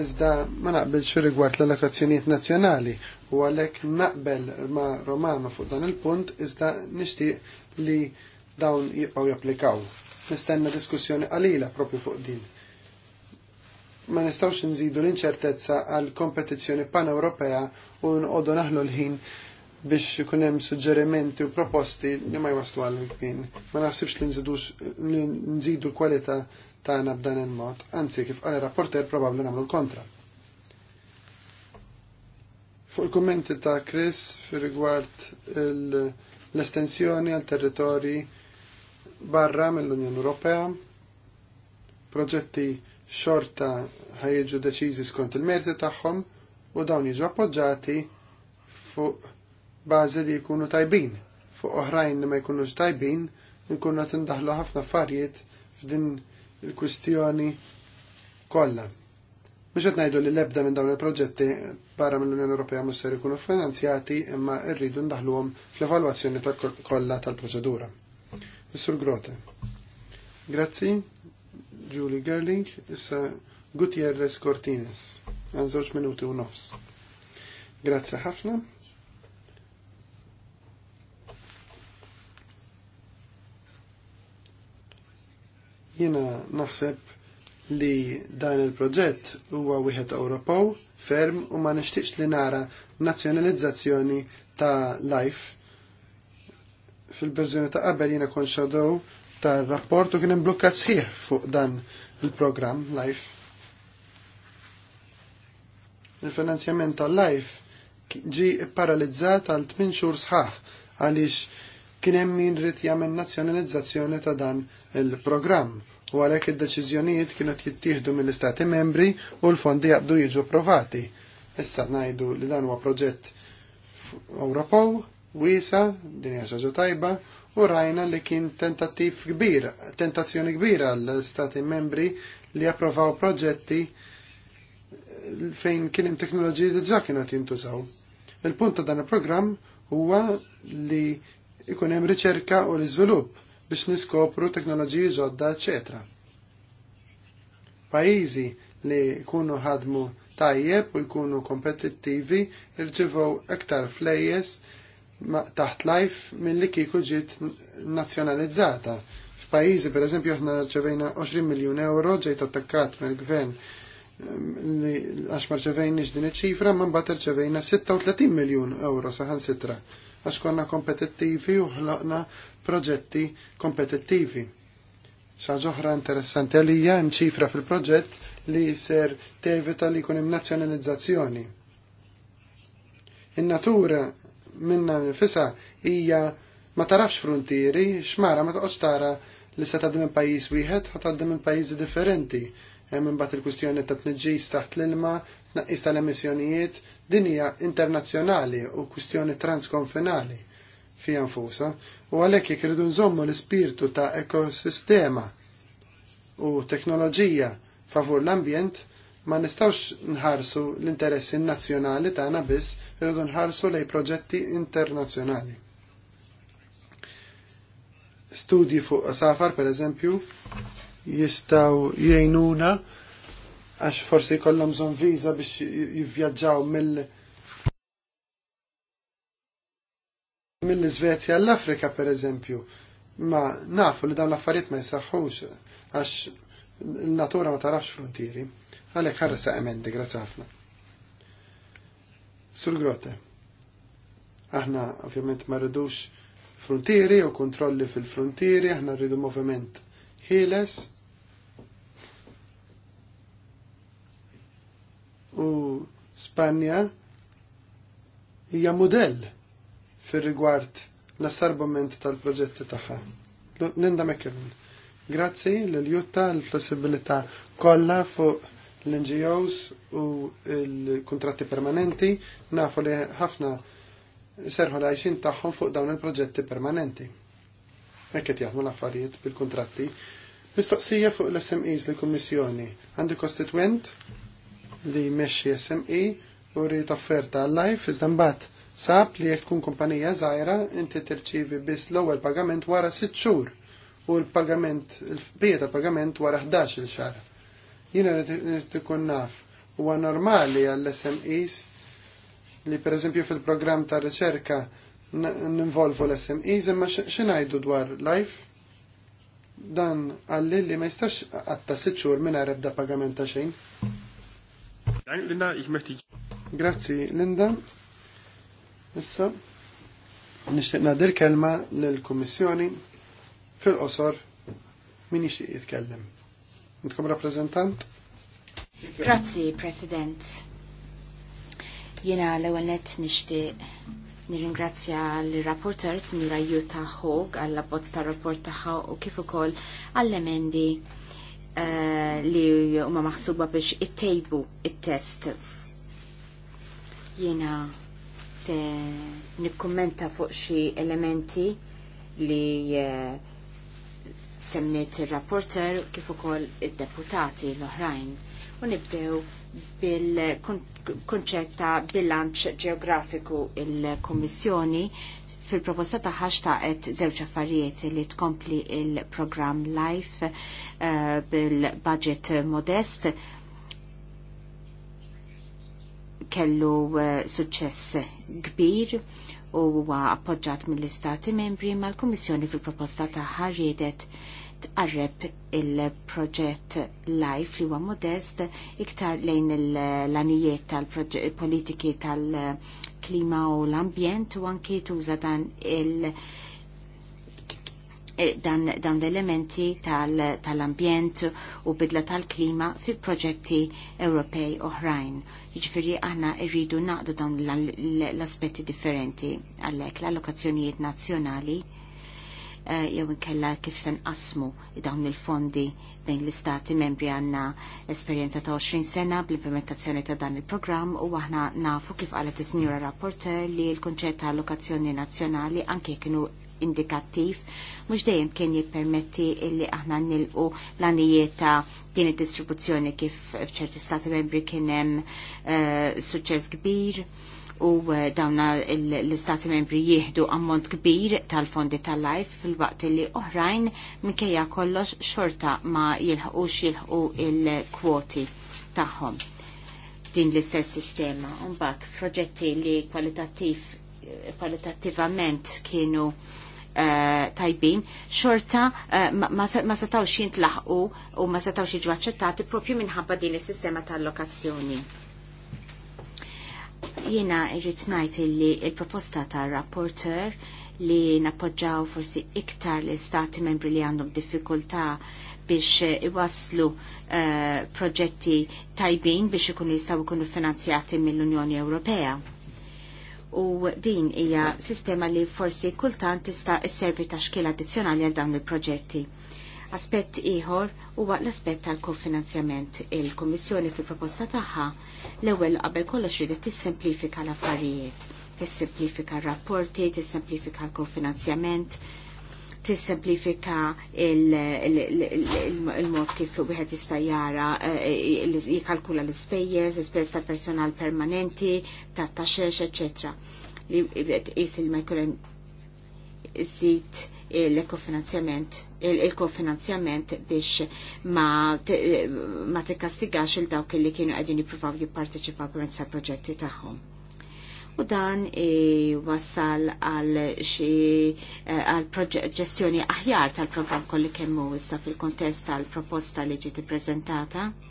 iżda ma naqbel fi rigward l-allokazzjonijiet nazzjonali u għalhekk naqbel ma' Romano fuq dan il-punt iżda nixtieq li dawn jibqgħu japplikaw. Nistenna diskussjoni qalila propju fuq din ma nistawx nżidu l-inċertezza għal kompetizzjoni pan-Ewropea u nqodu naħlu l-ħin biex ikun hemm suġġerimenti u proposti li ma jwaslu għal kbin. Ma naħsibx li nżidu l-kwalità tagħna b'dan il-mod, anzi kif qal rapporter probabbli nagħmlu l-kontra. Fuq il-kummenti ta' Chris rigward l-estensjoni għal territori barra mill-Unjoni Ewropea, proġetti xorta ħajġu deċiżi skont il-merti tagħhom u dawn jiġu appoġġati fuq bażi li jkunu tajbin. Fuq oħrajn li ma jkunux tajbin, nkunu qed indaħlu ħafna affarijiet f'din il-kwistjoni kollha. Mux qed ngħidu li l-ebda minn dawn il-proġetti barra mill-Unjoni Ewropea mhux ser ikunu finanzjati imma rridu ndaħluhom fl-evalwazzjoni kollha tal-proċedura. Missur Grote. Grazzi, Julie Gerling, issa Gutierrez Cortines, għan żewġ minuti u nofs. Grazzi ħafna. Jiena naħseb li dan il-proġett huwa wieħed Ewropew ferm u ma nixtieqx li nara nazzjonalizzazzjoni ta' life fil-verżjoni ta' qabel jiena kon tar-rapport u kien hemm blukkat sħiħ fuq dan il-programm life. Il-finanzjament tal-life ġi paralizzat għal 8 xhur sħaħ għaliex kien hemm min rid jagħmel nazzjonalizzazzjoni ta' dan il-programm u għalhekk id-deċiżjonijiet kienu jittieħdu mill-Istati membri u l-fondi jaqdu jiġu approvati. Issa ngħidu li dan huwa proġett Ewropew wiesa, din hija xaġa tajba, u rajna li kien tentattiv kbir, tentazzjoni kbira l istati membri li approvaw proġetti fejn kien hemm teknoloġiji li ġa kienu jintużaw. Il-punt ta' dan il-programm huwa li ikun hemm riċerka u l-iżvilupp biex niskopru teknoloġiji ġodda, eċetera. Pajizi li kunu ħadmu tajjeb u jkunu kompetittivi irċivu ektar flejjes taħt life mill-li kiku ġiet nazjonalizzata. F'pajjiżi per eżempju aħna rċevejna 20 miljun euro ġejt attakkat mill-gvern ehm, li għax marċevejni din iċ-ċifra, man bat rċevejna 36 miljun euro saħan sitra għax konna kompetittivi u ħloqna proġetti kompetittivi. oħra interessanti għalija hemm ċifra fil-proġett li ser tevita li jkun hemm nazzjonalizzazzjoni. In-natura minna nifisa hija ma tarafx fruntieri, xmara ma toqgħodx tara li se tgħaddi minn pajjiż wieħed ħa tgħaddi minn pajjiżi differenti. Hemm imbagħad il-kwistjoni ta' tniġġis taħt l-ilma, naqis tal-emissjonijiet din hija internazzjonali u kwistjoni transkonfinali fija nfusa. u għalhekk jekk iridu nżommu l-ispirtu ta' ekosistema u teknoloġija favur l-ambjent ma nistawx nħarsu l-interessi nazzjonali tagħna biss, irridu nħarsu lej proġetti internazzjonali. Studji fuq safar, per eżempju, jistaw jgħinuna għax forsi jkollhom bżonn viża biex jivvjaġġaw mill- mill-Svezja l-Afrika per eżempju. Ma nafu li dawn l-affarijiet ma jisaxħux għax l-natura ma tarax frontieri. Għalhekk sa emendi, grazie ħafna. Sul grotte. Aħna ovvjament ma rridux frontieri u kontrolli fil-frontieri, aħna rridu moviment ħieles u Spanja hija mudell fir-rigward l-assarbament tal-proġetti tagħha. Linda McKellen. Grazzi l-Jutta l-flessibilità kollha fuq l-NGOs u l-kontratti permanenti nafu li ħafna serħu li għajxin tagħhom fuq dawn il-proġetti permanenti. Hekk qed l-affarijiet bil-kontratti. Mistoqsija fuq l-SMEs l-Kummissjoni. għandu kostitwent? li jmexxi SME u rrit offerta għal-life, iżda mbagħad sab li jekk tkun kumpanija żgħira inti tirċivi biss l-ewwel pagament wara sitt xhur u l-pagament, il-bieta pagament wara 11 xar. Jiena rrid ikun naf huwa normali għall-SMEs li pereżempju fil-programm ta' riċerka ninvolvu l-SMEs imma xinajdu dwar life dan għalli li ma jistax għatta sitt xhur minn ebda pagament ta' xejn. Linda, ich möchte... Grazzi, Linda. Issa, nixtieq nadir kelma l-Kommissjoni fil-qosor min ixtiq jitkellem. Intkom rappresentant? Grazzi, President. Jena l-ewel net nishtiq Nirringrazzja l rapporters Sinjura Jutta Hog għall abbozz ta' rapport tagħha u kif ukoll għall-emendi Eh, li huma maħsuba biex ittejbu it-test. Jiena se nikkummenta fuq xi elementi li eh, semmiet ir-rapporter kif ukoll id-deputati l-oħrajn u nibdew bil kunċetta bilanċ ġeografiku il-Kommissjoni fil-proposta ta' ħaxtaqet zewċ affarijiet li tkompli il-program Life uh, bil-budget modest kellu uh, suċċess kbir u huwa appoġġat mill-Istati membri mal-Kummissjoni fil-proposta ta ħarjedet tqarreb il-proġett Life li huwa modest iktar lejn l-anijiet tal-politiki tal-, -proġett, tal il-klima u l-ambjent u anki tuża dan il- eh, dan, dan l-elementi tal-ambjent tal u bidla tal-klima fi proġetti Ewropej oħrajn. Jiġifieri aħna rridu naqdu dawn l-aspetti differenti għalhekk l-allokazzjonijiet nazzjonali eh, jew inkella kif se nqasmu dawn il-fondi bejn l-istati membri għanna esperjenza ta' 20 sena bl-implementazzjoni ta' dan il-programm u aħna nafu kif għalet is Signora Rapporter li l konċet ta' allokazzjoni nazzjonali anke kienu indikattiv mhux dejjem kien jippermetti illi aħna nilqu l-għanijiet ta' din id-distribuzzjoni kif f'ċerti stati membri kien hemm uh, suċċess kbir u eh, dawna l-istati membri jieħdu ammont kbir tal-fondi tal-life fil-waqt li oħrajn minkejja kollox xorta ma jilħqux jilħqu il-kwoti tagħhom din l-istess sistema. Unbat, proġetti li kwalitattiv eh, kwalitattivament kienu uh, tajbin, xorta uh, ma, ma setawx jintlaħqu u ma setawx jiġu aċċettati propju minħabba din is-sistema tal-lokazzjoni Jiena irrit ngħid li il-proposta tar-rapporter li nappoġġaw forsi iktar li stati membri li għandhom diffikultà biex iwaslu uh, proġetti tajbin biex ikunu jistgħu jkunu finanzjati mill-Unjoni Ewropea. U din hija sistema li forsi kultant tista' isservi ta' xkiel addizzjonali għal dawn il-proġetti. Aspett ieħor huwa l-aspett tal-kofinanzjament. Il-Kummissjoni fil-proposta tagħha l-ewwel qabel kollox ridet tissemplifika l-affarijiet, tissemplifika r-rapporti, tissemplifika l-kofinanzjament, tissemplifika il-mod kif wieħed jista' jara eh, jikkalkula l-ispejjeż, l-ispejjeż tal-personal permanenti, tat-taxxex, eċċetera. Li qed ma jkun hemm iżid il-kofinanzjament il-kofinanzjament biex ma, ma tikkastigax il dawk li kienu qegħdin jippruvaw jipparteċipaw permezz proġetti tagħhom. U dan wassal għal xi eh, għal ġestjoni aħjar tal-programm kollu kemm issa fil-kontest tal-proposta li ġiet ippreżentata. prezentata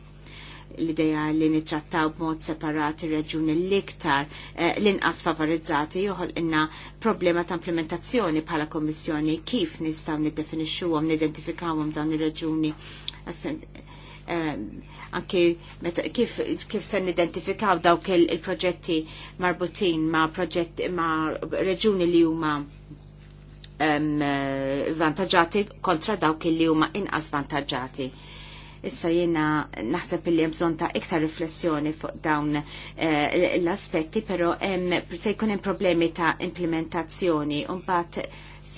l-ideja li nitrattaw b'mod separati ir-reġuni l-iktar eh, l-inqas favorizzati juħol inna problema ta' implementazzjoni bħala kommissjoni kif nistaw niddefinixxuhom, nidentifikawhom dawn ir-reġuni ehm, anki kif, kif se nidentifikaw dawk il-proġetti marbutin ma' proġetti ma' reġuni li huma ehm, eh, vantaġġati kontra dawk li huma inqas vantaġġati Issa jena naħseb li jemżon ta' iktar riflessjoni fuq dawn eh, l-aspetti, pero se jkun hemm problemi ta' implementazzjoni un bat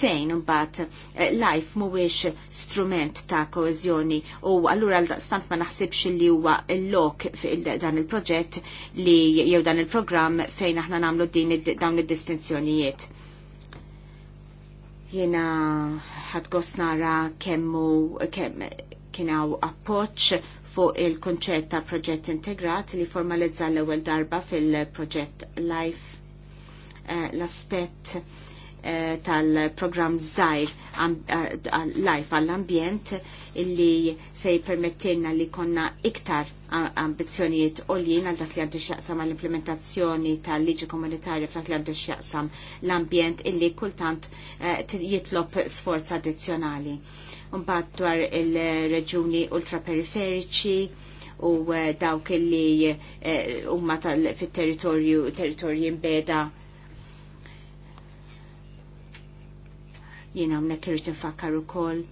fejn mbagħad eh, life mhuwiex strument ta' koezjoni u allura l ma naħsibx li huwa l-lok dan il-proġett li jew dan il-programm fejn aħna nagħmlu din dawn id-distinzjonijiet. Jena ħad nara kemmu kemm kienaw appoċ fuq il-konċett ta' proġett integrat li formalizza l-ewwel darba fil-proġett LIFE. Eh, l-aspett eh, tal-programm Zajr eh, Life għall-ambjent illi se jipermettilna li konna iktar ambizjonijiet oljien għal dak li għandu xjaqsam għall implementazzjoni tal-liġi komunitarja f'dak li għandu xjaqsam l-ambjent illi kultant jitlob sforz addizzjonali mbagħad dwar il-reġuni ultraperiferiċi u eh, dawk li eh, huma fit-territorju territorji mbeda. Jiena hawnhekk irid infakkar ukoll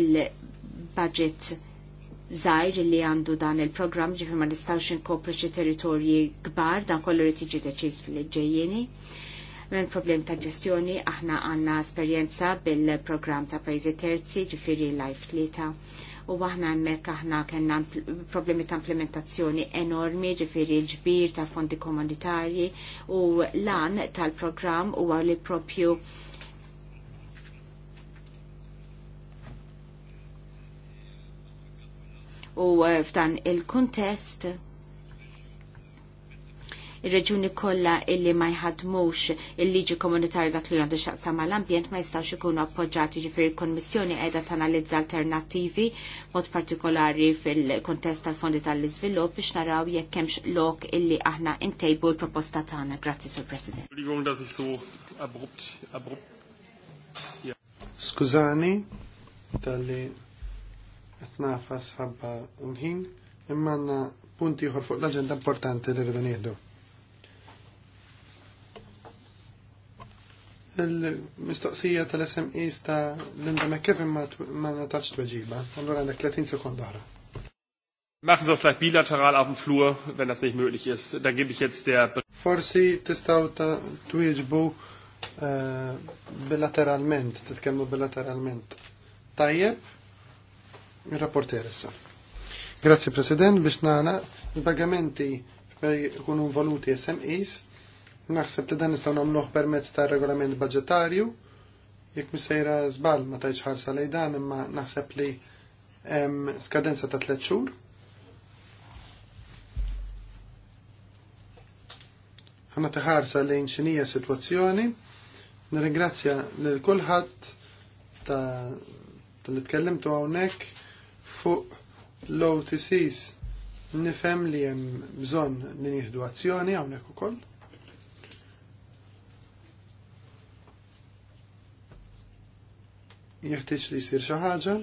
il-budget żgħir li għandu dan il programm ġifier ma nistgħux inkopru xi territorji kbar dan kollu jrid jiġi deċiż fil ġejjieni Men problem ta' ġestjoni aħna għanna esperjenza bil-program ta' pajzi terzi ġifiri life tlieta u aħna hemmhekk aħna kellna problemi ta' implementazzjoni enormi ġifieri l-ġbir ta' fondi komunitarji u lan tal-programm huwa li propju u eh, f'dan il-kuntest Ir-reġuni kolla kollha illi ma jħadmux il-liġi komunitarju dak li għandu ma mal-ambjent ma jistgħux ikunu appoġġati ġifieri kommissjoni kummissjoni qiegħda tanalizza alternattivi mod partikolari fil-kontest tal-fondi tal-iżvilupp biex naraw jekk hemmx lok illi aħna intejbu l-proposta tagħna. Grazzi, Sur President. Skużani, tal-li etnafa sħabba l imma għanna punti uħor fuq l-agenda importanti li rridu nieħdu. il-mistoqsija tal-SMEs ta' Linda McKevin ma nataċ t tweġiba. Allora għandek 30 sekund oħra. Machen Sie das gleich bilateral auf dem Flur, wenn das nicht möglich ist. Da gebe ich jetzt der... Forsi tistaw ta' tweġbu eh, bilateralment, titkemmu bilateralment. Tajjeb, il-rapporter issa. Grazie President, biex nana, il-pagamenti fej kunu valuti SMEs Naħseb li dan nistgħu nagħmluh permezz ta' regolament budgetarju. Jekk sejra żball ma tgħidx ħarsa lej dan imma naħseb li hemm skadenza ta' tliet xhur. ħana tiħarsa lejn xinija s-sitwazzjoni. Nirringrazzja lil kulħadd ta' li tkellimtu hawnhekk fuq l-OTCs nifhem li hemm bżonn li nieħdu azzjoni hawnhekk ukoll. jeħtieġ li jsir xi ħaġa.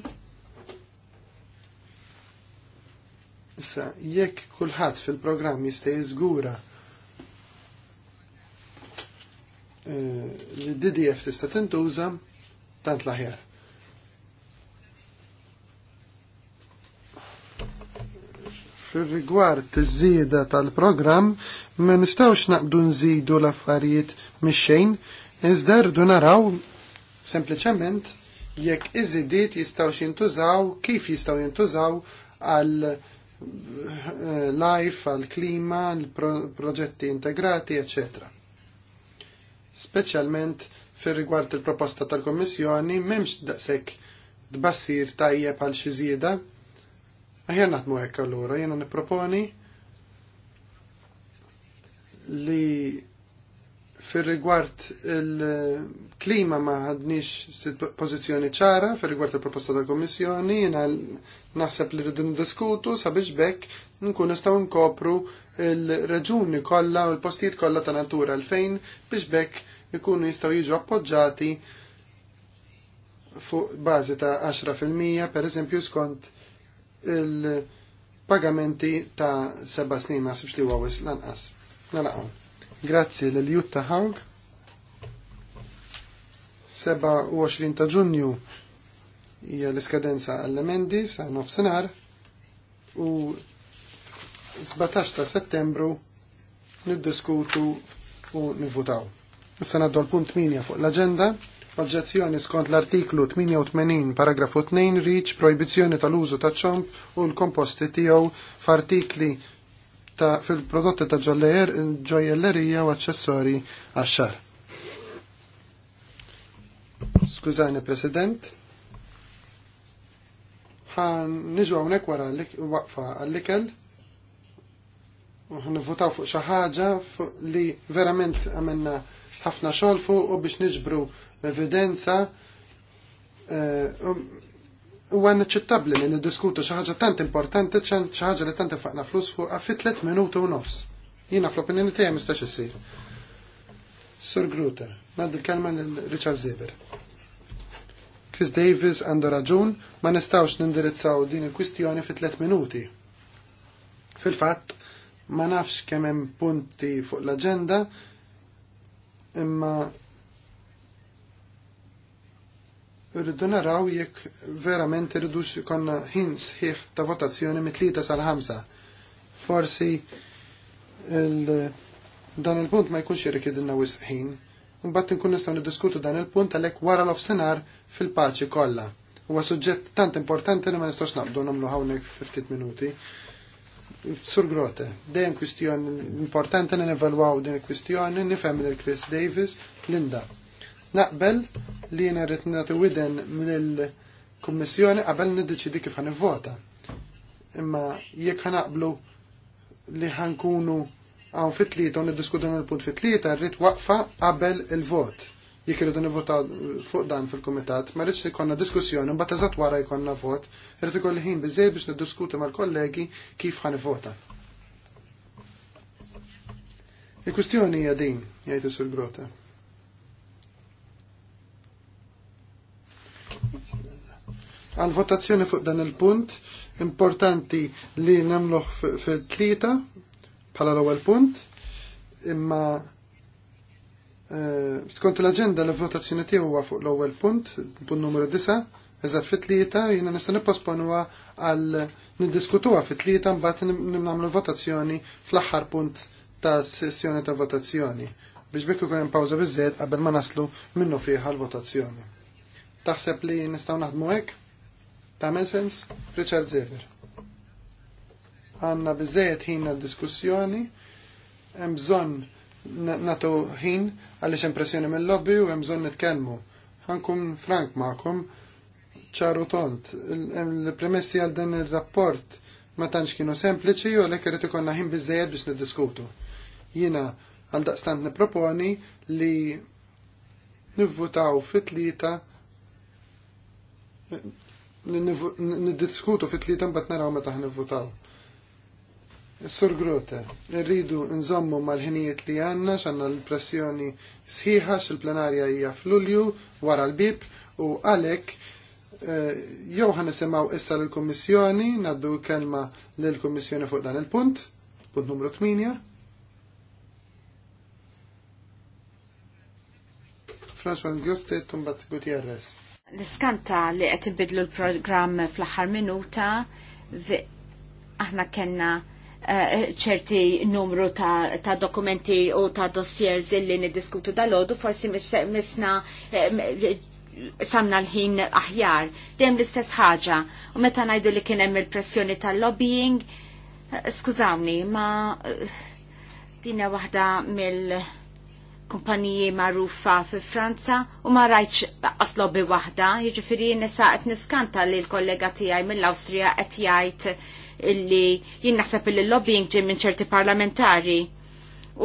Issa jekk kulħadd fil-programm jista' jiżgura eh, li DDF tista' tintuża tant l-aħjar. fil-rigward iż-żieda tal-programm ma nistgħux naqbdu nżidu l-affarijiet mix-xejn, iżda rdu naraw sempliċement jekk iż-żidiet jistgħu jintużaw, kif jistgħu jintużaw għal eh, life, għal klima, għal proġetti integrati, ecc. Speċjalment fir rigward il-proposta tal-Kommissjoni m'hemmx daqshekk bassir tajjeb għal xi żieda. Aħjar għek hekk allura, jiena nipproponi li fil-rigward il-klima ma ħadniex pozizjoni ċara fil-rigward il-proposta tal-Komissjoni, jina naħseb li rridu diskutu sabiex bekk nkun nistaw nkopru il-reġuni kollha u l-postijiet kollha ta' natura l-fejn biex bekk ikunu jistaw jiġu appoġġati fuq bażi ta' 10% per eżempju skont il-pagamenti ta' seba' snin ma' sibx li huwa lanqas. Nalaqgħu. Grazzi l-Jutta Hawg. 27 ta' ġunju hija l-iskadenza għall-emendi sa' nofsinhar u 17 ta' settembru niddiskutu u nivvutaw. Issa naddu l-punt 8 fuq l-agenda. Oġġezzjoni skont l-artiklu 88 paragrafu 2 riċ projbizzjoni tal-użu ta' ċomp u l-komposti tiegħu f'artikli Ta' fil-prodotti ta' ġollejer, ġojellerija u aċċessori għax-xar. Skużani, President. Ħan niġu hawnhekk wara waqfa għall-ikel u ħnivvutaw fuq xi ħaġa li verament għamilna ħafna xogħol fuq u biex niġbru evidenza eh, għan ċittabli li niddiskutu xi ħaġa tant importanti ċan xi ħaġa li tant infaqna flus fuqha fi tliet minuti u nofs. Jina fl-opinjoni tiegħi mistax issir. Sur Gruta, ngħaddi il kelma lil Richard Zeber. Chris Davis għandu raġun ma nistawx nindirizzaw din il-kwistjoni fi tliet minuti. Fil-fatt, ma nafx kemm hemm punti fuq l-aġenda imma Rridu naraw jekk verament rridu konna ħin sħiħ ta' votazzjoni mit-tlieta sal-ħamsa. Forsi dan il-punt ma jkunx jirrikidinna wisħin. ħin. Mbagħad inkun nistgħu niddiskutu dan il-punt għalhekk wara l-offsenar fil-paċi kollha. Huwa suġġett tant importanti li ma nistgħux naqbdu nagħmlu hawnhekk ftit minuti. Sur Grote, dejjem kwistjoni importanti li nevalwaw din il-kwistjoni, nifhem il-Chris Davis, Linda. Naqbel li jena rrit nagħti widen mill-Kummissjoni qabel niddeċidi kif ħanivvota. Imma jekk ħanaqblu li ħankunu għawn fit-tlieta u niddiskutu il-punt fit-tlieta rrid waqfa qabel il-vot. Jekk irridu nivvota fuq dan fil-kumitat, ma rridx ikonna diskussjoni mbagħad eżatt wara jkollna vot, irrid ikolli ħin biżejjed biex niddiskuti mal-kollegi kif ħanivvota. Il-kwistjoni hija din, jgħid isur Grota għal votazzjoni fuq dan il-punt importanti li nemluħ fil-tlieta bħala l-ewwel punt imma eh, skont l-aġenda l-votazzjoni tiegħu huwa fuq l-ewwel punt, punt numru 9, eżatt fit-tlieta jiena nista' nipposponuha għal niddiskutuha fit-tlieta mbagħad nagħmlu l-votazzjoni fl-aħħar punt ta' sessjoni ta' votazzjoni biex bekk ikun hemm pawża biżżejjed qabel ma naslu minnu fiha l-votazzjoni. Taħseb li nistgħu naħdmu hekk? Tamen sens? Richard Zever. Għanna bizzejet ħin għal-diskussjoni, hemm bżonn natu ħin għaliex impressjoni mill-lobby u hemm bżonn nitkellmu. Ħankun frank magħkom ċaru tont. Il-premessi għal dan ir-rapport ma tantx kienu sempliċi u għalhekk irid ikonna ħin biżejjed biex niddiskutu. Jiena għal daqstant niproponi li nivvutaw fit-tlieta niddiskutu fit-tlieta mbagħad naraw meta votaw. Sur Grote, rridu nżommu mal-ħinijiet li għanna xanna l-pressjoni sħiħa xil-plenarja hija f'Lulju wara l-bib u għalek eh, jew ħan nisimaw issa l kummissjoni naddu kelma l kummissjoni fuq dan il-punt, punt numru 8. François Grote, Tumbat Gutierrez l-iskanta li qed inbidlu l-programm fl-aħħar minuta aħna kenna eh, ċerti numru ta', dokumenti u ta' dossiers illi niddiskutu dal-ħodu, forsi misna eh, samna l-ħin aħjar. Dem l-istess ħaġa. U meta najdu li kienem il-pressjoni tal-lobbying, eh, skużawni, ma dina waħda mill- kumpaniji magħrufa fi Franza u ma rajtx aslo bi waħda, jiġifieri nisa qed niskanta li l-kollega tiegħi mill-Awstrija qed jgħid illi jien naħseb l lobbying ġej minn ċerti parlamentari.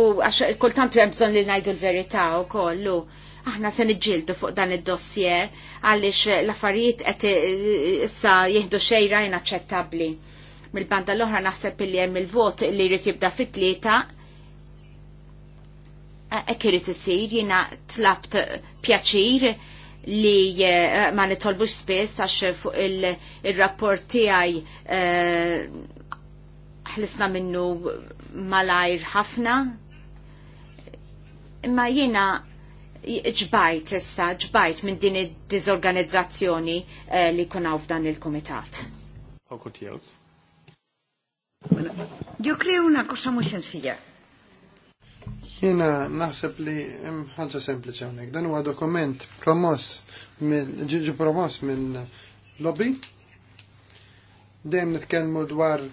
U għax kultant hemm bżonn li ngħidu l-verità kollu. Aħna se niġġieldu fuq dan id-dossier għaliex l-affarijiet qed issa jieħdu xejra inaċċettabbli. Mill-banda l-oħra naħseb illi hemm il-vot li jrid jibda fit-tlieta ekkirit isir jiena tlabt pjaċir li eh, ma nitolbux spess għax fuq il-rapport tiegħi eh, ħlisna minnu malajr ħafna. Imma jiena ġbajt issa, ġbajt minn din id-dizorganizzazzjoni eh, li kunaw f'dan il-komitat. Ġo creo una cosa muy sencilla. Jiena naħseb li ħaġa sempliċi hawnhekk. Dan huwa dokument promoss minn ġiġi promoss minn lobby. Dejjem nitkellmu dwar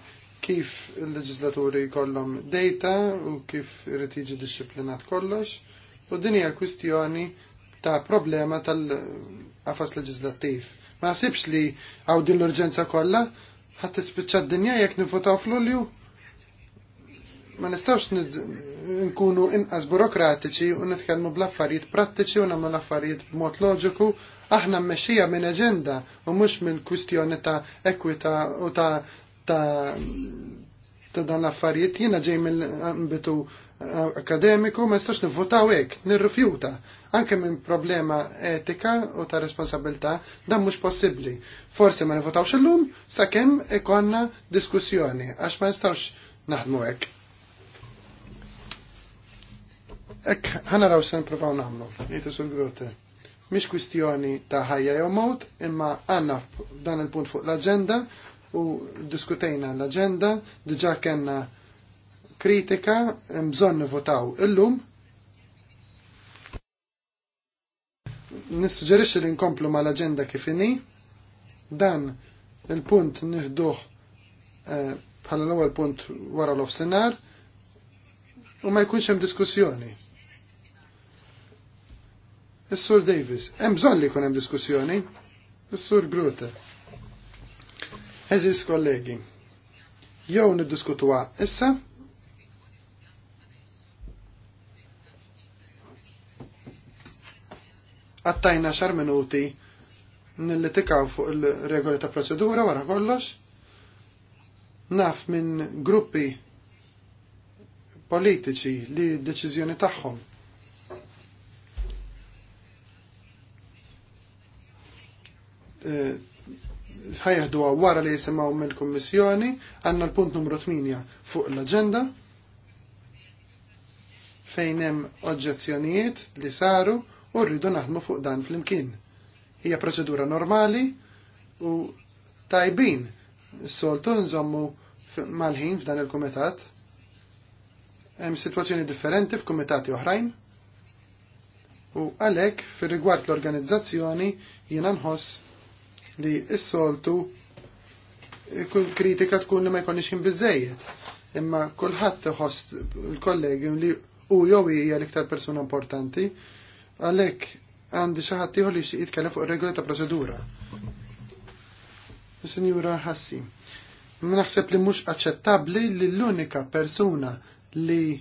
kif il-leġislaturi kollhom data u kif irid jiġi disciplinat kollox. U din hija kwistjoni ta' problema tal-qafas leġislattiv. Ma sibx li għaw din l-urġenza kollha ħadd tispiċċa d-dinja jekk nifutaw fl-ulju ma nistawx nkunu inqas burokratiċi u nitkellmu bl-affarijiet prattiċi u nagħmlu l-affarijiet b'mod loġiku, aħna mmexxija minn aġenda u mhux minn kwistjoni ta' ekwita u ta' ta' ta' dan l-affarijiet jiena ġej mill-ambitu eh, akademiku ma nistax nivvotaw hekk, nirrifjuta anke minn problema etika u ta' responsabilità dan mhux possibbli. Forsi ma nivvotawx illum sakemm ikonna diskussjoni għax ma nistgħux naħdmu hekk. Ek ħana raw sen provaw namlu, jieta sul grote. Mish kwistjoni ta' ħajja jew mot, imma għanna dan il-punt fuq l-agenda u diskutejna l-agenda, diġa kena kritika, mżon votaw illum. Nissuġerixi li nkomplu ma l-agenda kifini, dan il-punt nihduħ eh, bħala l-ewwel punt wara l-ofsenar u ma jkunx hemm diskussjoni. Is-Sur Davis, hemm bżonn li jkun hemm diskussjoni. Is-Sur Grote. Eżis kollegi, jew niddiskutuha issa Għattajna xar minuti nilli litikaw fuq il-regoli ta' proċedura wara kollox. Naf minn gruppi politiċi li d-deċiżjoni tagħhom ħajħdu wara li jisimaw mill-Kommissjoni, għanna l-punt numru 8 fuq l-agenda fejn hemm oġġezzjonijiet li saru u rridu naħdmu fuq dan fl-imkien. Hija proċedura normali u tajbin soltu nżommu mal-ħin f'dan il-kumitat. Hemm sitwazzjoni differenti f'kumitati oħrajn. U għalhekk fir-rigward l-organizzazzjoni jiena nħoss li s-soltu kritika tkun li ma jkonix bizzejiet. Imma kulħadd iħost il-kollegium li u jew hija l-iktar persuna importanti, għalhekk għandi xi ħadd ieħor li jitkellem fuq ir-regola ta' proċedura. Sinjura Ħassi, naħseb li mhux aċċettabbli li l-unika persuna li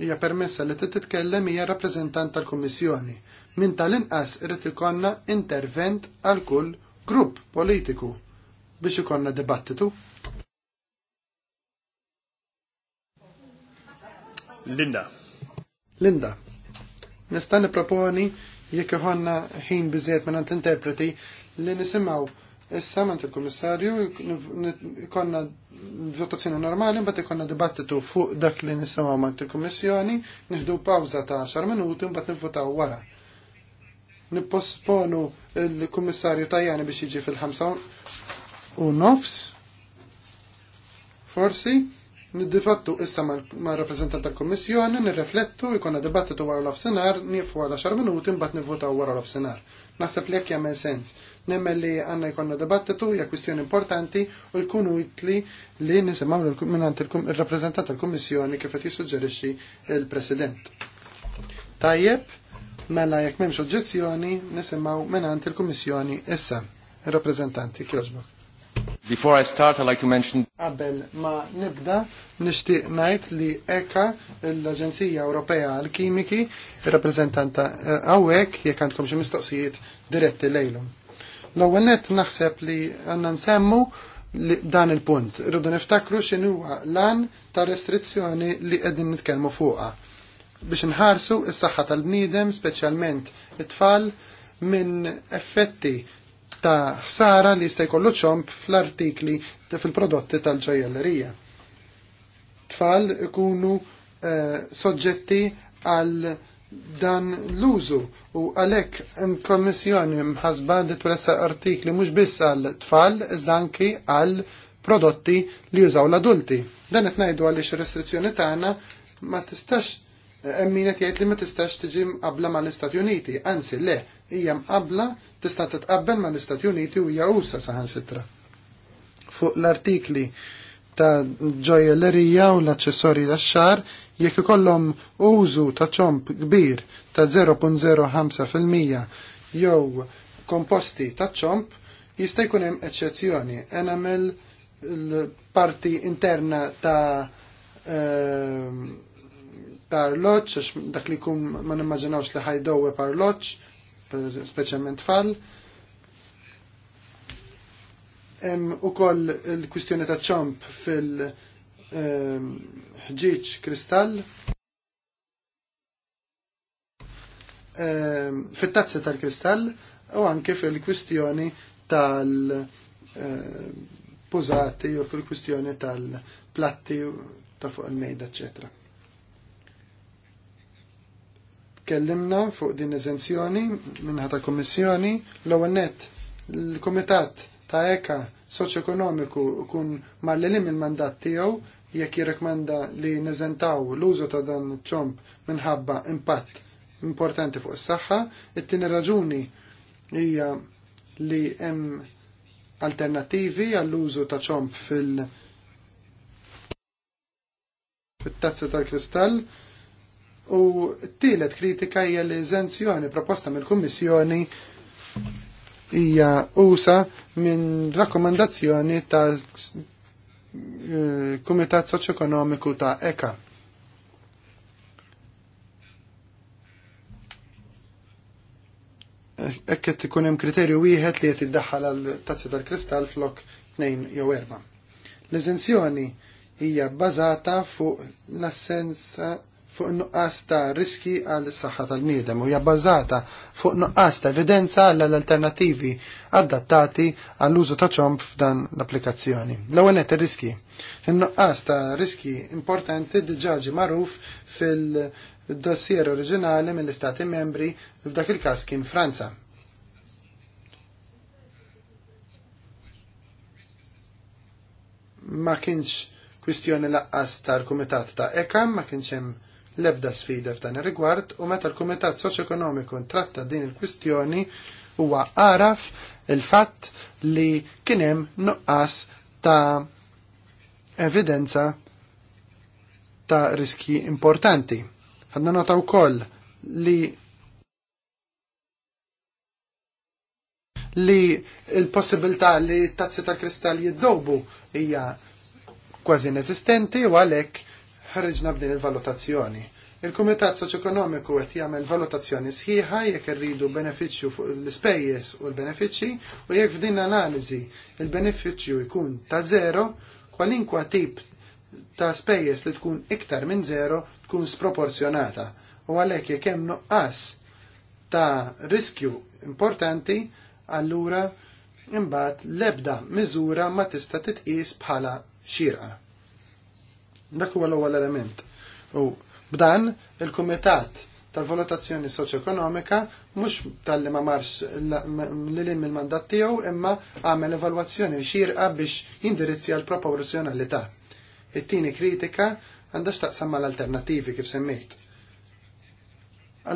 hija permessa li titkellem hija rappreżentant tal-Kummissjoni Min tal-inqas irrit ikonna intervent għal kull grupp politiku biex ikonna dibattitu. Linda. Linda. Nista' niproponi jekk ħonna ħin biżejjed minn interpreti li nisimgħu issa minn il-Kummissarju ikonna votazzjoni normali, mbagħad ikonna dibattitu fuq dak li nisimgħu minn il-Kummissjoni, nieħdu pawża ta' 10 minuti mbagħad nivvotaw wara nipposponu il-Kummissarju Tajani biex jiġi fil-5 u nofs. Forsi, niddibattu issa ma' rappresentant tal-Kommissjoni, nirreflettu, jkollna dibattitu wara l-offsenar, nifu għal xar minuti, mbagħad nivvotaw wara l-offsenar. Naħseb li jekk men sens. Nemmel li għandna jkollna dibattitu hija kwistjoni importanti u jkunu jitli li nisimgħu mingħand il-rappreżentant tal-Kummissjoni kif qed jissuġġerixxi il-President. Tajjeb, Mela jekk m'hemmx oġġezzjoni nisimgħu mingħand il-Kummissjoni issa ir-rappreżentanti Kjożbok. Before I start, I'd like to mention... Qabel ma nibda, nixtieq ngħid li EKA, l-Aġenzija Ewropea għall kimiki rappreżentanta eh, hawnhekk jekk għandkom xi mistoqsijiet diretti lejlhom. L-ewwel naħseb li għandna nsemmu dan il-punt. Irridu niftakru x'inhuwa lan ta' restrizzjoni li qegħdin nitkellmu fuqha biex nħarsu is-saħħa tal-bniedem, speċjalment it-tfal, minn effetti ta' ħsara li jista' jkollu ċomp fl-artikli fil-prodotti tal-ġojellerija. Tfal ikunu eh, soġġetti għal dan l-użu u għalek kommissjoni mħasba li twessa artikli mhux biss għal tfal iżda anki għal prodotti li jużaw l-adulti. Dan qed ngħidu għaliex ir-restrizzjoni tagħna ma tistax Emmin qed jgħid li ma tistax tiġi mqabla mal-Istati Uniti, anzi le, hija mqabla tista' titqabbel mal-Istati Uniti u hija usa saħansitra. Fuq l-artikli ta' ġojellerija u l-aċessorji tax-xar jekk ikollhom użu ta' ċomp kbir ta' 0.05% jew komposti ta' ċomp jista' jkun hemm eċċezzjoni. Enamel l-parti interna ta' ehm, ta' arloċ, għax dak li kum ma nimmaġinawx li ħajdowe par arloċ, specialment fall. Hemm ukoll il-kwistjoni ta' ċomp fil-ħġiġ ehm, kristall. Ehm, Fit-tazzi tal-kristall u anke fil-kwistjoni tal-pużati ehm, u fil-kwistjoni tal-platti ta' fuq il-mejda, eccetera. Kellimna fuq din eżenzjoni minnħata l komissjoni l-ewwel net l-Kumitat ta' Eka soċ-ekonomiku kun mal il-mandat tiegħu jekk jirrekmanda li neżentaw l-użu ta' dan ċomp minħabba impatt importanti fuq is-saħħa, it-tieni raġuni hija li hemm alternattivi għall-użu ta' ċomp fil- fit-tazza tal-kristall U t-tielet kritika hija li eżenzjoni proposta mill-Kummissjoni hija usa minn rakkomandazzjoni ta' eh, Kumitat Soċjoekonomiku ta' EKA. Ekk qed ikun hemm kriterju wieħed li qed iddaħħal għal tazza tal-kristall flok 2 jew erba'. L-eżenzjoni hija bbażata fuq l-assenza fuq nuqqas ta' riski għal saħħa tal-bniedem u hija bbażata fuq nuqqas ta' evidenza għal alternattivi adattati għall-użu ta' ċomp f'dan l-applikazzjoni. L-ewwel net ir-riski. In-nuqqas ta' riski importanti diġaġi magħruf fil-dossier oriġinali mill-Istati membri f'dak il-każ kien Franza. Ma kienx kwistjoni laqqas tal-Kumitat ta' EKAM, ma kienx hemm l-ebda sfida f'dan ir-rigward u meta l-Kumitat Soċjoekonomiku tratta din il-kwistjoni huwa għaraf il-fatt li kien hemm nuqqas ta' evidenza ta' riski importanti. Għadna nota wkoll li li il-possibilità li tazzi tal kristalli jiddobu hija kważi inesistenti u għalhekk ħarriġna b'din il-valutazzjoni. Il-Kumitat Soċ-Ekonomiku qed jagħmel valutazzjoni sħiħa jekk irridu benefiċċju fuq l-ispejjeż u l-benefiċċji u jekk f'din l-analiżi il-benefiċċju jkun ta' zero, kwalinkwa tip ta' spejjeż li tkun iktar minn zero tkun sproporzjonata u għalhekk jekk hemm nuqqas ta' riskju importanti, allura imbagħad l-ebda miżura ma tista' titqis bħala xirqa. Dak huwa l-ewwel element. U b'dan il-Kumitat tal-valutazzjoni soċjoekonomika mhux tal-li ma marx lilim il-mandat tiegħu imma għamel evalwazzjoni xirqa biex jindirizzi għal proporzjonalità. It-tieni kritika għandax taqsam mal-alternativi kif semmejt.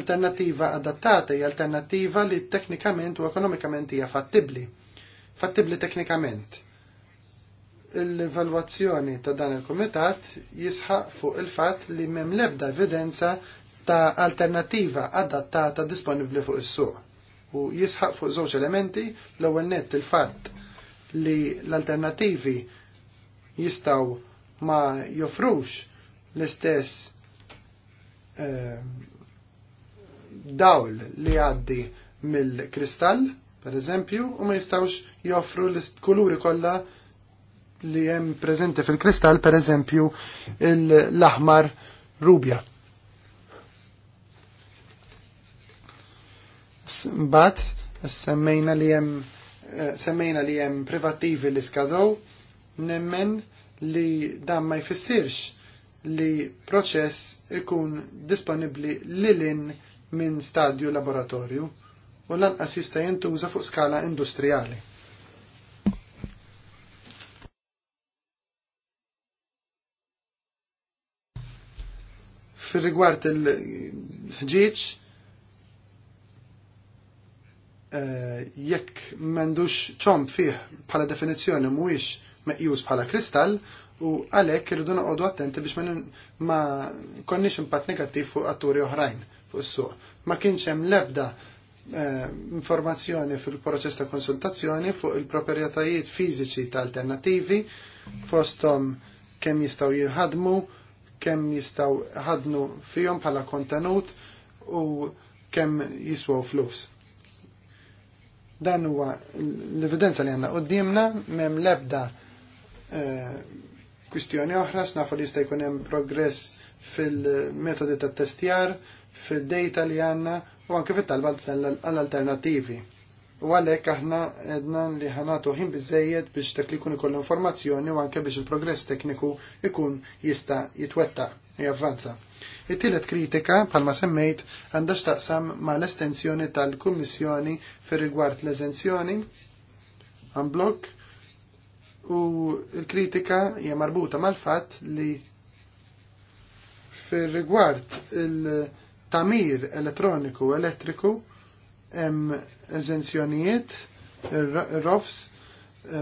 Alternativa adattata hija alternativa li teknikament u ekonomikament hija fattibbli. Fattibbli teknikament l-evalwazzjoni ta' dan il-Kumitat jisħaq fuq il-fatt li m'hemm l-ebda evidenza ta' alternativa adattata disponibbli fuq is-suq u jisħaq fuq żewġ elementi l-ewwel nett il-fatt li l-alternativi jistaw ma joffrux l-istess eh, dawl li għaddi mill-kristall, per eżempju, u ma jistawx joffru l-kuluri kollha li hemm preżenti fil-kristall per eżempju l-aħmar rubja. Bat, semmejna li hemm eh, semmejna li jem privattivi li skadow nemmen li dan ma jfissirx li proċess ikun disponibbli lilin minn stadju laboratorju u lanqas jista' jintuża fuq skala industrijali. fir rigward il-ħġieġ eh, jekk m'għandux ċom fih bħala definizzjoni mhuwiex meqjus bħala kristall u għalhekk irridu noqogħdu attenti biex ma konniex impatt negattiv fuq atturi oħrajn fuq s Ma kienx hemm l-ebda eh, informazzjoni fil-proċess ta' konsultazzjoni fuq il-proprjetajiet fiżiċi ta' alternativi fosthom kemm jistgħu jħadmu kemm jistaw ħadnu fihom bħala kontenut u kemm jiswaw flus. Dan huwa l-evidenza li għandna qudiemna m'hemm l-ebda eh, kwistjoni oħra, snafu li jista' jkun hemm progress fil-metodi ta' testjar, fil-data li għanna u anke fit-talba għall-alternativi. U għalhekk aħna edna li ħanatu ħin bizzejed biex dak li jkun ikoll informazzjoni u anke biex il-progress tekniku ikun jista' jitwetta javvanza. It-tielet kritika bħalma semmejt għandha x'taqsam ma' l-estensjoni tal-Kummissjoni fir rigward l-eżenzjoni għan blok u l-kritika hija marbuta mal-fatt li fir rigward il-tamir elettroniku elettriku hemm eżenzjonijiet, il-ROFS, mux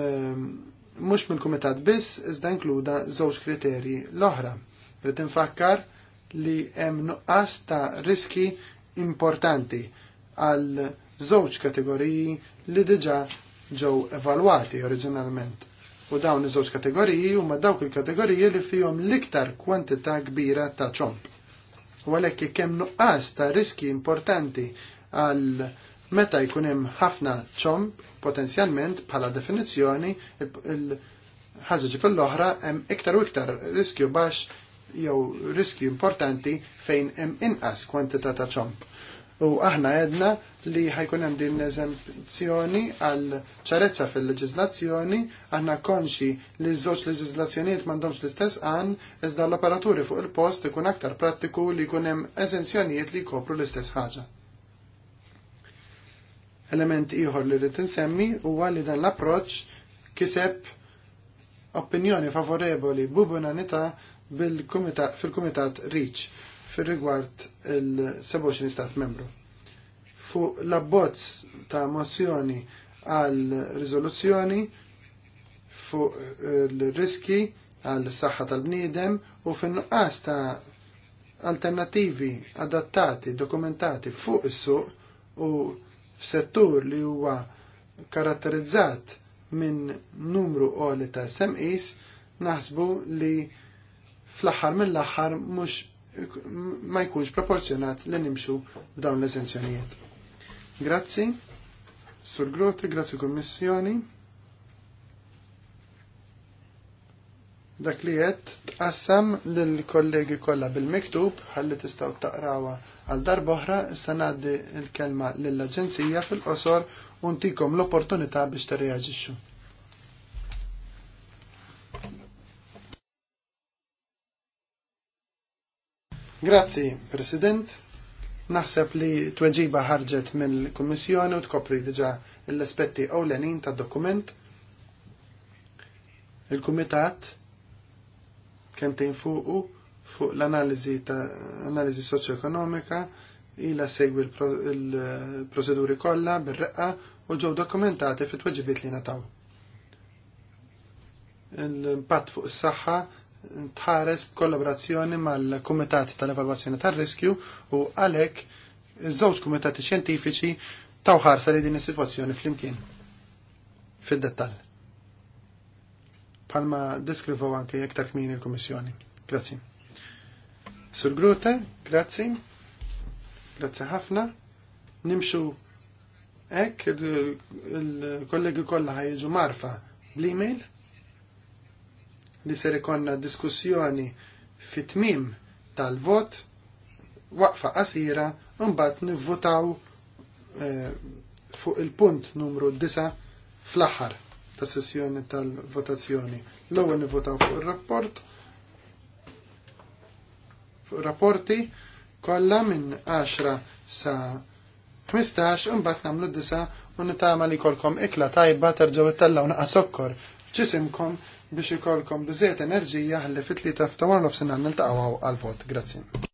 ehm, mill-Kumitat biss, iżda inkluda żewġ kriterji l-oħra. Rrid infakkar li hemm nuqqas ta' riski importanti għal żewġ kategoriji li diġà ġew evalwati oriġinalment. U dawn iż-żewġ kategoriji huma dawk il-kategoriji li fihom l-iktar kwantità kbira ta' ċomp. U għalhekk jekk hemm nuqqas ta' riski importanti għal Meta jkun hemm ħafna ċomp, potenzjalment bħala definizzjoni, il-ħaġa ġib l-oħra hemm iktar u iktar riskju baxx jew riskju importanti fejn hemm inqas kwantità ta' ċomp. U aħna għedna li ħajkun hemm din eżempzjoni għal ċarezza fil leġizlazzjoni aħna konxi li żewġ leġiżlazzjonijiet m'għandhomx l-istess għan, iżda l-operaturi fuq il-post ikun aktar prattiku li jkun hemm eżenzjonijiet li jkopru l-istess ħaġa. Element ieħor li rrid insemmi u li dan l-approċċ kiseb opinjoni favorevoli bubunanità fil-Kumitat Reach fil-rigward il-27 stat membru. Fu l-abbozz ta' mozzjoni għal riżoluzzjoni fuq l-riski għal saħħa tal-bniedem u fil nuqqas ta' alternativi adattati, dokumentati fuq is-suq u f'settur li huwa karatterizzat minn numru qoli ta' semqis naħsbu li fl-aħħar mill-aħħar mhux ma jkunx proporzjonat li nimxu b'dawn l-eżenzjonijiet. Grazzi, Sur Grote, grazzi Kommissjoni. Dak li jett, tqassam lill kollegi kollha bil-miktub ħalli tistgħu taqrawa Għal darboħra issa ngħaddi l-kelma lill-Aġenzija fil-qosor u l-opportunità biex tirreaġixxu. Grazzi, President. Naħseb li tweġiba ħarġet mill-Kummissjoni u tkopri diġa l-aspetti ewlenin tad-dokument. Il-Kumitat kemm tinfuqu fuqu fuq l-analiżi ta' analiżi soċjoekonomika ila segwi l proceduri kollha bir-reqqa u ġew dokumentati fit-tweġibiet li nataw. L-impatt fuq is-saħħa tħares b'kollaborazzjoni mal-Kumitati tal-Evalwazzjoni tar-Riskju u għalhekk iż-żewġ kumitati xjentifiċi taw ħarsa li din is-sitwazzjoni flimkien fid-dettall. Palma deskrivaw anke jektar kmin il-Kummissjoni. Grazzi. Sur Grute, grazzi. Grazzi ħafna. Nimxu ek, il-kollegi kollha ħajġu marfa bl-email li ser ikonna diskussjoni fit-tmim tal-vot waqfa qasira mbagħad nivvotaw eh, fuq il-punt numru 9 fl-aħħar ta' sessjoni tal-votazzjoni. L-ewwel nivvotaw fuq ir-rapport rapporti kollha minn 10 sa 15 bat nagħmlu disa u tama li kolkom ikla tajba terġgħu ittallaw un sokkor ċisimkom biex ikolkom biżejjed enerġija ħalli fitli tlieta f'tawar nil niltaqgħu għal-vot. Grazzi.